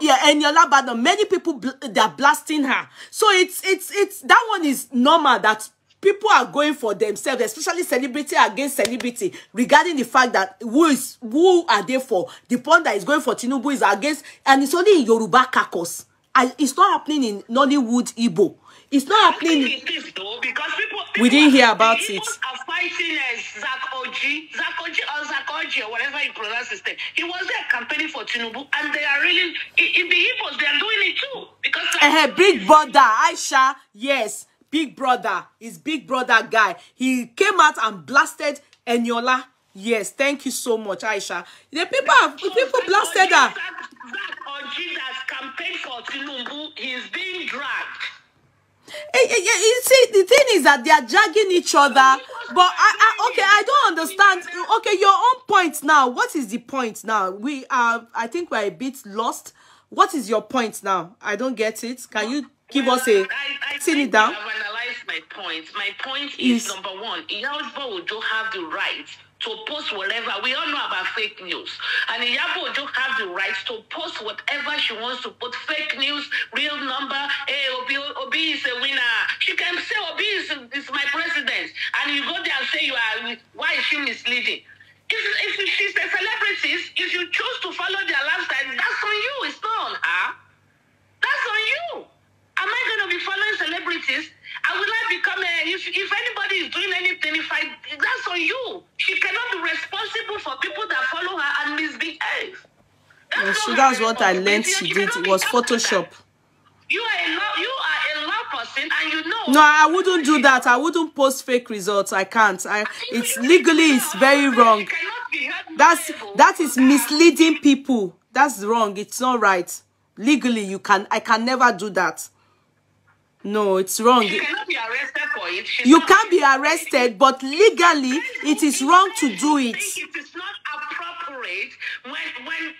Speaker 1: yeah and your many people bl they're blasting her. So it's it's it's that one is normal that people are going for themselves, especially celebrity against celebrity, regarding the fact that who is who are they for? The one that is going for Tinubu is against, and it's only in Yoruba caucus. And it's not happening in Nollywood Igbo. It's not happening. It is, though, because people, people we didn't hear about it. Are fighting as uh, Zach
Speaker 3: Oji, Zach Oji or Zach Oji or whatever you pronounce his name. He was there campaigning for Tinubu, and they are really in, in the Igbos. They are doing it too
Speaker 1: because. Uh, big brother Aisha, yes. Big Brother, his Big Brother guy. He came out and blasted Eniola. Yes, thank you so much, Aisha. The people have, people blasted her. That campaigned for Tinubu, he's being dragged. You see, the thing is that they are dragging each other. But I, I, okay, I don't understand. Okay, your own point now. What is the point now? We are, uh, I think we're a bit lost. What is your point now? I don't get it. Can you give us a
Speaker 3: tin it down. I've analyzed my point. My point is, is number one, Iyabo Ojo have the right to post whatever. We all know about fake news. And Iyabo Ojo have the right to post whatever she wants to put. Fake news, real number. Hey, Obi, Obi is a winner. She can say Obi is, is my president. And you go there and say you are, why is she misleading? If, if she's a celebrity, if you choose to follow their lifestyle, that's on you. It's not on her. That's on you. Am I going to be following celebrities? I will not become a. If, if anybody is doing anything, if I. That's on you. She cannot be responsible for people that follow her and misbehave.
Speaker 1: That's, well, so that's what I learned she did. It was Photoshop. You are a law, you are a law person and you know No, I wouldn't do that. I wouldn't post fake results. I can't. I it's legally it's very wrong. That's that is misleading people. That's wrong. It's not right. Legally you can I can never do that. No, it's wrong. She
Speaker 3: cannot be arrested
Speaker 1: for it. She's you can't be arrested, but legally it is wrong to do it. It is not appropriate when when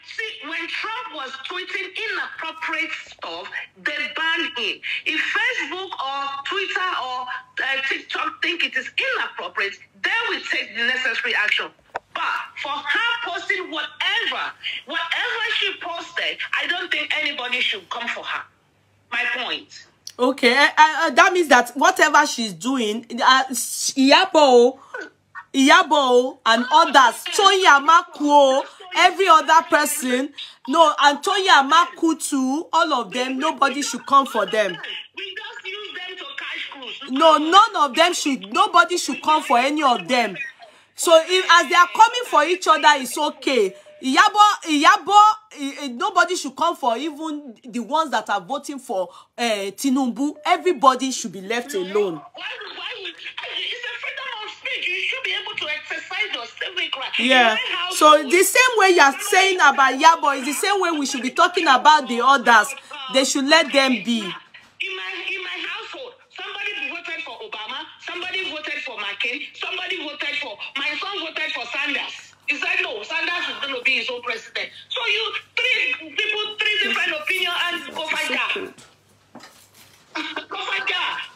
Speaker 3: when Trump was tweeting inappropriate stuff, they banned him. If Facebook or Twitter or uh, TikTok think it is inappropriate, they will take the necessary action. But for her posting whatever, whatever she posted, I don't think anybody should come for her. My point.
Speaker 1: Okay, uh, uh, that means that whatever she's doing, uh, Iyabo, and others, Toyin Amaku, every other person, no, and Toyin Amaku too, all of them, nobody should come for them. No, none of them should, nobody should come for any of them. So if as they are coming for each other, it's okay. Iyabo, Iyabo, nobody should come for even the ones that are voting for uh, Tinubu. Everybody should be left alone. Why, why it's a freedom of speech. You should be able to exercise your civic right. Yeah. So the same way you are saying about Yabo is the same way we should be talking about the others. They should let them be. In my, in my household, somebody voted for Obama, somebody
Speaker 3: voted for McCain, somebody voted for, my son voted for Sanders. He said, no, Sanders is going to be his own president. So you, three people, three different opinion, and go find that. [LAUGHS] go find that.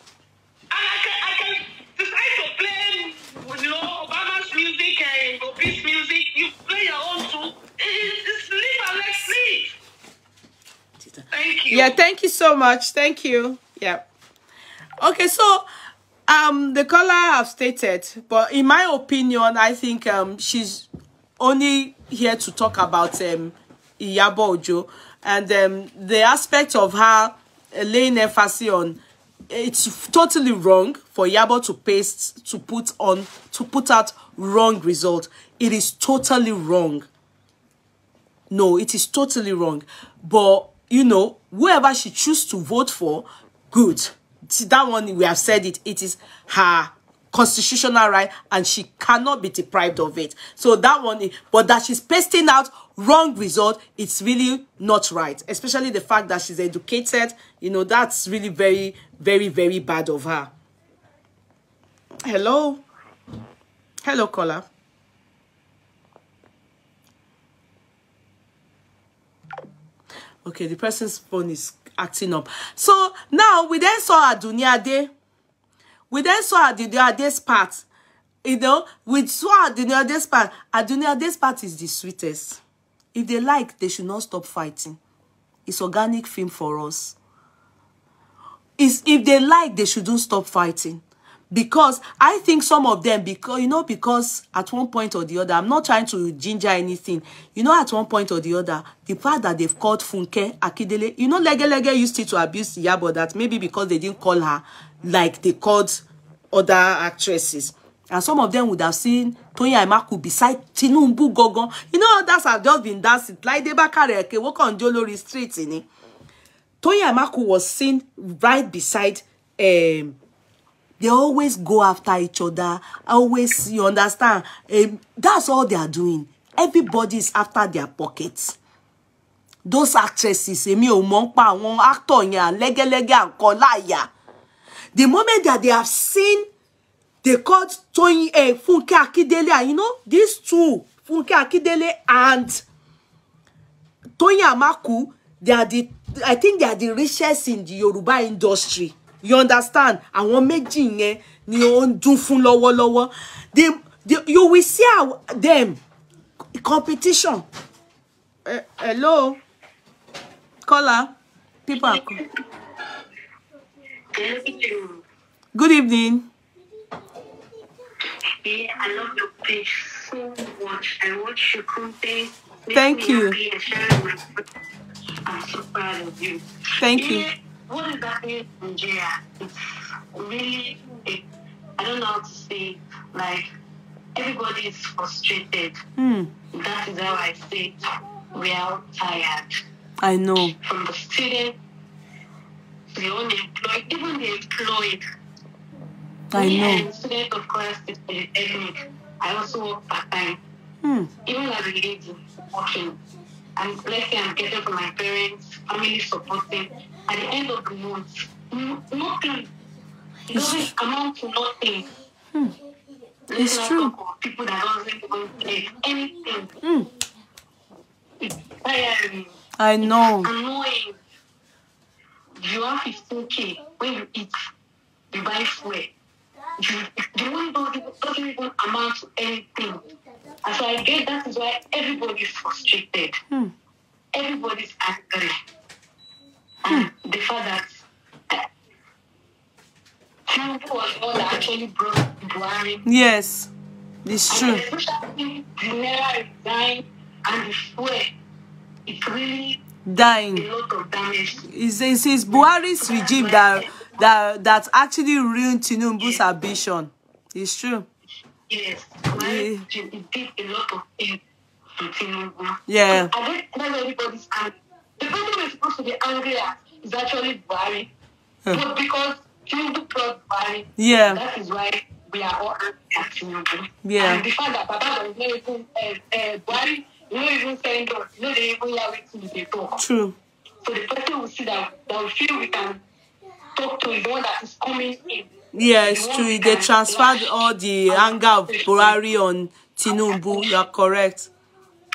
Speaker 3: And I can, I can decide to play, you know, Obama's music and Obi's music. You play your own too. It's live and let's live. Thank you. Yeah, thank
Speaker 1: you so much. Thank you. Yeah. Okay, so um the caller have stated, but in my opinion, I think um she's only here to talk about um, Iyabo Ojo and um, the aspect of her uh, laying emphasis on it's totally wrong for Iyabo to paste to put on to put out wrong result. It is totally wrong. No, it is totally wrong. But you know, whoever she chooses to vote for, good. See, that one we have said it. It is her constitutional right and she cannot be deprived of it. So that one, but that she's pasting out wrong result, it's really not right. Especially the fact that she's educated, you know, that's really very, very, very bad of her. Hello? Hello, caller. Okay, the person's phone is acting up. So now we then saw Adunia Day. We then saw at the Adoniade's part. You know, we saw at the Adoniade's part. This part is the sweetest. If they like, they should not stop fighting. It's organic film for us. It's, if they like, they shouldn't stop fighting. Because I think some of them, because you know, because at one point or the other, I'm not trying to ginger anything. You know, at one point or the other, the part that they've called Funke Akidele, you know, Lege Lege used it to abuse Yabo that maybe because they didn't call her, like they called other actresses. And some of them would have seen Toyin Aimaku beside Tinumbu Gogon. You know, others have just been dancing. Like Deba Kareke, walk on Jolori Street. Toyin Aimaku was seen right beside um, they always go after each other always you understand um, that's all they are doing everybody is after their pockets those actresses èmi ò mọ̀ pa àwọn actor yẹn lẹ́gẹ́lẹ́gẹ́ àkọláyà The moment that they have seen, they called Toyin eh, Funke Akindele, ah, you know, these two, Funke Akidele and Toyin Amaku, they are the, I think they are the richest in the Yoruba industry. You understand? Àwọn méjì yẹn ni ó ń dún fún lọ́wọ́lọ́wọ́. They, they, you will see how them competition. Uh, hello, caller, people are. Good evening. Good evening. Yeah,
Speaker 3: I love your page so much. I watch your content. Thank you. I'm so proud of you. Thank yeah, you. What is happening in Nigeria? It's really, it, eh, I don't know how to say, like, everybody is frustrated. Mm. That is how I say it. We are all tired. I know. From the students the unemployed, even the employed. I Me know. And student of Christ ethnic. I also work part time. Hmm. Even as a lady working. And let's say I'm getting from my parents, family supporting. At the end of the month, nothing doesn't amount to nothing. Hmm. It's true. People that doesn't even play anything. Hmm. I tiring. I know. annoying you have 15k when you eat, you buy fuel. You, the money doesn't, doesn't even amount to anything. And so I get, that is why everybody is frustrated. Hmm. Everybody's angry. Hmm. And the fact that Tinubu uh, was actually broke Buhari.
Speaker 1: Yes, it's true. And
Speaker 3: especially the Naira and the fuel, it really dying. It's,
Speaker 1: it's, it's Buhari's regime that that that actually ruined Tinubu's ambition. It's true.
Speaker 3: Yes, Buhari did a lot of things to Tinubu. Yeah. I don't tell everybody's angry. The person we're supposed to be angry at is actually Buhari. Huh. But because Tinubu brought Buhari, yeah. that is why we are all angry at Tinubu. Yeah. And the fact that Baba was not even, uh, uh, Buhari no even send us, no dey even hear wetin we talk. True. So the person will see that that will feel we can talk to the one that is coming in.
Speaker 1: it's the true. They transferred all the anger of Buhari on Tinubu. You are correct.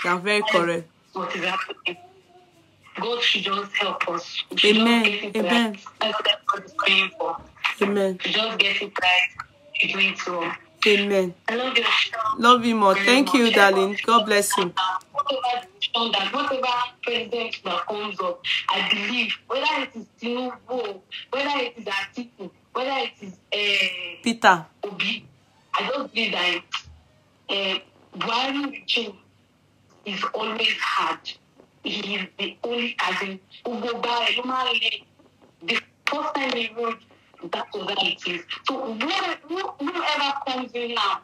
Speaker 1: You are
Speaker 3: very correct. What is happening? God should just help us. She Amen. Just Amen. Right. That's what God praying for. Amen. She just get it right. She do it
Speaker 1: wrong. Amen. Love you. Love you more. Thank you, darling. God bless you.
Speaker 3: That whatever president that comes up, I believe whether it is Tinubu, whether it is Atiku, whether it is uh, Peter Obi, I just believe that uh, Buhari regime is always hard. He is the only as in Ugo Bare, the first time he ruled that is it is. So whoever, comes in now,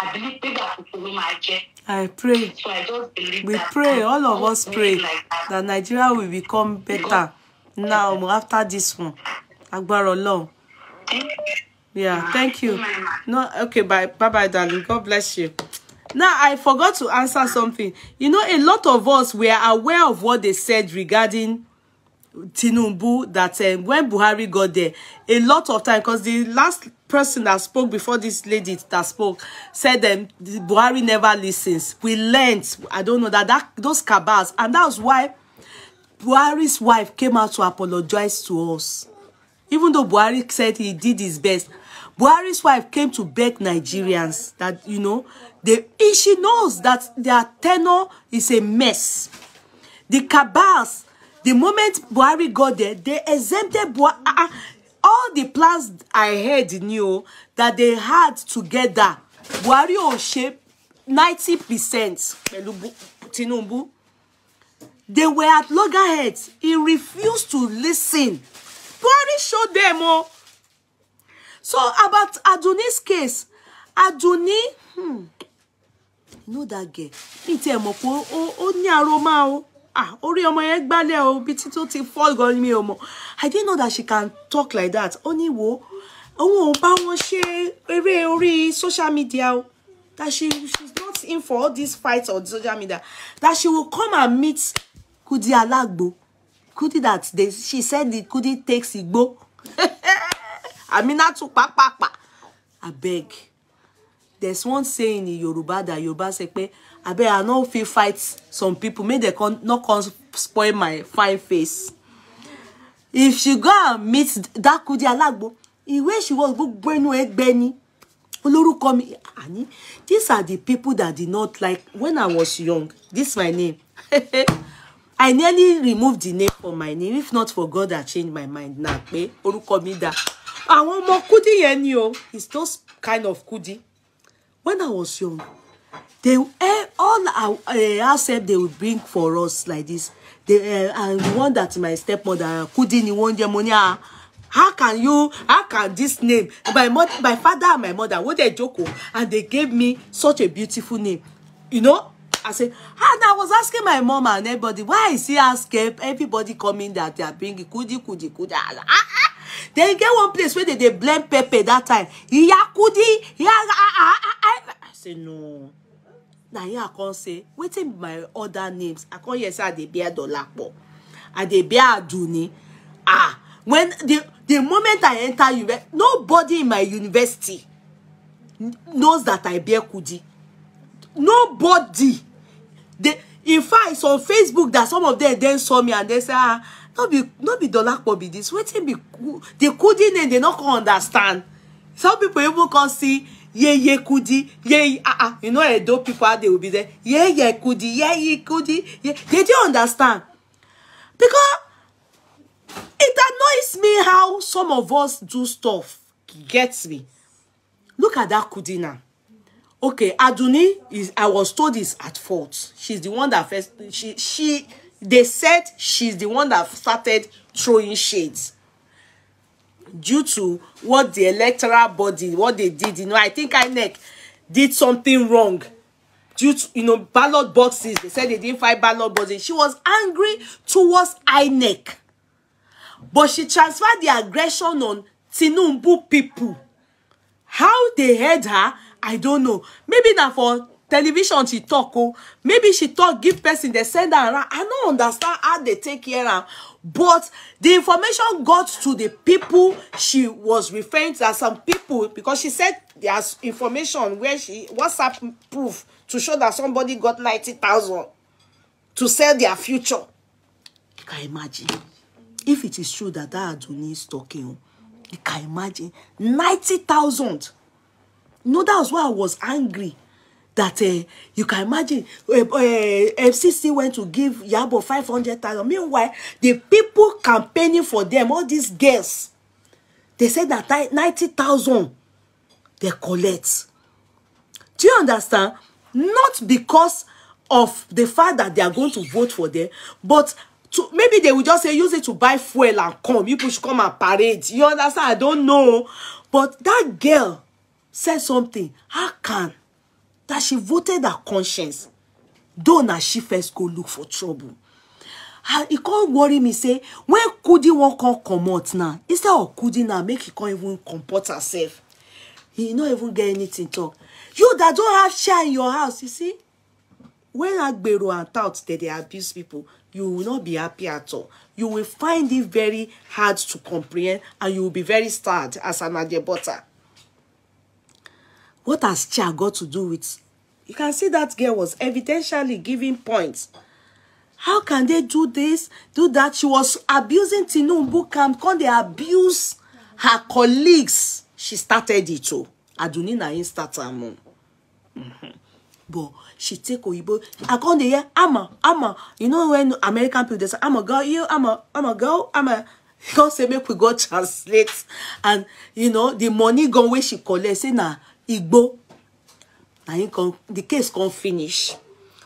Speaker 3: I believe they are fulfilling my agenda. I pray. So I just believe we that pray, all of us pray like
Speaker 1: that. that Nigeria will become better now after this one. Agbára Ọlọ́run. Yeah, thank you. Ah, no, okay, bye, bye, bye, darling. God bless you. Now, I forgot to answer something. You know, a lot of us were aware of what they said regarding Tinubu that um, when Buhari got there, a lot of time, because the last person that spoke before this lady that spoke said um, Buhari never listens. We learned, I don't know, that, that those cabals, and that was why Buhari's wife came out to apologize to us. Even though Buhari said he did his best, Buhari's wife came to beg Nigerians that, you know, they, she knows that their tenor is a mess. The cabals The moment Buhari got there, they exempted Buhari. Ah, ah. all the plans I heard knew that they had together, Buhari ò ṣe 90% pẹ̀lú Tinubu. They were at loggerheads. He refused to listen. Buhari showed them all. Oh. So about Aduni's case, Aduni, hmm, you know that girl. Me tell you, ó ní aroma oh ah orí ọmọ yẹn gbálẹ̀ o bí tí tó ti fall gan mi ò mọ̀ i didn't know that she can talk like that ó ní wo òun ò bá wọn ṣe eré orí social media o that she she's not in for all these fights on social media that she will come and meet Kudi Alagbo Kudi that they, she said the Kudi takes igbo [LAUGHS] Aminatu papapa abeg there's one saying in Yoruba that Yoruba say pe. I bet i know fit fight some people make dem not come spoil my fine face if she go and meet that Dakudi Alagbo ìwé ìṣìwọ gbogbo ẹnu ẹgbẹ ni olórúkọ come, àní these are the people that did not like when i was young this my name [LAUGHS] i nearly removed the name from my name if not for god i change my mind now pé orúkọ mi dá àwọn ọmọ kudi yẹn ni o it's those kind of kudi when i was young they eh, all our uh, eh, ourselves they will bring for us like this they uh, and one that my stepmother Kudi ni wọ́n jẹ́ mo ah, how can you how can this name my mother my father and my mother wọ́n they jókòó and they gave me such a beautiful name you know I say and I was asking my mom and everybody why is he asking everybody coming that they are bringing Kudi Kudi Kudi ah ah dem get one place where they dey blend pepper that time iya Kudi iya ah, ah ah ah I say no na him i come say wetin be my other names i come hear say i dey bear dolapo i dey bear aduni ah when the the moment i enter university nobody in my university knows that i bear kudi nobody they in fact it's on facebook that some of them then saw me and they say ah no be no be dolapo be this wetin be the kudi name they no come understand some people even come see yeye kudi yeye ah ah you know edo people how they will be there yeye kudi yeye kudi ye they you understand because it annoys me how some of us do stuff gets me look at that Kudina. okay aduni is i was told is at fault she's the one that first she she they said she's the one that started throwing shades due to what the electoral body what they did you know i think inec did something wrong due to you know ballot boxes they said they didn't find ballot boxes she was angry towards inec but she transferred the aggression on tinubu people how they heard her i don't know maybe not for television she talk oh maybe she talk give person they send her around i don't understand how they take hear am But the information got to the people she was referring to as some people because she said there's information where she WhatsApp proof to show that somebody got 90,000 to sell their future. You can imagine. If it is true that that Adoni is talking, you can imagine. 90,000. No, that's why I was angry that uh, you can imagine uh, eh, uh, eh, FCC went to give Yabo five hundred thousand. Meanwhile, the people campaigning for them, all these girls, they said that ninety thousand, they collect. Do you understand? Not because of the fact that they are going to vote for them, but to, maybe they will just say, use it to buy fuel and come. People should come and parade. You understand? I don't know. But that girl said something. How can that she voted her conscience though na she first go look for trouble and e come worry me say when kudi wan come comot now instead of kudi now make he come even comport herself He no even get anything talk you that don have chair in your house you see when agbero and tout dey dey abuse people you will not be happy at all you will find it very hard to comprehend and you will be very sad as an adebota. What has Chia got to do with? You can see that girl was evidentially giving points. How can they do this, do that? She was abusing Tinubu camp. Can they abuse her colleagues? She started it too. Oh. Aduni na Instagram. Oh. Mm-hmm. But she take Oyibo. I can't hear, I'm a, I'm a. You know when American people they say, I'm a girl, you, I'm a, I'm a girl, I'm a. You can't say make we go translate, and you know the money gone where she collect. Say na igbo na him come the case come finish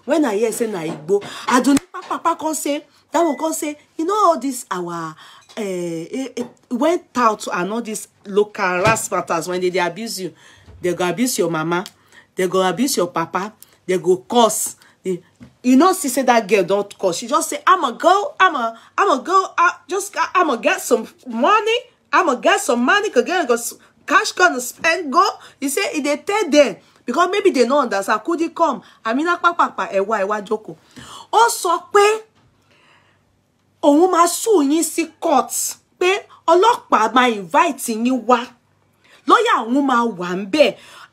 Speaker 1: when i hear say na igbo I adunni papa come say that one come say you know all this our uh, eh, eh, eh, went out and all these local rascals when they, they abuse you they go abuse your mama they go abuse your papa they go curse they, you know she say that girl don't curse she just say i'm a girl i'm a i'm a girl I just i'm a get some money i'm a get some money again because cash con spend go He say e dey tell them because maybe they know that understand kudi come I mean, amina papapa ẹwà ẹwà jókòó ó sọ pé òun máa sùn yín sí court pé ọlọ́pàá máa invite yín wá lọ́yà òun máa wà ń bẹ̀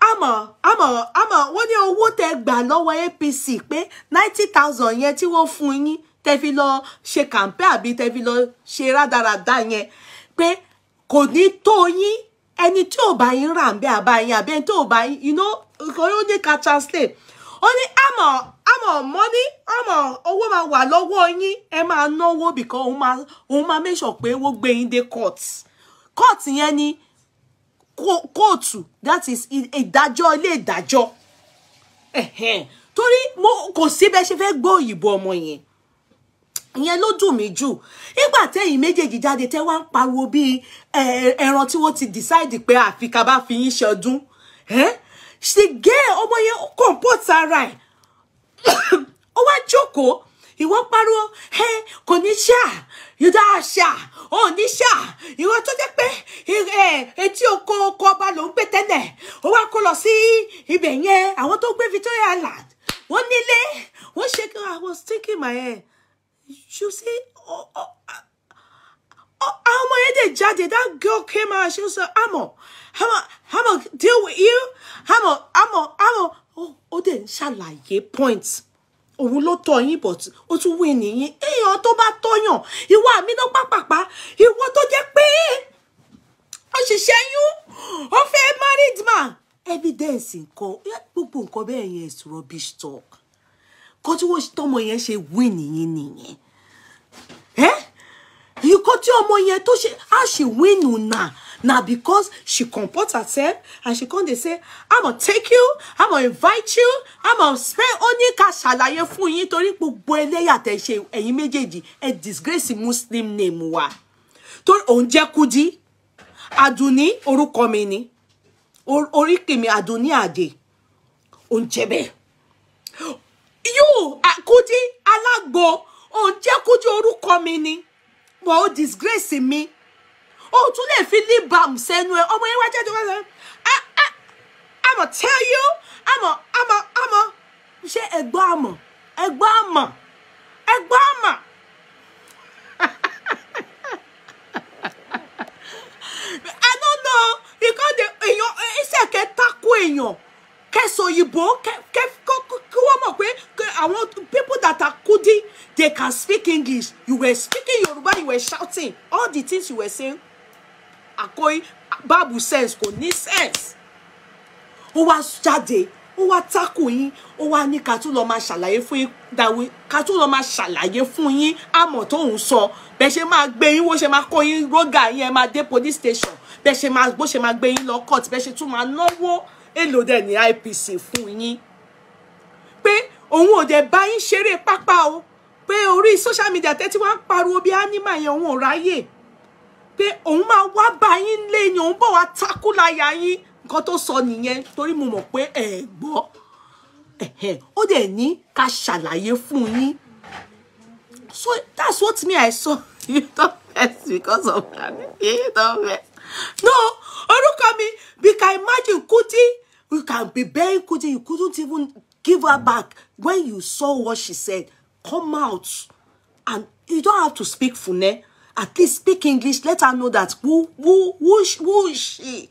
Speaker 1: àmọ́ àmọ́ àmọ́ wọ́n ní owó tẹ gbà lọ́wọ́ APC pé ninety thousand yẹn tí wọ́n fún yín tẹ fi lọ ṣe campaign àbí tẹ fi lọ ṣe rádaràda yẹn pé kò ní tó yín ẹni tí ò bá yín rà ń bẹ àbá yín àbẹ tí ò bá yín you know nǹkan yóò ní ká translate ó ní àmọ́ àmọ́ mọ́ní àmọ́ owó máa wà lọ́wọ́ yín ẹ máa náwó bìkan òun máa òun máa make sure pé wọ́n gbé yín dé court court yẹn ni kóòtù that is ìdájọ́ ilé ìdájọ́ torí kò sí bẹ́ẹ̀ ṣe fẹ́ gbọ́ òyìnbó ọmọ yẹn ìyẹn ló dùn mí jù nígbà tẹ́yìn méjèèjì jáde tẹ́ wá ń pariwo bíi ẹran tí wọ́n ti decide pé àfi ká bá fi yín ṣọdún ṣì gé ọmọ yẹn comport ara ẹ̀ ó wá jókòó ìwọ pariwo ẹ kò ní ṣáà yóò ṣáà ò ní ṣáà ìwọ tó jẹ́ pé etí oko oko ọba ló ń gbé tẹ́lẹ̀ ó wá kó lọ sí ibẹ̀ yẹn àwọn tó gbé Victoria Land wọ́n nílé wọ́n ṣe I was thinking my head she say oh, oh, oh, ọmọ yẹn dẹ̀ jáde that girl came out she say àmọ̀ àmọ̀ àmọ̀ deal with you àmọ̀ àmọ̀ Oh, then shall I ṣàlàyé points? Oh, ló tọ́ yín but ó tún wí nìyí èèyàn tó bá tọ́yàn ìwọ àmì náà pàpàpà ìwọ to jẹ́ pé ó ṣiṣẹ́ yún ó fẹ́ married man evidence nǹkan gbogbo nǹkan bẹ́ẹ̀ yẹn is rubbish talk nǹkan tí wọ́n tọmọ yẹn ṣe win nìyẹn nìyẹn ẹ nǹkan tí ọmọ yẹn tó ṣe á ṣe win nà na because she comport herself and she come dey say i'ma take you i'ma invite you i'ma spend ó ní ká ṣàlàyé fún yín torí gbogbo ẹlẹ́yà tẹ̀ ṣe ẹ̀yin méjèèjì ẹ disgrace muslim name wa torí òun jẹ́ Kudi Àdùnní orúkọ mi ni oríkì mi Àdùnní Àdè òun jẹ́ bẹ́ẹ̀ You, Kúdí alágbo òun jẹ́ Kúdí orúkọ mi ni wọ́n ó disgrace mi ó tún lè fi lip balm sẹ́nu ẹ ọmọ yẹn wá jáde wá sọ I'm a tell you I'm a I'm a I'm a ṣé ẹgbọ́ àmọ̀ ẹgbọ́ àmọ̀ ẹgbọ́ àmọ̀ [LAUGHS] I don't know because èèyàn ìṣẹ̀kẹ́ takú èèyàn kẹsọ òyìnbó kẹ kí wọ́n mọ̀ pé àwọn people that are kudi they can speak English you were speaking Yoruba you were shouting all the things you were saying akoi babu sense kò ní sense ó wá jáde ó wá tákù yín ó wá ní ká tún lọ máa ṣàlàyé fún yín dàwí ká tún lọ máa ṣàlàyé fún yín àmọ́ tó ń sọ bẹ́ẹ̀ ṣe máa gbé yín wọ́n ṣe máa kó yín rógà yín ẹ máa dé police station bẹ́ẹ̀ ṣe máa bó ṣe máa gbé yín lọ court bẹ́ẹ̀ ṣe tún máa náwó èlò dẹ̀ ní IPC fún yín pé òun ò dẹ̀ bá yín ṣeré pápá o pé orí social media tẹ́tí wá ń pariwo bí ánímà yẹn òun ò ráyè pé òun máa wá bá yín lé yín òun bọ̀ wá takú yín nǹkan tó sọ nìyẹn torí mo mọ̀ pé ẹ̀ gbọ́ ó dẹ̀ ní ká fún yín so that's what me I saw [LAUGHS] you don vex because of that
Speaker 3: you don vex
Speaker 1: no orúkọ You can be very good you couldn't even give her back. When you saw what she said, come out. And you don't have to speak Fune. At least speak English. Let her know that who, who, who, who is she?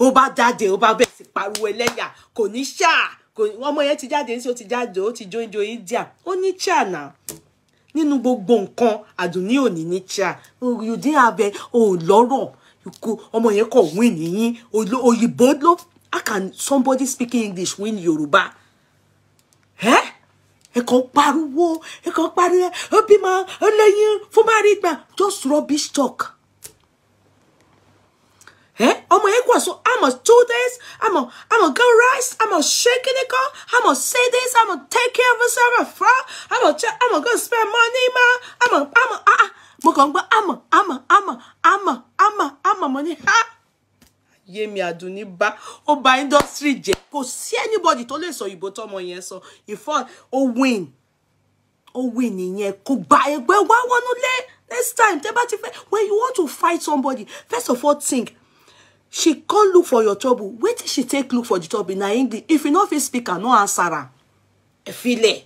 Speaker 1: Oba bá oba be. bá bẹ̀ sí pariwo ẹlẹ́yà, kò ní ṣá. Ọmọ yẹn ti jáde, ó ti jáde, ó ti join join India. Ó ní ṣá náà nínú gbogbo nǹkan àdùnní òní ní chia oh, you dey have a ò oh, lọ́rọ̀ ọmọ yẹn kọ̀ win nìyí òyìnbó ló how can somebody speaking English win Yorùbá ẹ ẹ kàn pariwo ẹ kàn pariwo ó bímọ ó lẹ́yìn fún bá rí gbà just rubbish talk ẹ ọmọ yẹn kò sọ àmọ two days àmọ àmọ go rice àmọ shake it kan àmọ say this àmọ take care of yourself àfọ àmọ àmọ go spend money ma àmọ àmọ ah mo kàn ń gbọ́ àmọ àmọ àmọ àmọ àmọ àmọ mo ní ha mi Aduni bá ó bà industry jẹ́ kò sí anybody tó lè sọ Ìgbò tọ́mọ yẹn sọ ìfọ́ ó win ó win nìyẹn kò gba ẹgbẹ́ wá wọnú lé next time tẹ́ bá ti fẹ́ when you want to fight somebody first of all think she come look for your trouble wetin she take look for the trouble na English if you no fit speak am no answer am ẹ fi lẹ̀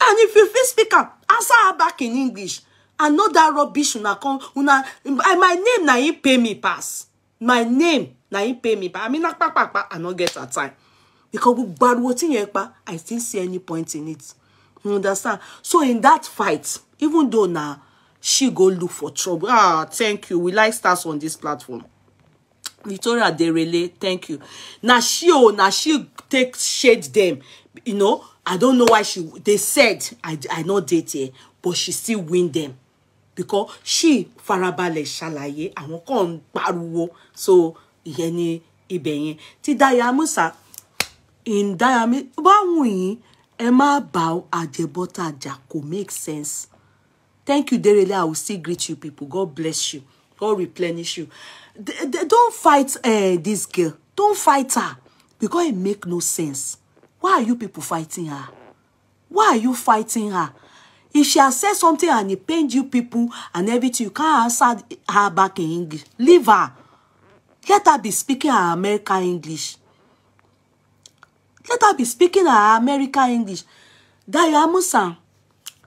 Speaker 1: and if you fit speak am answer her back in English and not that rubbish una come una my name na him pay me pass my name na him pay me but i mean na papapa i no get her time because gbogbo ariwo tí yẹn pa i still see any point in it you understand so in that fight even though na she go look for trouble ah thank you we like stars on this platform victoria derele thank you na she oh, na she take shade them. you know i don't know why she they said i i no date there but she still win them because she farabalẹ̀ ṣàlàyé àwọn kan ń pariwo so ìyẹn ni ibẹ̀ yẹn tí Daya Musa in Daya Musa báwo yìí ẹ má bá àjẹbọ́tà jà kò make sense thank you Derele I will still greet you people God bless you God replenish you they, don't fight uh, this girl don't fight her because it make no sense why are you people fighting her why are you fighting her If she has said something and it pained you people and everything, you can't answer her back in English. Leave her. Let her be speaking her American English. Let her be speaking her American English. Daya Musa,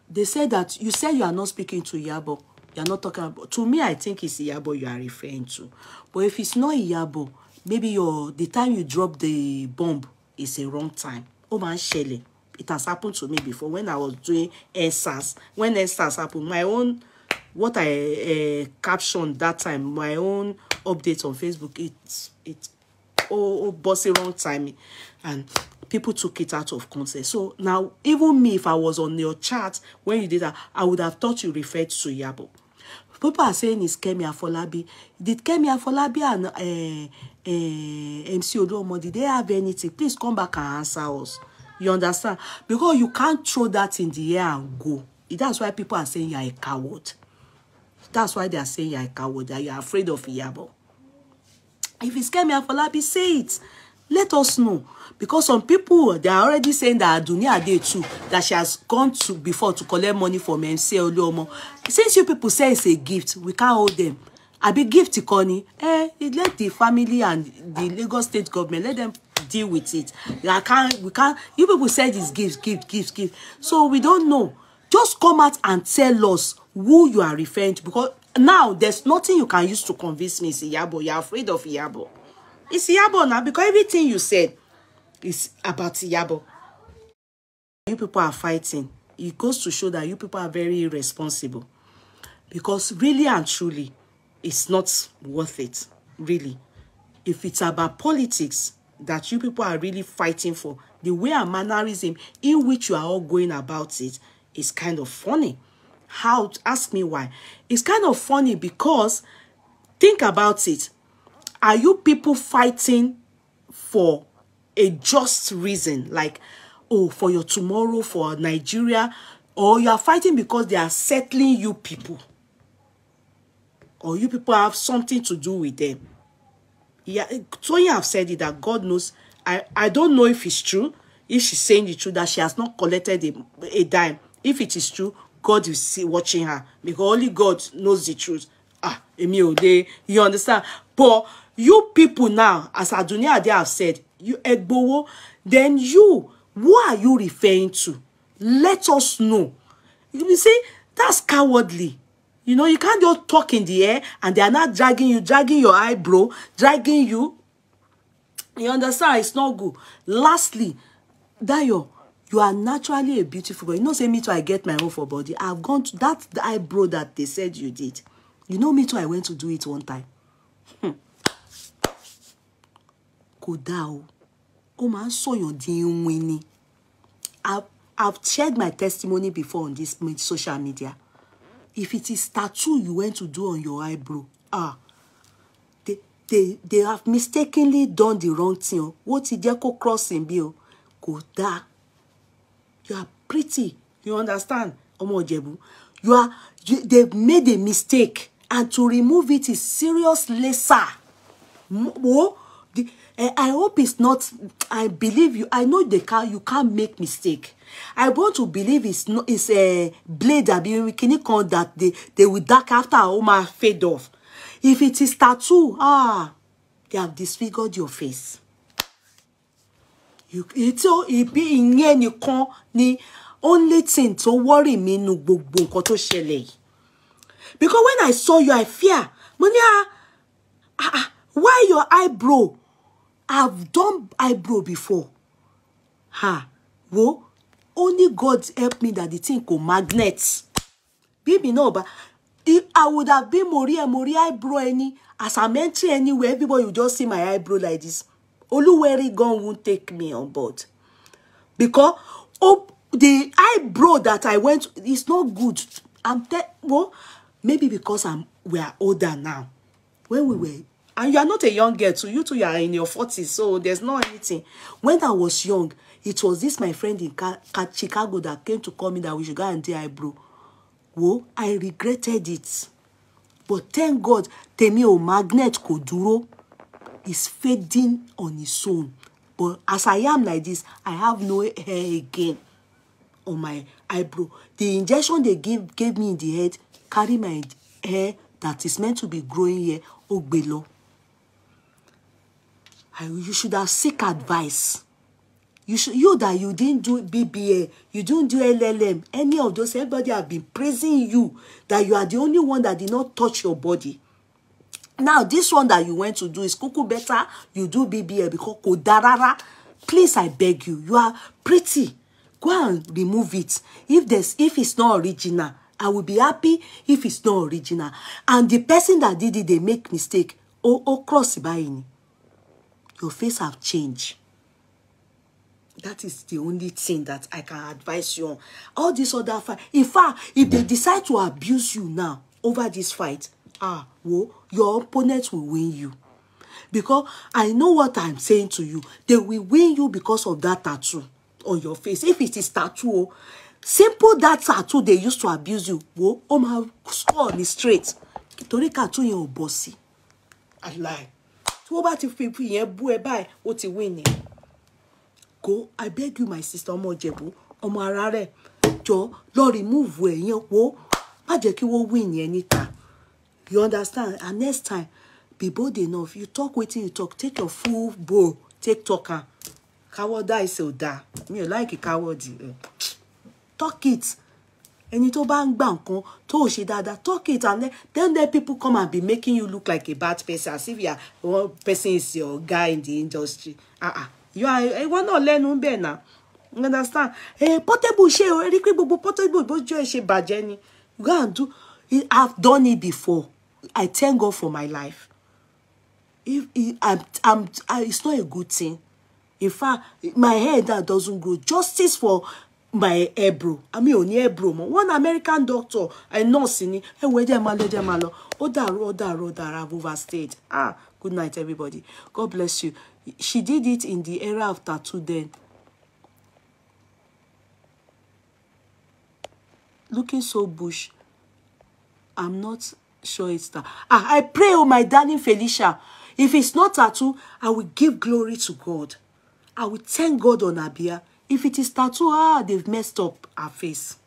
Speaker 1: they said that you said you are not speaking to Yabo. You are not talking about. To me, I think it's Yabo you are referring to. But if it's not Yabo, maybe your the time you drop the bomb is a wrong time. Oh man, Shelley. It has happened to me before when I was doing ESAS. When ESAS happened, my own, what I uh, captioned that time, my own update on Facebook, it, it oh, oh bossy wrong timing. And people took it out of context. So now, even me, if I was on your chat when you did that, I would have thought you referred to Yabo. People are saying it's Kemi Afolabi. Did Kemi Afolabi and uh, eh, uh, eh, MC Odomo, did they have anything? Please come back and answer us. You understand? Because you can't throw that in the air and go. That's why people are saying you're a coward. That's why they are saying you're a coward, that you're afraid of yabo. If it's Kemi Afolabi, say it. Let us know. Because some people, they are already saying that Adunia Ade too, that she has gone to before to collect money from MC Oluomo. Since you people say it's a gift, we can't hold them àbí gift kọ́ ni eh, let the family and the Lagos state government let them deal with it I can't, we can't you people said this, gift gift gift gift so we don't know just come out and tell us who you are referring to because now there's nothing you can use to convince me it's Iyabo you're afraid of Iyabo it's Iyabo now because everything you said is about Iyabo you people are fighting it goes to show that you people are very irresponsible because really and truly it's not worth it, really. If it's about politics that you people are really fighting for, the way and mannerism in which you are all going about it is kind of funny. How? Ask me why. It's kind of funny because think about it. Are you people fighting for a just reason? Like, oh, for your tomorrow, for Nigeria, or you are fighting because they are settling you people or you people have something to do with them. Yeah, Toyin have said it that God knows. I, I don't know if it's true, if she's saying the truth, that she has not collected a, a dime. If it is true, God is see, watching her because only God knows the truth. Ah, Emi Ode, you understand? But you people now, as Adunni they have said, you Egbowo, then you, who are you referring to? Let us know. You see, that's cowardly. You know, you can't just talk in the air and they are not dragging you, dragging your eyebrow, dragging you. You understand? It's not good. Lastly, Dayo, you are naturally a beautiful girl. You know, say me too, I get my own for body. I've gone to that eyebrow that they said you did. You know me too, I went to do it one time. Hmm. Kò dáa o. Ó máa ń sọ̀yàn I've, I've shared my testimony before on this social media if it is tattoo you went to do on your eyebrow ah they they they have mistakenly done the wrong thing What oh. wọ́n ti jẹ́ kó crossing bí o oh? you are pretty you understand ọmọ Ìjẹ̀bú you are you, they made a mistake and to remove it is serious lesser wo. Eh, I hope it's not, I believe you, I know they can, you can't make mistake. I want to believe it's not, it's a blade that we can con that they, they will dark after all my fade off. If it is tattoo, ah, they have disfigured your face. You, it's all, it be in yen con ni, only thing to worry me nu gbogbo nǹkan tó ṣẹlẹ̀ yìí. Because when I saw you, I fear. Mo ah, ah, ah, why your eyebrow? I've done eyebrow before. Ha, wo, only God help me that the thing go magnet. Baby, no, but if I would have been Moria, Moria eyebrow any, as I'm entering anywhere, everybody will just see my eyebrow like this. Oluwere gun won't take me on board. Because oh, the eyebrow that I went is not good. I'm te well, maybe because I'm we are older now. When we were And you are not a young girl too. You two you are in your 40s, so there's no anything. When I was young, it was this my friend in Ka Chicago that came to call me that we should go and do eyebrow. Whoa, I regretted it. But thank God, tèmi ò magnet Koduro is fading on its own. But as I am like this, I have no hair again on my eyebrow. The injection they gave gave me in the head carry my hair that is meant to be growing here, ó below you should have seek advice you should you that you didn't do BBA, you don't do LLM, any of those, everybody have been praising you that you are the only one that did not touch your body. Now, this one that you went to do is kuku better, you do BBA because kodarara. Please, I beg you, you are pretty. Go and remove it. If there's if it's not original, I will be happy if it's not original. And the person that did it, they make mistake. Oh, oh, cross by any your face have changed that is the only thing that i can advise you on all this other fight in fact if they decide to abuse you now over this fight ah well, your opponent will win you because i know what i'm saying to you they will win you because of that tattoo on your face if it is tattoo o oh, simple that tattoo they used to abuse you wo o ma score ni straight torí tattoo yẹn ò bọ́ i lie tí wọ́n bá ti fi ìyẹn bú ẹ báyìí ó ti win ni go i beg you my sister ọmọ ìjẹ̀bú ọmọ ara rẹ̀ jọ lọ rìmúùvù ẹ̀yẹn wo má jẹ́ kí wọ́n win yẹn níta you understand and next time be bold enough you talk wetin you talk take your full bowl take talk am káwọ́ dá ẹsẹ̀ ò dáa mi ò láìkí káwọ́ di talk it ẹni tó bá ń gbà nǹkan tó ò ṣe dáadáa talk it and then then people come and be making you look like a bad person as if your one person is your guy in the industry ah ah you are eh, ìwọ náà lẹ́nu bẹ́ẹ̀ náà you understand eh portable ṣe o rí pé gbogbo portable bójú ẹ ṣe bàjẹ́ ni go and do i have done it before i thank God for my life if, if I'm, I'm, it's not a good thing in fact my hair that doesn't grow justice for My ebro àmì ah, ò ní ebro mọ́ one American doctor ẹ nọ́ọ̀sì ni ẹ wo ẹ jẹ́ máa lọ ẹ jẹ́ máa lọ ó dàrú ó dàrú ó dàrú I've overstayed ah good night everybody God bless you she did it in the era of tattoo then looking so bush I'm not sure it's that ah I pray oh my darling Felicia if it's not tattoo I will give glory to God I will thank God on Abia. If it is tattoo, ah, they've messed up her face.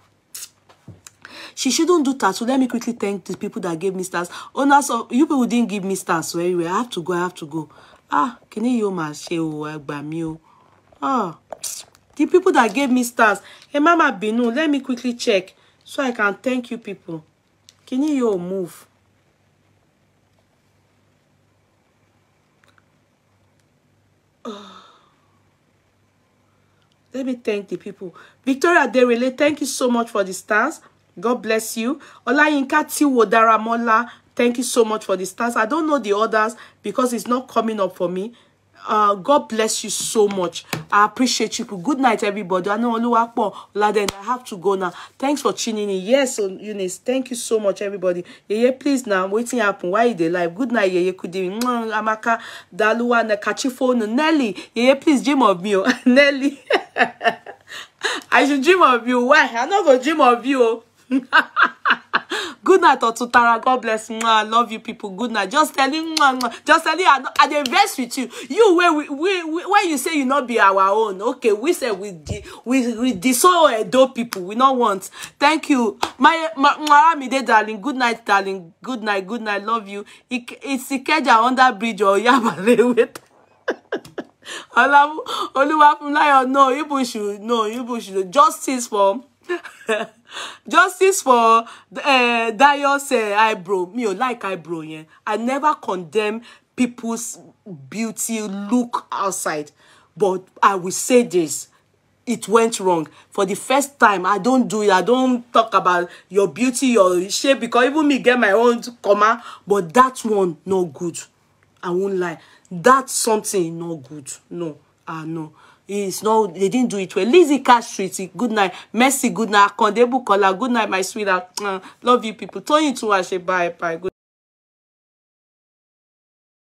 Speaker 1: She shouldn't do tattoo. Let me quickly thank the people that gave me stars. Owners oh, of you people didn't give me stars so anyway. I have to go, I have to go. Ah, can you yóò máa ṣe o, ẹ gbà mí ah, the people that gave me stars. Hey, Mama Binu, let me quickly check so I can thank you people. Can you yóò move. Oh. Let me thank the people. Victoria Derele, thank you so much for the stars. God bless you. Olayinka Tiwodaramola, thank you so much for the stars. I don't know the others because it's not coming up for me. Uh, God bless you so much. I appreciate you. Good night, everybody. I know Oluwapo Laden. I have to go now. Thanks for tuning in. Yes, Eunice. Thank you so much, everybody. Yeah, please now. I'm waiting happen. Why are they live? Good night, Yeah, you Yeye Kudi. Amaka Daluwa na phone, Nelly. Yeah, please dream of me. Oh. [LAUGHS] Nelly. [LAUGHS] I should dream of you. Why? I'm not gonna dream of you. Oh. [LAUGHS] good night Otutara god bless i love you people good night just tell him just telling. him i dey vex with you you where we we where you say you not be our own okay we say we we we disown edo people we not want thank you my maramide darling good night darling good night good night love you it's ikeja that bridge or yabale [LAUGHS] wait Olamu Oluwafunlayo no you should no Ibu should justice for [LAUGHS] justice for uh, eh, Dayos uh, eyebrow me ò like eyebrow yeah. i never condemn people's beauty look outside but i will say this it went wrong for the first time i don't do it i don't talk about your beauty your shape because even me get my own comma but that one no good i won't lie That something no good no ah no It's no, they didn't do it well. Lizzie Cashtree, good night. Mercy, good night. Konde Kola. good night, my sweetheart. Uh, love you people. Turn Toyin Tunwase, bye, bye. Good